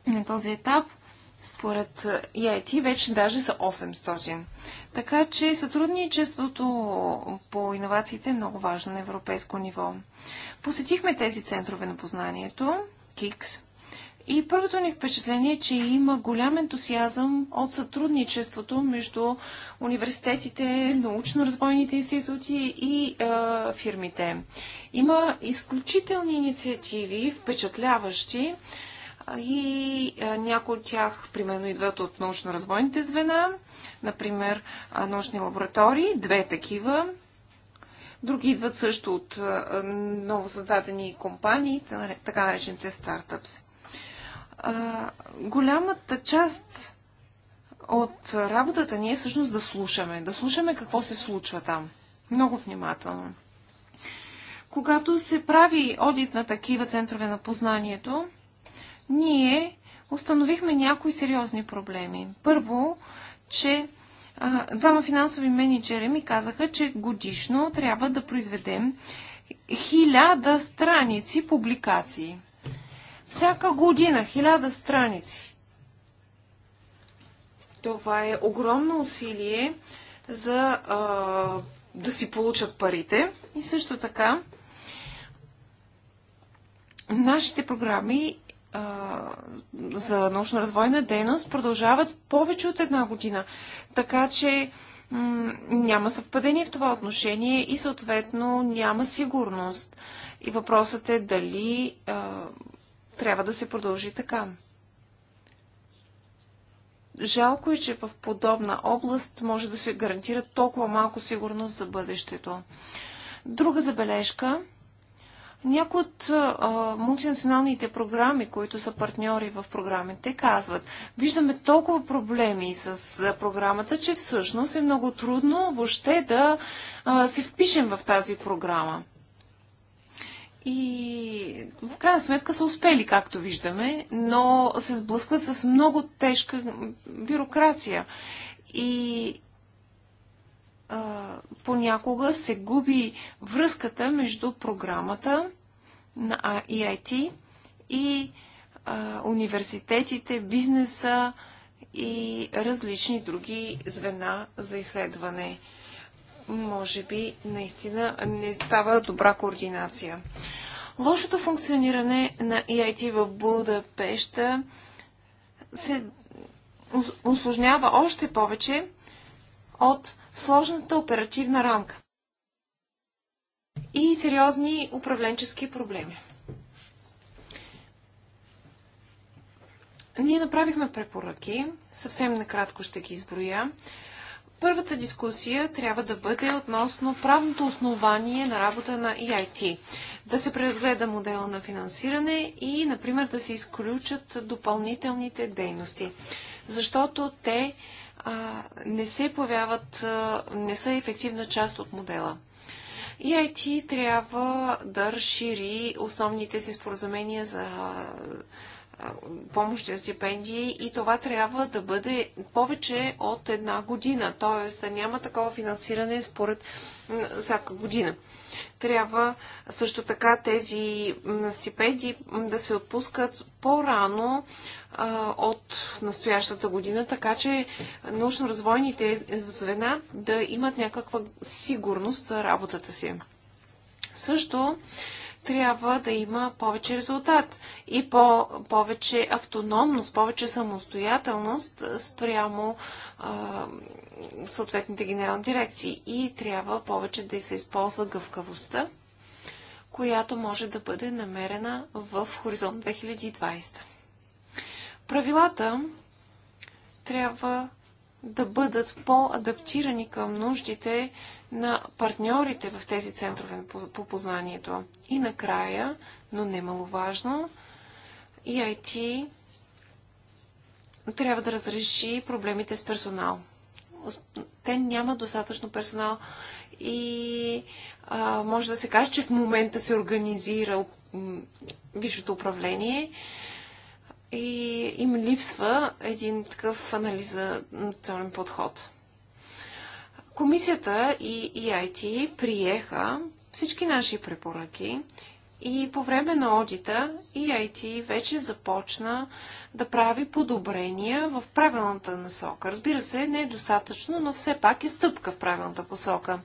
На този етап според EIT вече даже са 800. Така че сътрудничеството по иновациите е много важно на европейско ниво. Посетихме тези центрове на познанието, КИКС, и първото ни впечатление е, че има голям ентусиазъм от сътрудничеството между университетите, научно-разбойните институти и е, фирмите. Има изключителни инициативи, впечатляващи е, и е, някои от тях, примерно, идват от научно-разбойните звена, например, е, научни лаборатории, две такива. Други идват също от новосъздадени компании, така наречените стартъпс а, голямата част от работата ни е всъщност да слушаме. Да слушаме какво се случва там. Много внимателно. Когато се прави одит на такива центрове на познанието, ние установихме някои сериозни проблеми. Първо, че а, двама финансови менеджери ми казаха, че годишно трябва да произведем хиляда страници публикации. Всяка година хиляда страници. Това е огромно усилие за а, да си получат парите. И също така, нашите програми а, за научно-развойна дейност продължават повече от една година. Така че няма съвпадение в това отношение и съответно няма сигурност. И въпросът е дали а, трябва да се продължи така. Жалко е, че в подобна област може да се гарантира толкова малко сигурност за бъдещето. Друга забележка. Някои от а, мултинационалните програми, които са партньори в програмите, казват, виждаме толкова проблеми с а, програмата, че всъщност е много трудно въобще да а, се впишем в тази програма. И в крайна сметка са успели, както виждаме, но се сблъскват с много тежка бюрокрация. И а, понякога се губи връзката между програмата на EIT и а, университетите, бизнеса и различни други звена за изследване може би наистина не става добра координация. Лошото функциониране на EIT в Будапешта се осложнява още повече от сложната оперативна рамка и сериозни управленчески проблеми. Ние направихме препоръки, съвсем накратко ще ги изброя. Първата дискусия трябва да бъде относно правното основание на работа на EIT. Да се преразгледа модела на финансиране и, например, да се изключат допълнителните дейности. Защото те а, не се появяват, а, не са ефективна част от модела. EIT трябва да разшири основните си споразумения за помощи за стипендии и това трябва да бъде повече от една година, т.е. да няма такова финансиране според всяка година. Трябва също така тези стипендии да се отпускат по-рано от настоящата година, така че научно-развойните звена да имат някаква сигурност за работата си. Също трябва да има повече резултат и по- повече автономност, повече самостоятелност спрямо а, съответните генерални дирекции. И трябва повече да се използва гъвкавостта, която може да бъде намерена в Хоризонт 2020. Правилата трябва да бъдат по-адаптирани към нуждите на партньорите в тези центрове по познанието. И накрая, но немаловажно, EIT трябва да разреши проблемите с персонал. Те нямат достатъчно персонал и а, може да се каже, че в момента се организира висшето управление и им липсва един такъв анализационен подход. Комисията и EIT приеха всички наши препоръки и по време на одита EIT вече започна да прави подобрения в правилната насока. Разбира се, не е достатъчно, но все пак е стъпка в правилната посока.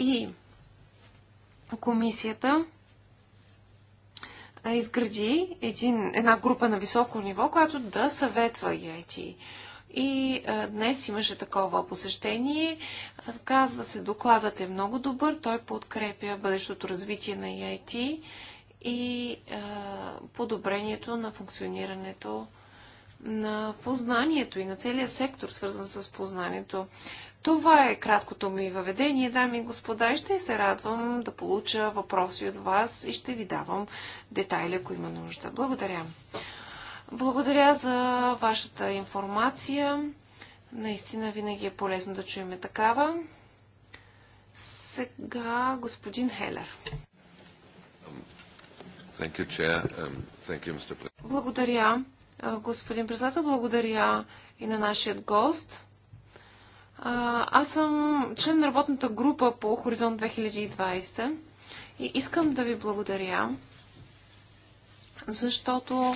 И комисията изгради един, една група на високо ниво, която да съветва EIT. И а, днес имаше такова посещение. Казва се, докладът е много добър, той подкрепя бъдещото развитие на EIT и а, подобрението на функционирането на познанието и на целия сектор, свързан с познанието. Това е краткото ми въведение, дами и господа, и ще се радвам да получа въпроси от вас и ще ви давам детайли, ако има нужда. Благодаря. Благодаря за вашата информация. Наистина винаги е полезно да чуем такава. Сега господин Хелер. Um, благодаря, господин председател. Благодаря и на нашия гост. Аз съм член на работната група по Хоризонт 2020 и искам да ви благодаря, защото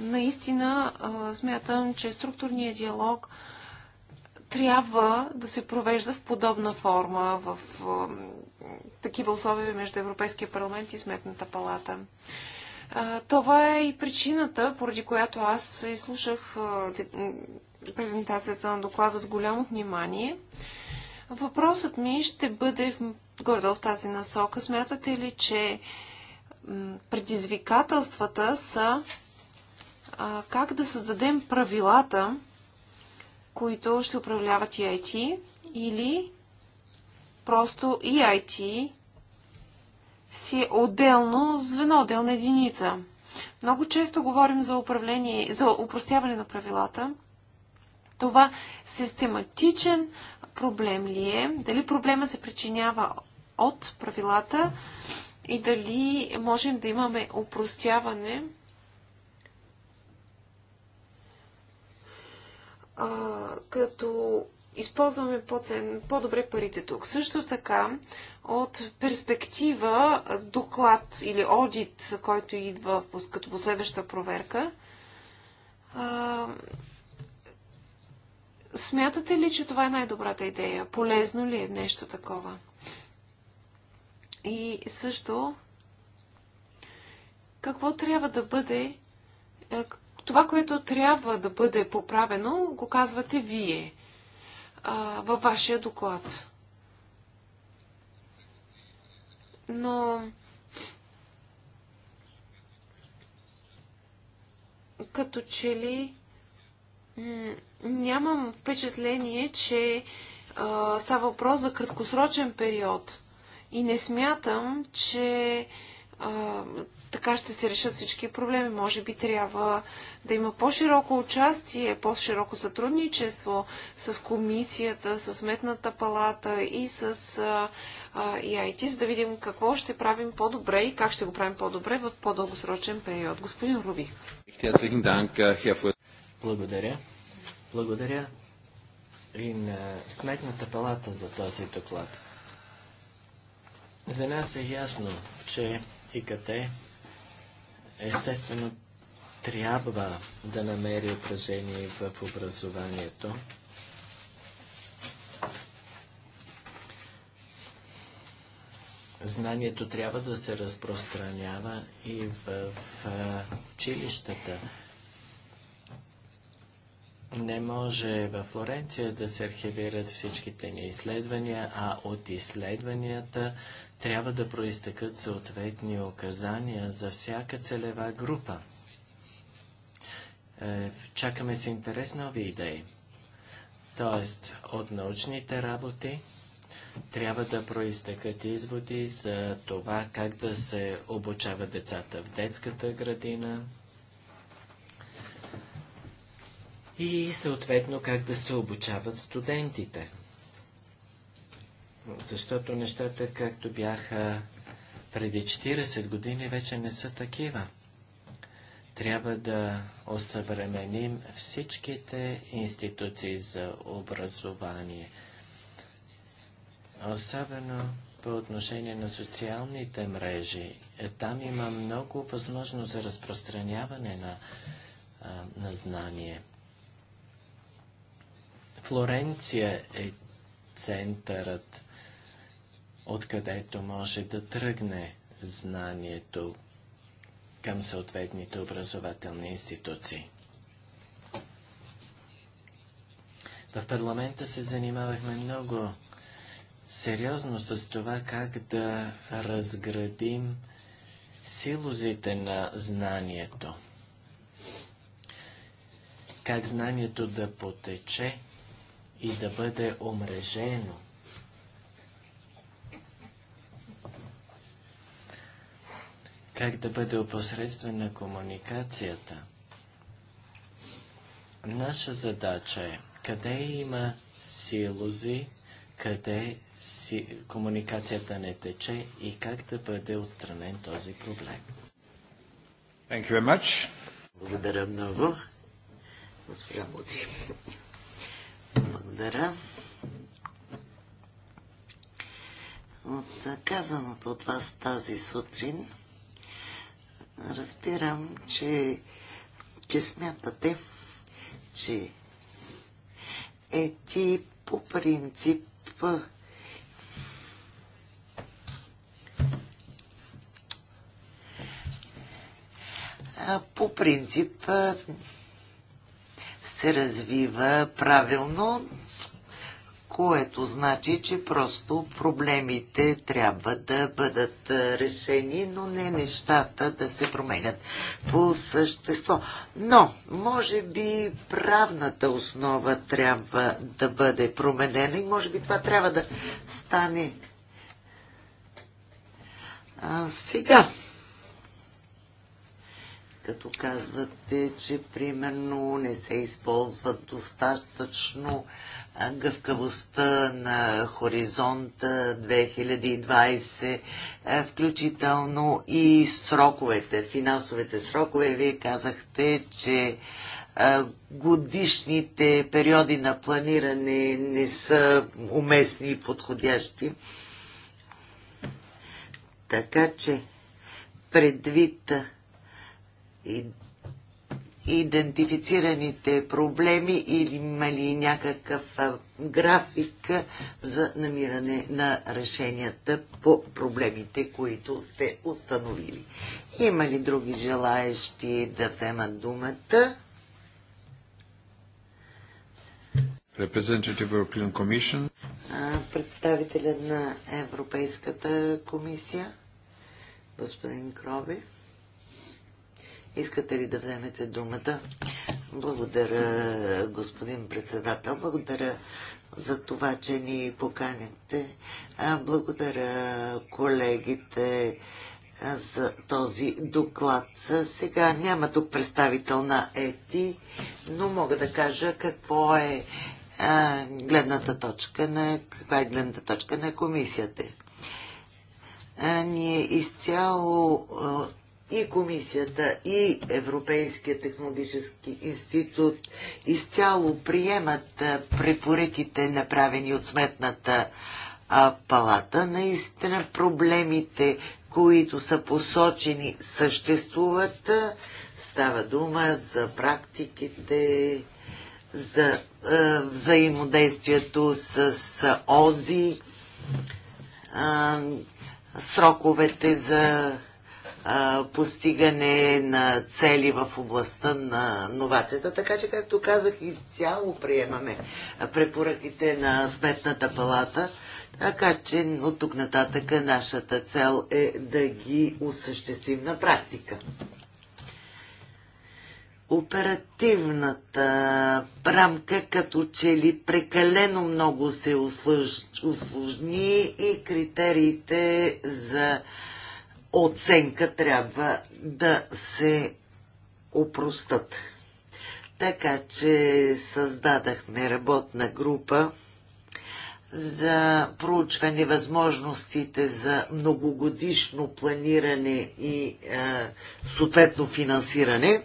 наистина смятам, че структурният диалог трябва да се провежда в подобна форма, в такива условия между Европейския парламент и Сметната палата. Това е и причината, поради която аз изслушах презентацията на доклада с голямо внимание. Въпросът ми ще бъде в, гордо в тази насока. Смятате ли, че предизвикателствата са а, как да създадем правилата, които ще управляват и IT, или просто IT си е отделно звено, отделна единица. Много често говорим за управление, за упростяване на правилата. Това систематичен проблем ли е? Дали проблема се причинява от правилата и дали можем да имаме упростяване а, като използваме по-добре по парите тук. Също така, от перспектива доклад или одит, който идва като последваща проверка, а, смятате ли, че това е най-добрата идея? Полезно ли е нещо такова? И също, какво трябва да бъде е, това, което трябва да бъде поправено, го казвате вие а, във вашия доклад. Но като че ли нямам впечатление, че а, става въпрос за краткосрочен период. И не смятам, че а, така ще се решат всички проблеми. Може би трябва да има по-широко участие, по-широко сътрудничество с комисията, с Сметната палата и с а, а, и IT, за да видим какво ще правим по-добре и как ще го правим по-добре в по-дългосрочен период. Господин Рубих. Благодаря. Благодаря и на Сметната палата за този доклад. За нас е ясно, че ИКТ естествено трябва да намери отражение в образованието. Знанието трябва да се разпространява и в, в училищата. Не може в Флоренция да се архивират всичките ни изследвания, а от изследванията трябва да проистекат съответни указания за всяка целева група. Е, чакаме с интерес нови идеи. Тоест, от научните работи трябва да проистекат изводи за това как да се обучават децата в детската градина и съответно как да се обучават студентите защото нещата, както бяха преди 40 години, вече не са такива. Трябва да осъвременим всичките институции за образование. Особено по отношение на социалните мрежи. Е, там има много възможност за разпространяване на, на знание. Флоренция е центърът откъдето може да тръгне знанието към съответните образователни институции. В парламента се занимавахме много сериозно с това как да разградим силозите на знанието. Как знанието да потече и да бъде омрежено как да бъде опосредствена комуникацията. Наша задача е къде има силози, къде си, комуникацията не тече и как да бъде отстранен този проблем. Thank you very much. Благодаря много, госпожа Буди. Благодаря. От казаното от вас тази сутрин, разбирам, че, че смятате, че е ти по принцип по принцип се развива правилно, което значи, че просто проблемите трябва да бъдат решени, но не нещата да се променят по същество. Но, може би правната основа трябва да бъде променена и може би това трябва да стане а, сега като казвате, че примерно не се използват достатъчно гъвкавостта на хоризонта 2020, е, включително и сроковете, финансовите срокове. Вие казахте, че е, годишните периоди на планиране не са уместни и подходящи. Така че предвид и идентифицираните проблеми или има ли някакъв график за намиране на решенията по проблемите, които сте установили. Има ли други желаещи да вземат думата? Представителя на Европейската комисия, господин Кроби. Искате ли да вземете думата? Благодаря, господин председател. Благодаря за това, че ни поканяте. Благодаря колегите за този доклад. Сега няма тук представител на ЕТИ, но мога да кажа какво е гледната точка на, каква е гледната точка на комисията. Ние изцяло и комисията, и Европейския технологически институт изцяло приемат препоръките, направени от сметната палата. Наистина проблемите, които са посочени, съществуват. Става дума за практиките, за взаимодействието с, ОЗИ, сроковете за постигане на цели в областта на новацията. Така че, както казах, изцяло приемаме препоръките на Сметната палата. Така че от тук нататък нашата цел е да ги осъществим на практика. Оперативната рамка като че ли прекалено много се усложни и критериите за оценка трябва да се опростат. Така че създадахме работна група за проучване възможностите за многогодишно планиране и е, съответно финансиране. Е,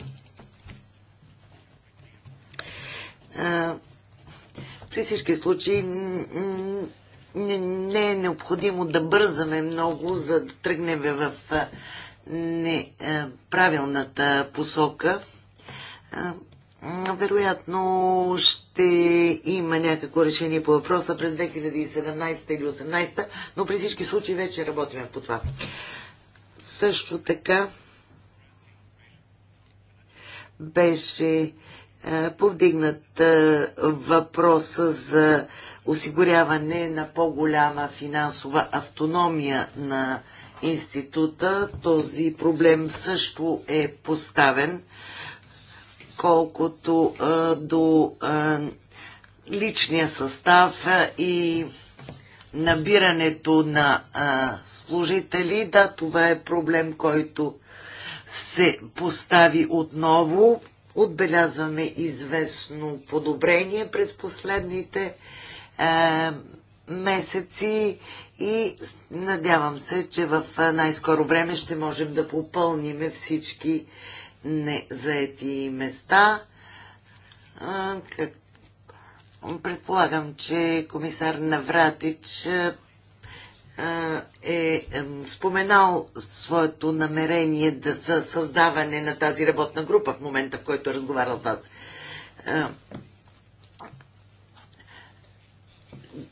при всички случаи не, не е необходимо да бързаме много, за да тръгнем в не, правилната посока. Вероятно ще има някакво решение по въпроса през 2017 или 2018, но при всички случаи вече работиме по това. Също така беше е, повдигнат е, въпроса за осигуряване на по-голяма финансова автономия на института. Този проблем също е поставен, колкото е, до личния състав и набирането на служители. Да, това е проблем, който се постави отново отбелязваме известно подобрение през последните е, месеци и надявам се, че в е, най-скоро време ще можем да попълним всички незаети места. Предполагам, че комисар Навратич е, е споменал своето намерение да, за създаване на тази работна група в момента, в който е разговарял с вас.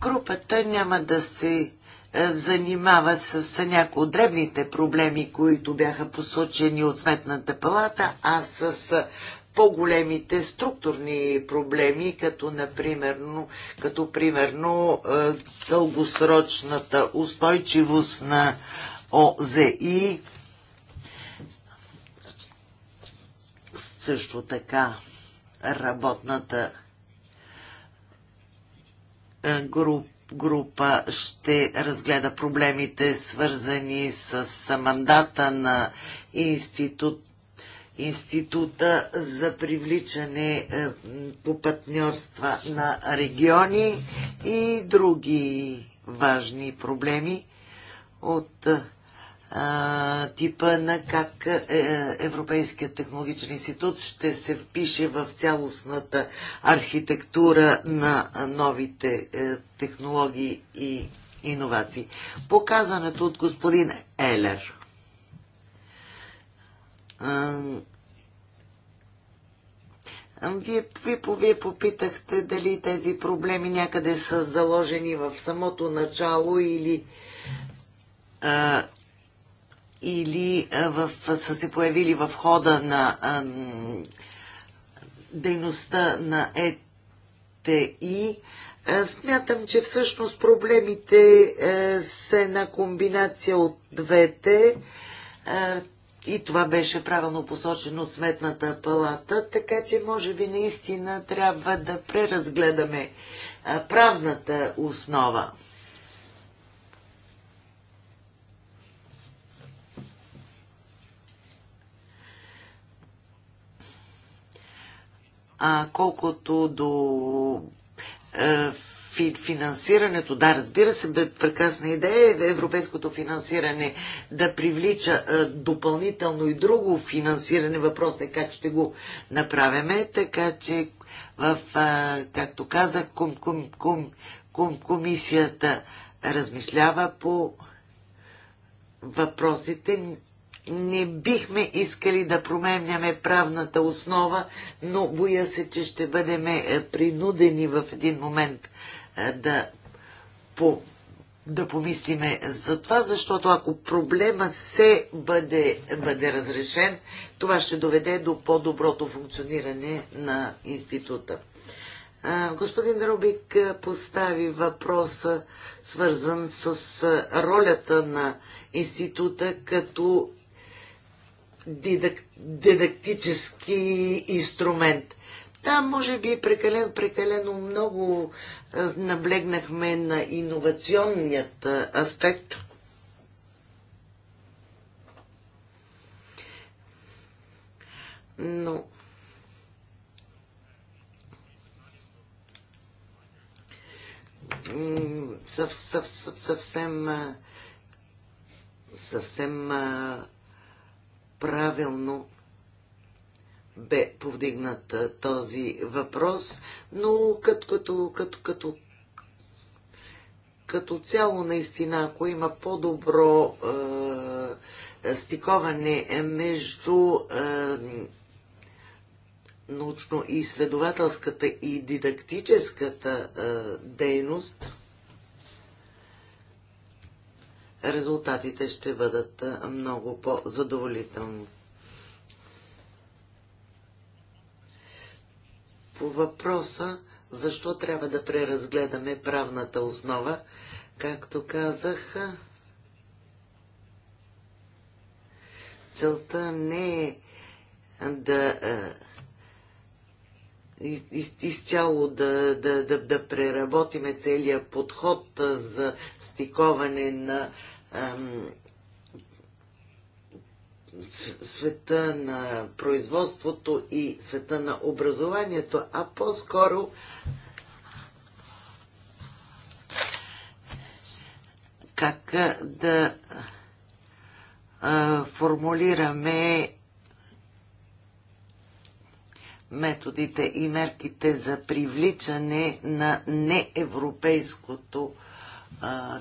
Групата няма да се е, занимава с, с някои от древните проблеми, които бяха посочени от Сметната палата, а с е, по-големите структурни проблеми, като, например, като примерно е, дългосрочната устойчивост на ОЗИ. Също така работната е, група група ще разгледа проблемите, свързани с мандата на институт Института за привличане е, по партньорства на региони и други важни проблеми от е, а, типа на как е, Европейският технологичен институт ще се впише в цялостната архитектура на новите технологии и иновации. Показането от господин Елер. Вие, вие, вие попитахте дали тези проблеми някъде са заложени в самото начало или, а, или в, са се появили в хода на а, дейността на ЕТИ. Смятам, че всъщност проблемите е, са една комбинация от двете и това беше правилно посочено от Сметната палата, така че може би наистина трябва да преразгледаме правната основа. А колкото до е, финансирането, да, разбира се, бе прекрасна идея е европейското финансиране да привлича е, допълнително и друго финансиране. Въпросът е как ще го направяме, така че в, е, както казах, кум, кум, кум, кум, комисията размишлява по въпросите. Не бихме искали да променяме правната основа, но боя се, че ще бъдем е, принудени в един момент е, да, по, да помислиме за това, защото ако проблема се бъде, бъде разрешен, това ще доведе до по-доброто функциониране на института. Господин Рубик е, постави въпроса, свързан с е, ролята на института като дидактически инструмент. Да, може би прекалено, прекалено много наблегнахме на иновационният аспект. Но съв, съв, съв, съвсем съвсем правилно бе повдигнат този въпрос, но като, като, като, като, като цяло наистина, ако има по-добро е, стиковане между е, научно-изследователската и дидактическата е, дейност, резултатите ще бъдат много по-задоволителни. по въпроса защо трябва да преразгледаме правната основа. Както казах, целта не е да е, из, изцяло да, да, да, да преработиме целият подход за стиковане на ам, света на производството и света на образованието, а по-скоро как да формулираме методите и мерките за привличане на неевропейското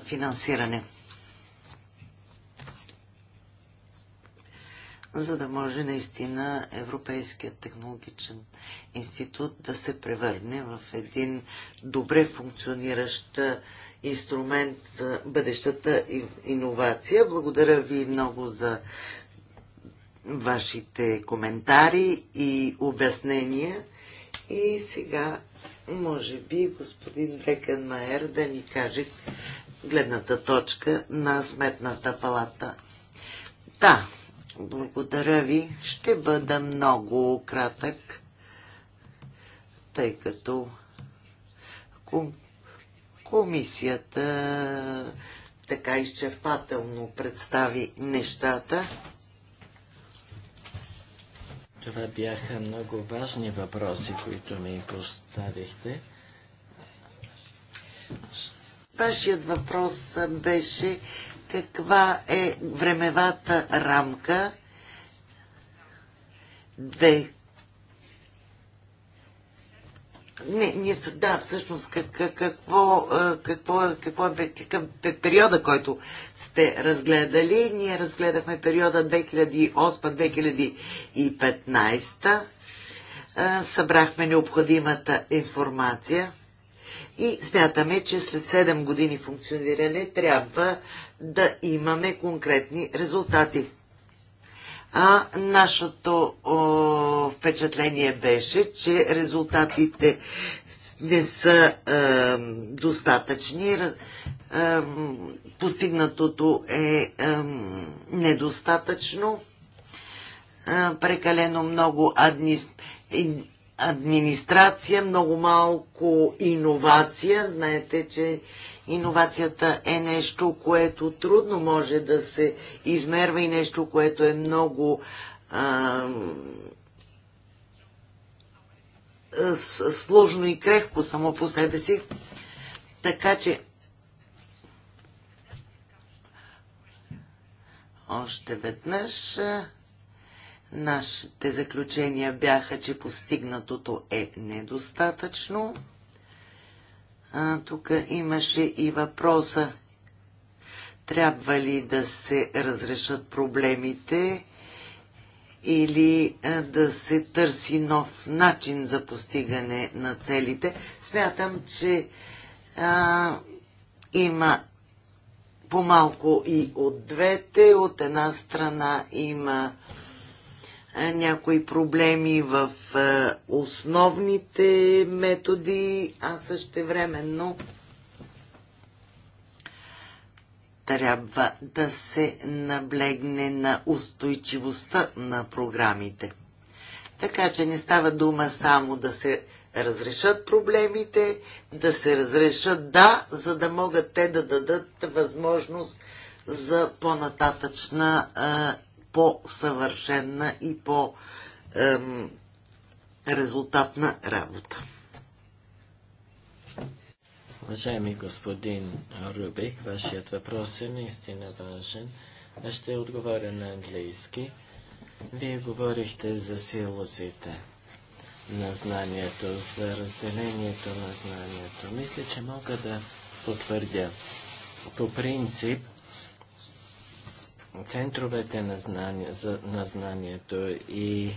финансиране. за да може наистина Европейският технологичен институт да се превърне в един добре функциониращ инструмент за бъдещата иновация. Благодаря ви много за вашите коментари и обяснения. И сега, може би, господин Брекенмайер да ни каже гледната точка на Сметната палата. Да, благодаря ви. Ще бъда много кратък, тъй като комисията така изчерпателно представи нещата. Това бяха много важни въпроси, които ми поставихте. Вашият въпрос беше каква е времевата рамка 2 не, ние да, всъщност как, какво, какво, какво е какъв е, е периода, който сте разгледали. Ние разгледахме периода 2008-2015. Е, събрахме необходимата информация и смятаме, че след 7 години функциониране трябва да имаме конкретни резултати. А нашето о, впечатление беше, че резултатите не са е, достатъчни. Е, постигнатото е, е недостатъчно. Е, прекалено много администрация администрация, много малко иновация. Знаете, че иновацията е нещо, което трудно може да се измерва и нещо, което е много а, сложно и крехко само по себе си. Така че още веднъж а, Нашите заключения бяха, че постигнатото е недостатъчно. А, тук имаше и въпроса трябва ли да се разрешат проблемите или да се търси нов начин за постигане на целите. Смятам, че а, има по-малко и от двете. От една страна има някои проблеми в основните методи, а същевременно трябва да се наблегне на устойчивостта на програмите. Така че не става дума само да се разрешат проблемите, да се разрешат да, за да могат те да дадат възможност за по-нататъчна по-съвършенна и по-резултатна работа. Уважаеми господин Рубик, вашият въпрос е наистина важен. Аз ще отговоря на английски. Вие говорихте за силозите на знанието, за разделението на знанието. Мисля, че мога да потвърдя. По принцип, центровете на, знания, за, на знанието и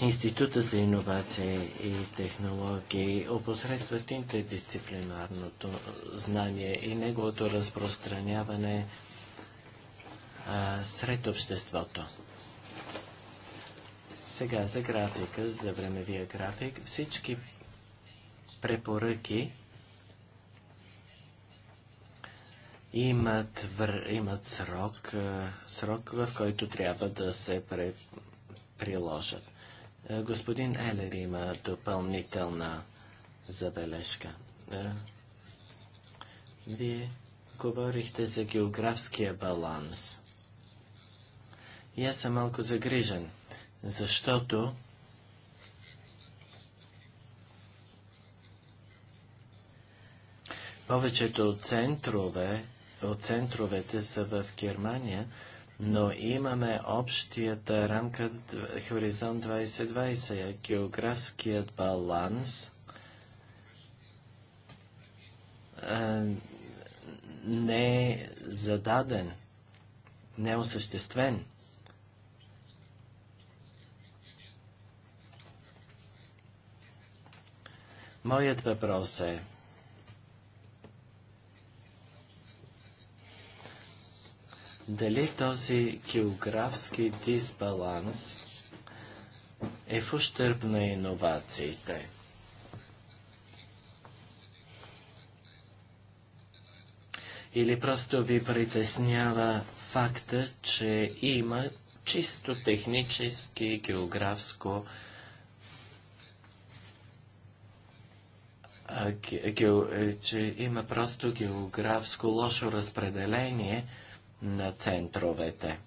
Института за иновации и технологии опосредстват интердисциплинарното знание и неговото разпространяване а, сред обществото. Сега за графика, за времевия график, всички препоръки имат, вър... имат срок, срок, в който трябва да се пре... приложат. Господин Елер има допълнителна забележка. Вие говорихте за географския баланс. И аз съм малко загрижен, защото повечето центрове от центровете са в Германия, но имаме общията рамка Хоризонт 2020, географският баланс не е зададен, не е осъществен. Моят въпрос е, дали този географски дисбаланс е в ущърб на иновациите. Или просто ви притеснява факта, че има чисто технически, географско ге, ге, е, че има просто географско лошо разпределение – на центровете.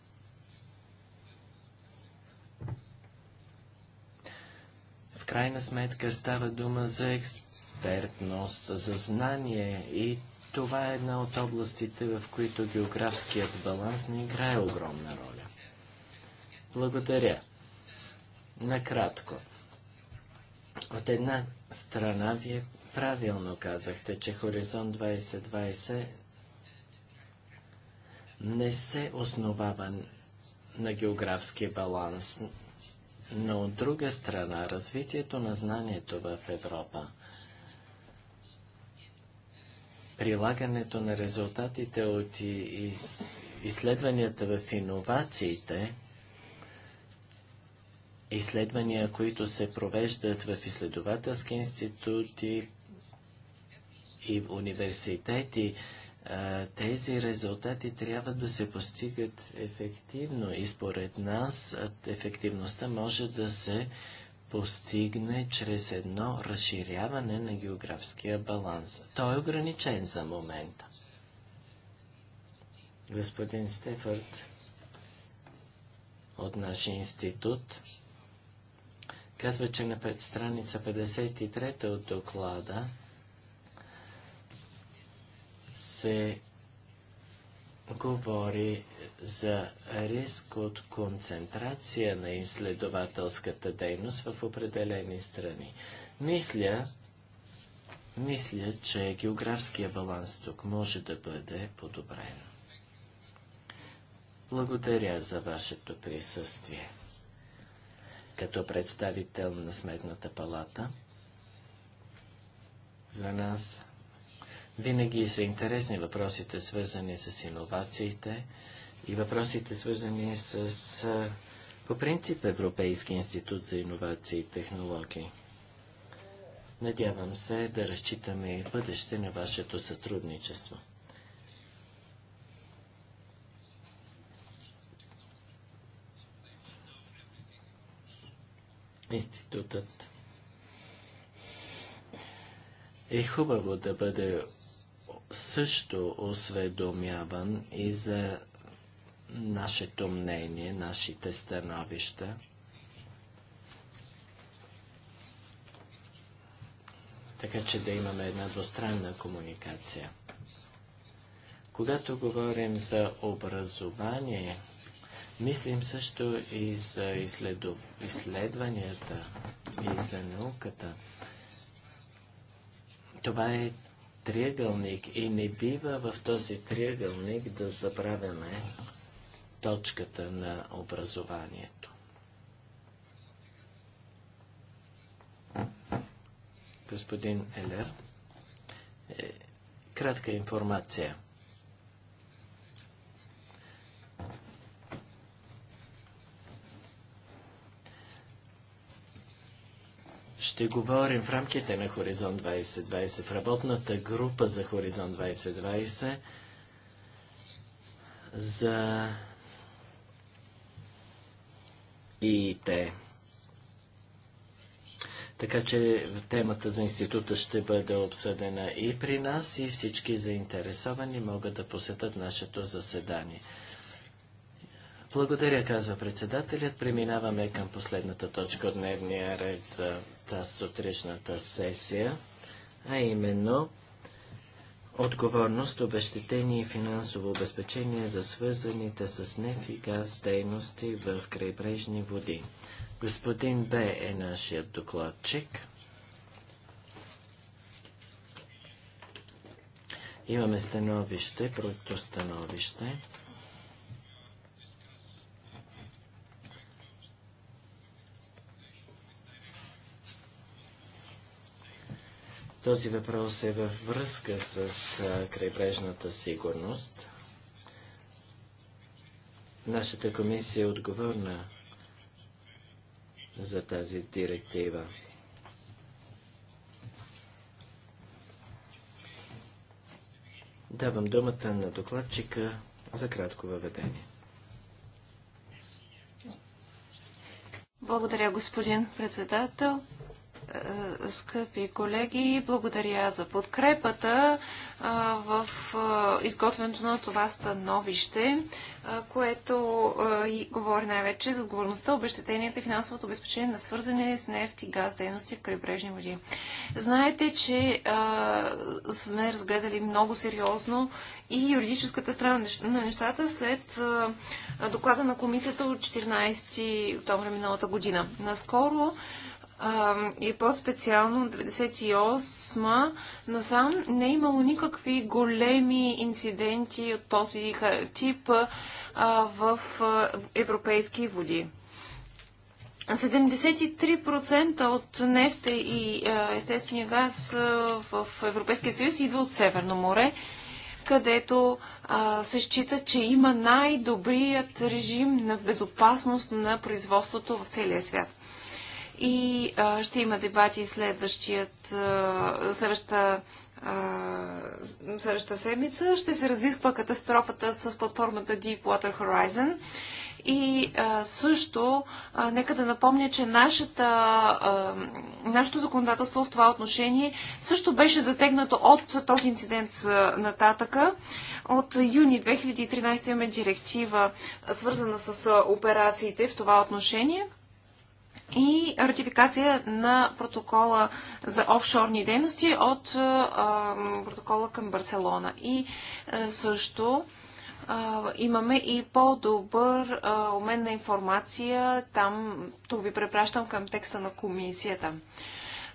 В крайна сметка става дума за експертност, за знание и това е една от областите, в които географският баланс не играе огромна роля. Благодаря. Накратко. От една страна, вие правилно казахте, че Хоризонт 2020 не се основава на географски баланс, но от друга страна развитието на знанието в Европа, прилагането на резултатите от из... изследванията в иновациите, изследвания, които се провеждат в изследователски институти и университети, тези резултати трябва да се постигат ефективно и според нас ефективността може да се постигне чрез едно разширяване на географския баланс. Той е ограничен за момента. Господин Стефърт от нашия институт казва, че на страница 53 от доклада се говори за риск от концентрация на изследователската дейност в определени страни. Мисля, мисля, че географския баланс тук може да бъде подобрен. Благодаря за вашето присъствие. Като представител на Сметната палата, за нас винаги са интересни въпросите, свързани с иновациите и въпросите, свързани с по принцип Европейски институт за иновации и технологии. Надявам се да разчитаме и бъдеще на вашето сътрудничество. Институтът е хубаво да бъде също осведомяван и за нашето мнение, нашите становища. Така че да имаме една двустранна комуникация. Когато говорим за образование, мислим също и за изследов... изследванията и за науката. Това е триъгълник и не бива в този триъгълник да забравяме точката на образованието. Господин Елер, е, кратка информация – ще говорим в рамките на Хоризонт 2020, в работната група за Хоризонт 2020, за ИИТ. Така че темата за института ще бъде обсъдена и при нас, и всички заинтересовани могат да посетят нашето заседание. Благодаря, казва председателят. Преминаваме към последната точка от дневния ред за тази сутрешната сесия, а именно отговорност, обещетение и финансово обезпечение за свързаните с неф и газ дейности в крайбрежни води. Господин Б е нашият докладчик. Имаме становище, проектостановище. становище Този въпрос е във връзка с крайбрежната сигурност. Нашата комисия е отговорна за тази директива. Давам думата на докладчика за кратко въведение. Благодаря, господин председател. Е, скъпи колеги, благодаря за подкрепата е, в е, изготвянето на това становище, което и говори най-вече за отговорността, обещетенията и финансовото обезпечение на свързане с нефт и газ дейности в крайбрежни води. Знаете, че сме разгледали много сериозно и юридическата страна на нещата след доклада на комисията от 14 октомври миналата година. Наскоро и по-специално от 98 насам не е имало никакви големи инциденти от този тип а, в а, европейски води. 73% от нефта и естествения газ в Европейския съюз идва от Северно море, където се счита, че има най-добрият режим на безопасност на производството в целия свят и а, ще има дебати следващият, а, следващата, а, следващата седмица. Ще се разисква катастрофата с платформата Deepwater Horizon. И а, също, а, нека да напомня, че нашата, а, нашето законодателство в това отношение също беше затегнато от този инцидент нататъка. От юни 2013 имаме директива, свързана с операциите в това отношение – и ратификация на протокола за офшорни дейности от а, протокола към Барселона. И а, също а, имаме и по-добър обмен на информация. Там то ви препращам към текста на комисията.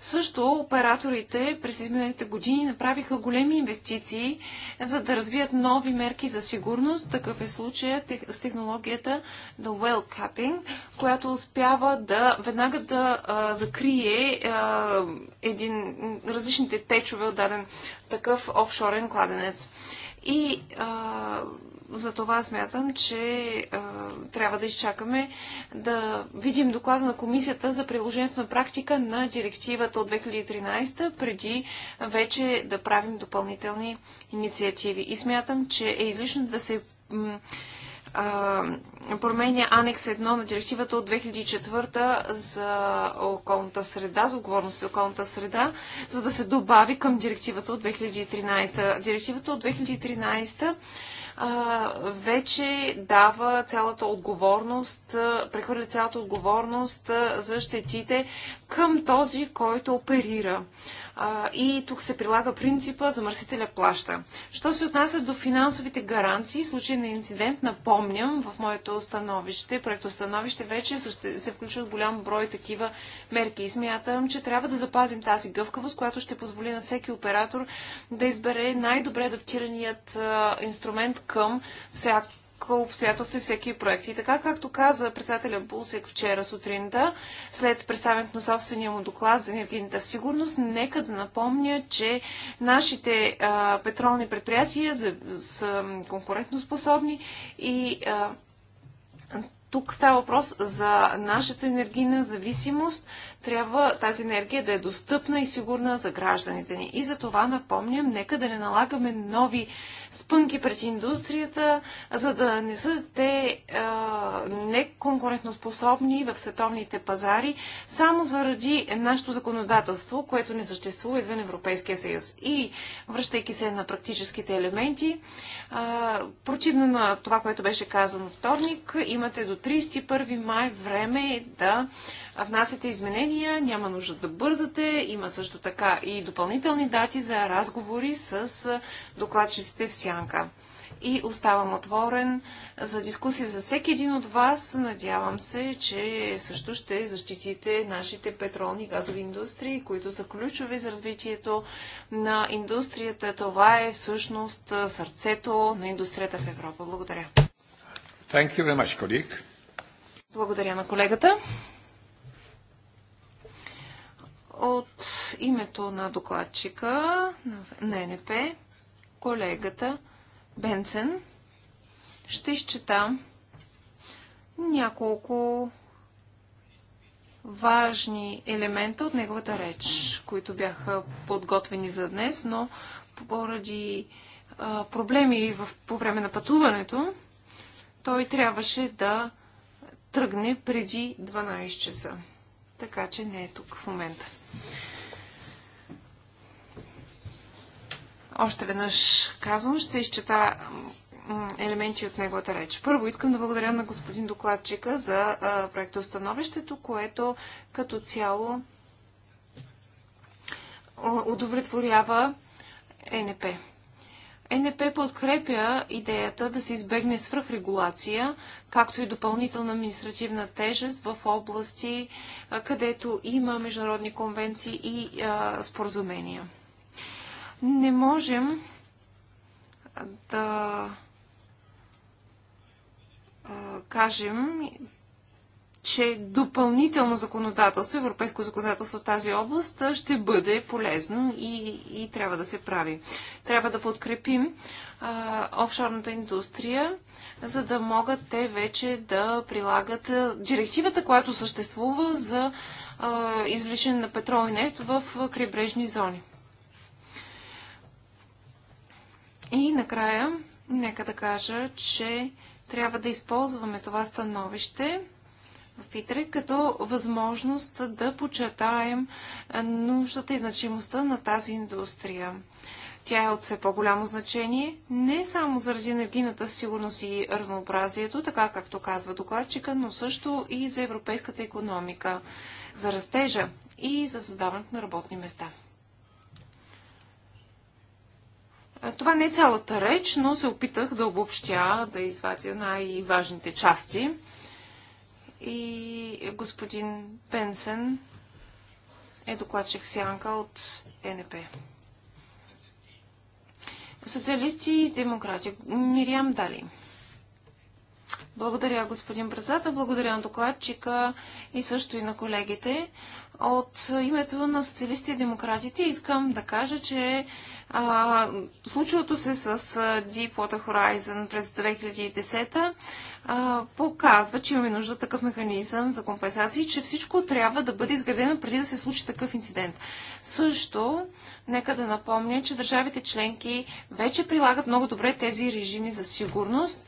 Също операторите през изминалите години направиха големи инвестиции, за да развият нови мерки за сигурност. Такъв е случая с технологията The Well Capping, която успява да веднага да а, закрие а, един, различните течове от даден такъв офшорен кладенец. И а, затова смятам, че а, трябва да изчакаме да видим доклада на комисията за приложението на практика на директивата от 2013, преди вече да правим допълнителни инициативи. И смятам, че е излишно да се а, променя анекс 1 на директивата от 2004 за околната среда, за отговорност за околната среда, за да се добави към директивата от 2013. Директивата от 2013 вече дава цялата отговорност, прехвърля цялата отговорност за щетите към този, който оперира и тук се прилага принципа замърсителя плаща. Що се отнася до финансовите гаранции в случай на инцидент, напомням в моето становище, становище вече се включват голям брой такива мерки. И смятам, че трябва да запазим тази гъвкавост, която ще позволи на всеки оператор да избере най-добре адаптираният инструмент към всяко обстоятелство и всеки проект. И така, както каза председателя Булсек вчера сутринта, след представянето на собствения му доклад за енергийната сигурност, нека да напомня, че нашите а, петролни предприятия за, са конкурентоспособни и а, тук става въпрос за нашата енергийна зависимост, трябва тази енергия да е достъпна и сигурна за гражданите ни. И за това напомням, нека да не налагаме нови спънки пред индустрията, за да не са те неконкурентноспособни в световните пазари, само заради нашето законодателство, което не съществува извън Европейския съюз. И връщайки се на практическите елементи, а, противно на това, което беше казано вторник, имате до 31 май време да внасяте изменения, няма нужда да бързате. Има също така и допълнителни дати за разговори с докладчиците в Сянка. И оставам отворен за дискусия за всеки един от вас. Надявам се, че също ще защитите нашите петролни и газови индустрии, които са ключови за развитието на индустрията. Това е всъщност сърцето на индустрията в Европа. Благодаря. Much, Благодаря на колегата. От името на докладчика на НП, колегата Бенсен, ще изчета няколко важни елемента от неговата реч, които бяха подготвени за днес, но поради проблеми в, по време на пътуването, той трябваше да тръгне преди 12 часа така че не е тук в момента. Още веднъж казвам, ще изчета елементи от неговата реч. Първо, искам да благодаря на господин докладчика за проектостановището, което като цяло удовлетворява ЕНП. НП подкрепя идеята да се избегне свръхрегулация, както и допълнителна административна тежест в области, където има международни конвенции и а, споразумения. Не можем да а, кажем, че допълнително законодателство, европейско законодателство в тази област ще бъде полезно и, и трябва да се прави. Трябва да подкрепим а, офшорната индустрия, за да могат те вече да прилагат директивата, която съществува за а, извличане на петрол и нефт в крайбрежни зони. И накрая, нека да кажа, че трябва да използваме това становище в ИТРЕ като възможност да почетаем нуждата и значимостта на тази индустрия. Тя е от все по-голямо значение, не само заради енергийната сигурност и разнообразието, така както казва докладчика, но също и за европейската економика, за растежа и за създаването на работни места. Това не е цялата реч, но се опитах да обобщя, да извадя най-важните части и господин Пенсен е докладчик Сянка от НП. Социалисти и демократи. Мириам Дали. Благодаря, господин председател. Благодаря на докладчика и също и на колегите. От името на социалистите и демократите искам да кажа, че а, случилото се с Deepwater Horizon през 2010 а, показва, че имаме нужда такъв механизъм за компенсации, че всичко трябва да бъде изградено преди да се случи такъв инцидент. Също, нека да напомня, че държавите членки вече прилагат много добре тези режими за сигурност,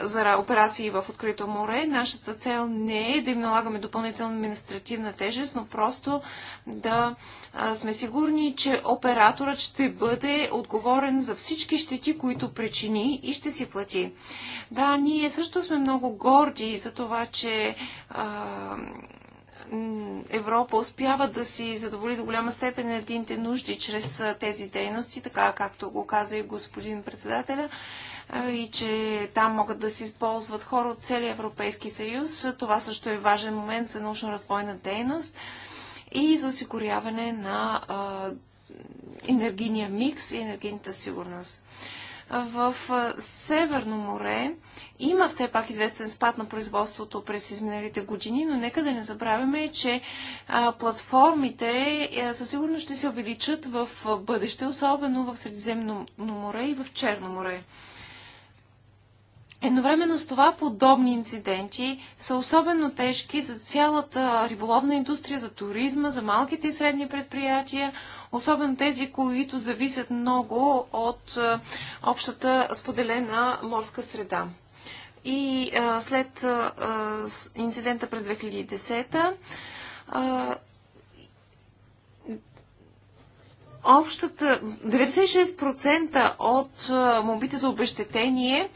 за операции в открито море. Нашата цел не е да им налагаме допълнителна административна тежест, но просто да сме сигурни, че операторът ще бъде отговорен за всички щети, които причини и ще си плати. Да, ние също сме много горди за това, че Европа успява да си задоволи до голяма степен енергийните нужди чрез тези дейности, така както го каза и господин председателя и че там могат да се използват хора от целия Европейски съюз. Това също е важен момент за научно разбойна дейност и за осигуряване на енергийния микс и енергийната сигурност. В Северно море има все пак известен спад на производството през изминалите години, но нека да не забравяме, че платформите е, със сигурност ще се увеличат в бъдеще, особено в Средиземно море и в Черно море. Едновременно с това подобни инциденти са особено тежки за цялата риболовна индустрия, за туризма, за малките и средни предприятия, особено тези, които зависят много от е, общата споделена морска среда. И а, е, след а, е, инцидента през 2010 общата 96% от мобите за обещетение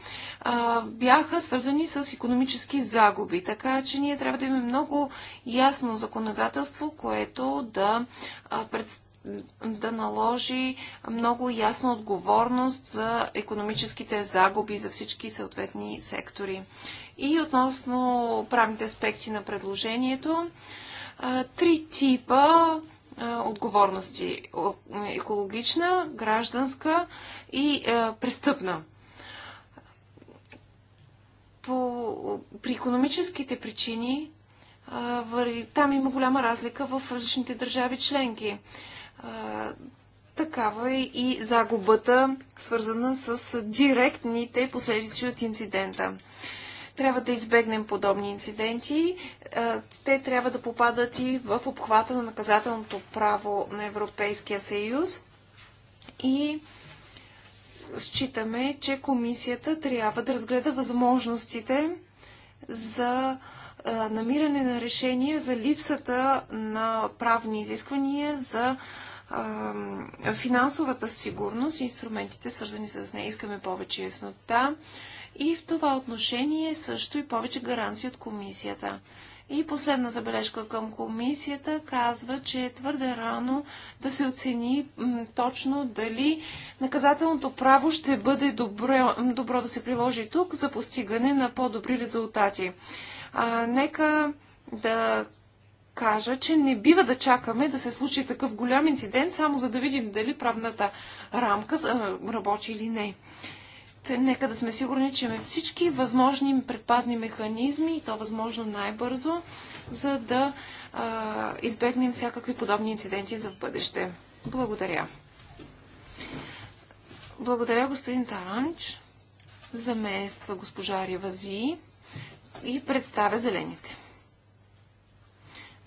бяха свързани с економически загуби. Така че ние трябва да имаме много ясно законодателство, което да, да наложи много ясна отговорност за економическите загуби за всички съответни сектори. И относно правните аспекти на предложението, три типа е, отговорности екологична, гражданска и е, престъпна. По, при економическите причини е, там има голяма разлика в различните държави членки. Такава е и загубата, свързана с директните последици от инцидента. Трябва да избегнем подобни инциденти. Е, те трябва да попадат и в обхвата на наказателното право на Европейския съюз. И считаме, че комисията трябва да разгледа възможностите за е, намиране на решение за липсата на правни изисквания за финансовата сигурност и инструментите, свързани с нея. Искаме повече яснота. Да. И в това отношение също и повече гаранции от комисията. И последна забележка към комисията казва, че е твърде рано да се оцени точно дали наказателното право ще бъде добро, добро да се приложи тук за постигане на по-добри резултати. А, нека да кажа, че не бива да чакаме да се случи такъв голям инцидент, само за да видим дали правната рамка работи или не нека да сме сигурни, че имаме всички възможни предпазни механизми и то възможно най-бързо, за да а, избегнем всякакви подобни инциденти за бъдеще. Благодаря. Благодаря, господин Таранч. Замества госпожа Ривази и представя зелените.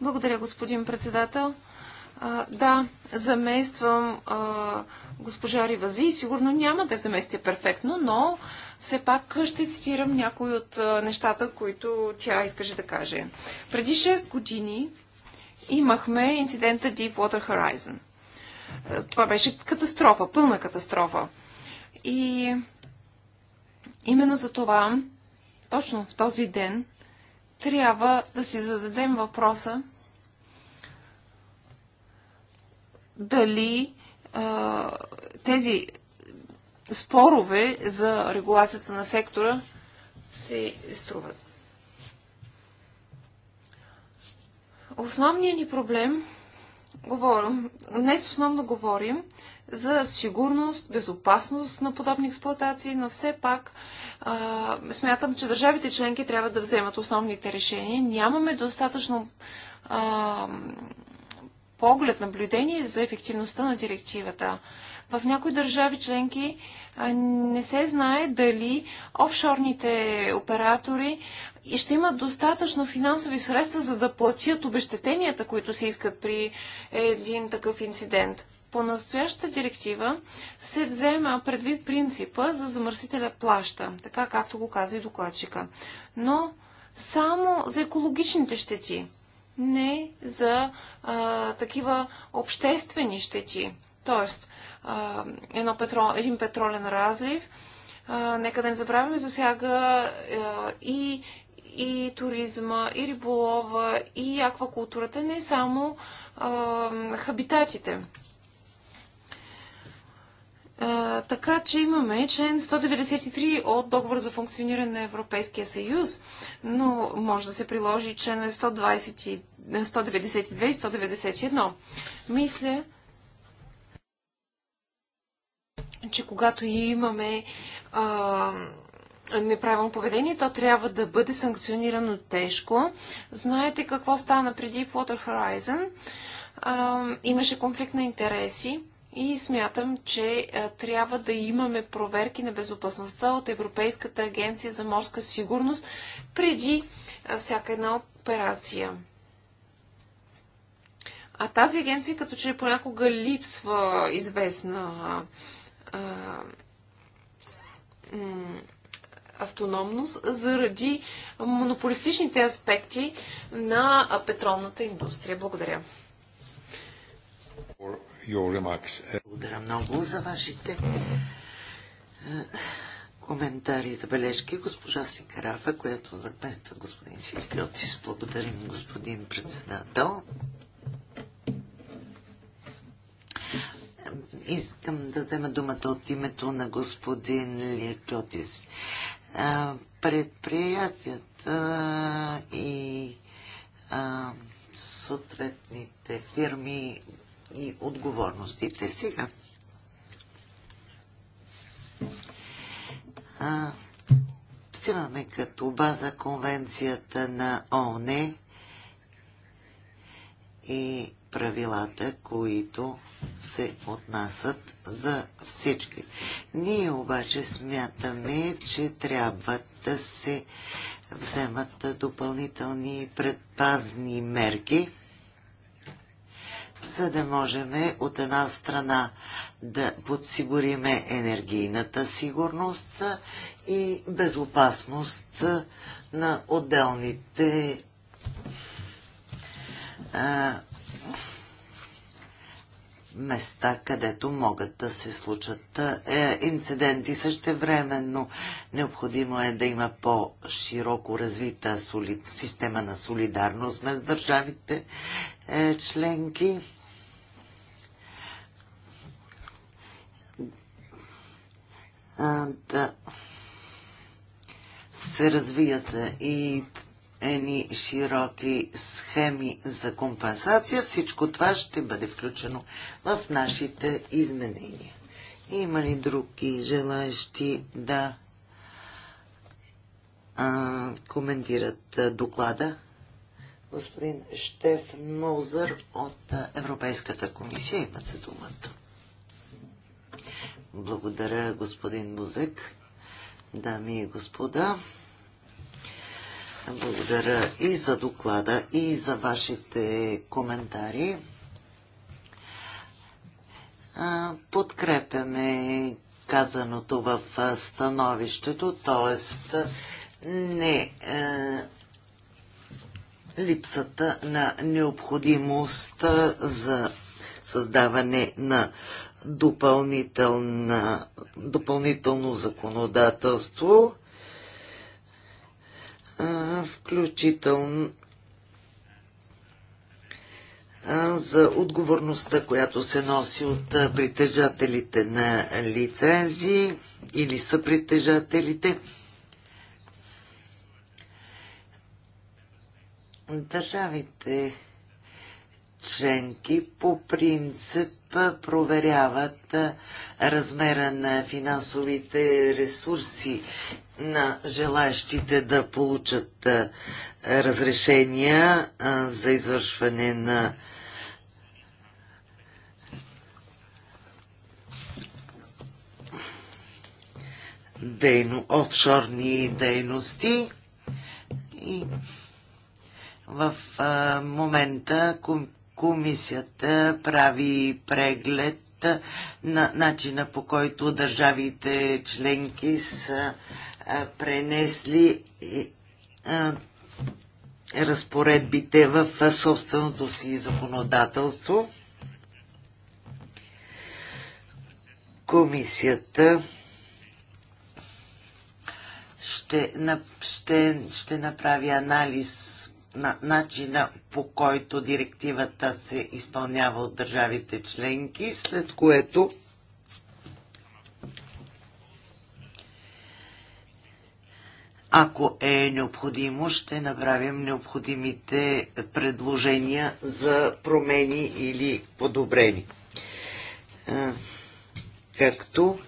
Благодаря, господин председател. А, да, замествам а, госпожа Ривази. Сигурно няма да заместя перфектно, но все пак ще цитирам някои от а, нещата, които тя искаше да каже. Преди 6 години имахме инцидента Deepwater Horizon. Това беше катастрофа, пълна катастрофа. И именно за това, точно в този ден, трябва да си зададем въпроса дали а, тези спорове за регулацията на сектора се струват. Основният ни проблем, говорим, днес основно говорим за сигурност, безопасност на подобни експлуатации, но все пак а, смятам, че държавите членки трябва да вземат основните решения. Нямаме достатъчно а, поглед, наблюдение за ефективността на директивата. В някои държави членки не се знае дали офшорните оператори ще имат достатъчно финансови средства, за да платят обещетенията, които се искат при един такъв инцидент. По настоящата директива се взема предвид принципа за замърсителя плаща, така както го каза и докладчика. Но само за екологичните щети не за а, такива обществени щети. Тоест, а, едно петро, един петролен разлив, а, нека да не забравяме, засяга а, и, и туризма, и риболова, и аквакултурата, не само а, хабитатите така че имаме член 193 от договор за функциониране на Европейския съюз, но може да се приложи член 192 и 191. Мисля, че когато имаме а, неправилно поведение, то трябва да бъде санкционирано тежко. Знаете какво стана преди Water Horizon? А, имаше конфликт на интереси и смятам, че е, трябва да имаме проверки на безопасността от Европейската агенция за морска сигурност преди е, всяка една операция. А тази агенция като че понякога липсва известна е, автономност заради монополистичните аспекти на петролната индустрия. Благодаря your remarks. Благодаря много за вашите е, коментари и забележки. Госпожа Сикарафа, която замества господин Сикриотис. Благодарим, господин председател. Искам да взема думата от името на господин Лекотис, е, Предприятията е, и съответните фирми и отговорностите. Сега. взимаме като база конвенцията на ООН и правилата, които се отнасят за всички. Ние обаче смятаме, че трябва да се вземат допълнителни предпазни мерки – за да можем от една страна да подсигуриме енергийната сигурност и безопасност на отделните а, места, където могат да се случат е, инциденти. Същевременно необходимо е да има по-широко развита соли... система на солидарност между държавите е, членки. а, да се развият и едни широки схеми за компенсация. Всичко това ще бъде включено в нашите изменения. Има ли други желаещи да а, коментират а, доклада? Господин Штеф Мозър от Европейската комисия. Имате думата. Благодаря, господин Бузек, Дами и господа, благодаря и за доклада, и за вашите коментари. Подкрепяме казаното в становището, т.е. не липсата на необходимост за създаване на допълнително законодателство, включително за отговорността, която се носи от притежателите на лицензи или са притежателите. Държавите членки по принцип проверяват размера на финансовите ресурси на желаящите да получат разрешения за извършване на дейно, офшорни дейности и в а, момента ком, комисията прави преглед на начина по който държавите членки са пренесли разпоредбите в собственото си законодателство. Комисията ще, ще, ще направи анализ на начина по който директивата се изпълнява от държавите членки, след което ако е необходимо, ще направим необходимите предложения за промени или подобрени. Е, както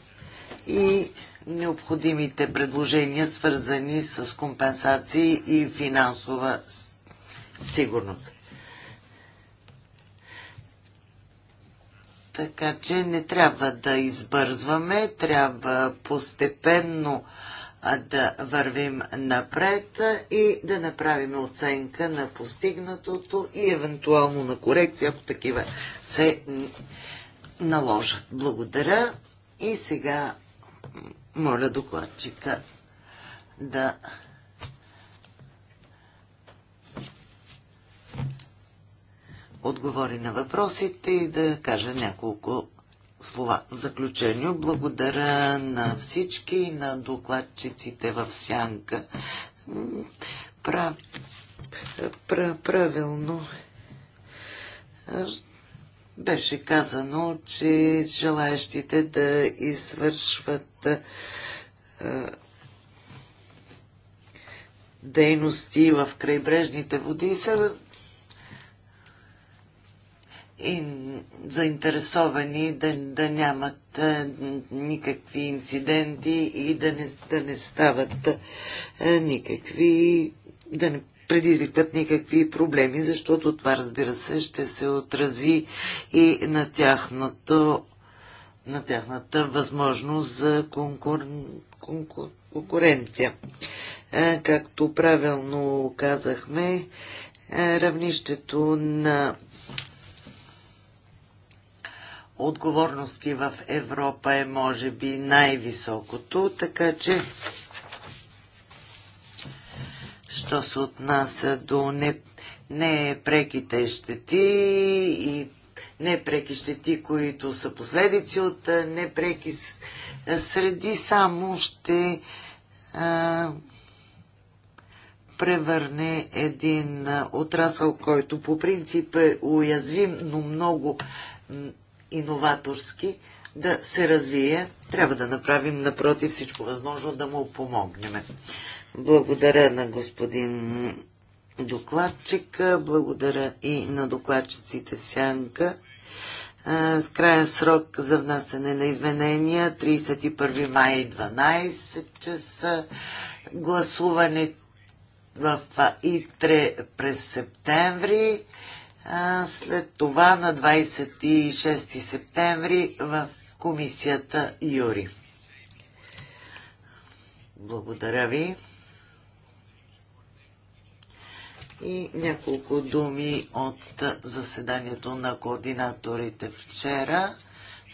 и необходимите предложения, свързани с компенсации и финансова сигурност. Така че не трябва да избързваме, трябва постепенно да вървим напред и да направим оценка на постигнатото и евентуално на корекция, ако такива се наложат. Благодаря и сега моля докладчика да отговори на въпросите и да кажа няколко слова. В заключение, благодаря на всички, и на докладчиците в Сянка. Прав... Правилно беше казано, че желаящите да извършват дейности в крайбрежните води са и заинтересовани да, да нямат е, никакви инциденти и да не, да не стават е, никакви, да не предизвикват никакви проблеми, защото това, разбира се, ще се отрази и на тяхното на тяхната възможност за конкур... конкур... конкуренция. Е, както правилно казахме, равнището на отговорности в Европа е може би най-високото, така че що се отнася до не, непреките щети и непреки щети, които са последици от непреки среди, само ще а, превърне един отрасъл, който по принцип е уязвим, но много иноваторски да се развие. Трябва да направим напротив всичко възможно да му помогнем. Благодаря на господин докладчик, благодаря и на докладчиците в Сянка. В срок за внасяне на изменения 31 май 12 часа. Гласуване в ИТРЕ през септември след това на 26 септември в комисията Юри. Благодаря ви. И няколко думи от заседанието на координаторите вчера,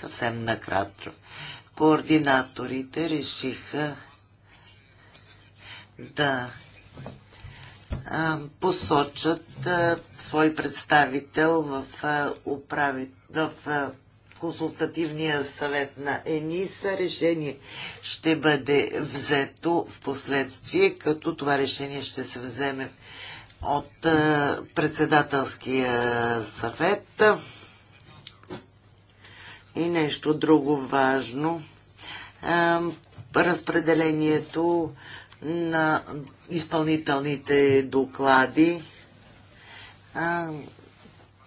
съвсем накратко. Координаторите решиха да посочат свой представител в, управи, в консултативния съвет на ЕНИСА. Решение ще бъде взето в последствие, като това решение ще се вземе от председателския съвет. И нещо друго важно. Разпределението на изпълнителните доклади.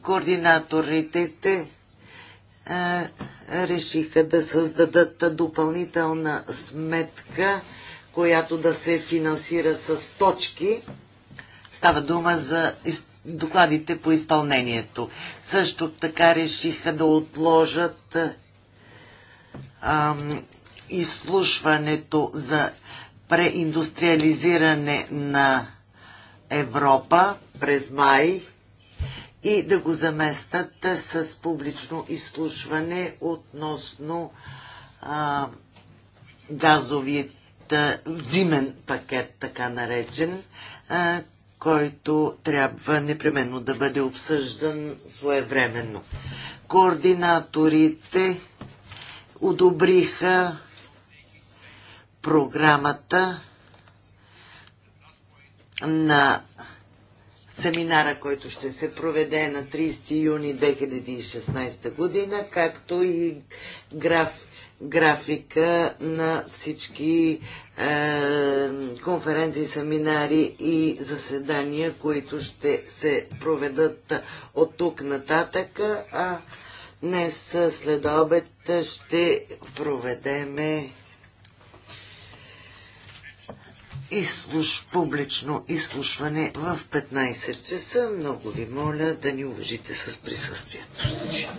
координаторите те решиха да създадат допълнителна сметка, която да се финансира с точки. Става дума за докладите по изпълнението. Също така решиха да отложат изслушването за преиндустриализиране на Европа през май и да го заместят с публично изслушване относно а, газовият зимен пакет, така наречен, а, който трябва непременно да бъде обсъждан своевременно. Координаторите одобриха програмата на семинара, който ще се проведе на 30 юни 2016 година, както и граф, графика на всички е, конференции, семинари и заседания, които ще се проведат от тук нататък. А днес след обед ще проведеме изслуш, публично изслушване в 15 часа. Много ви моля да ни уважите с присъствието си.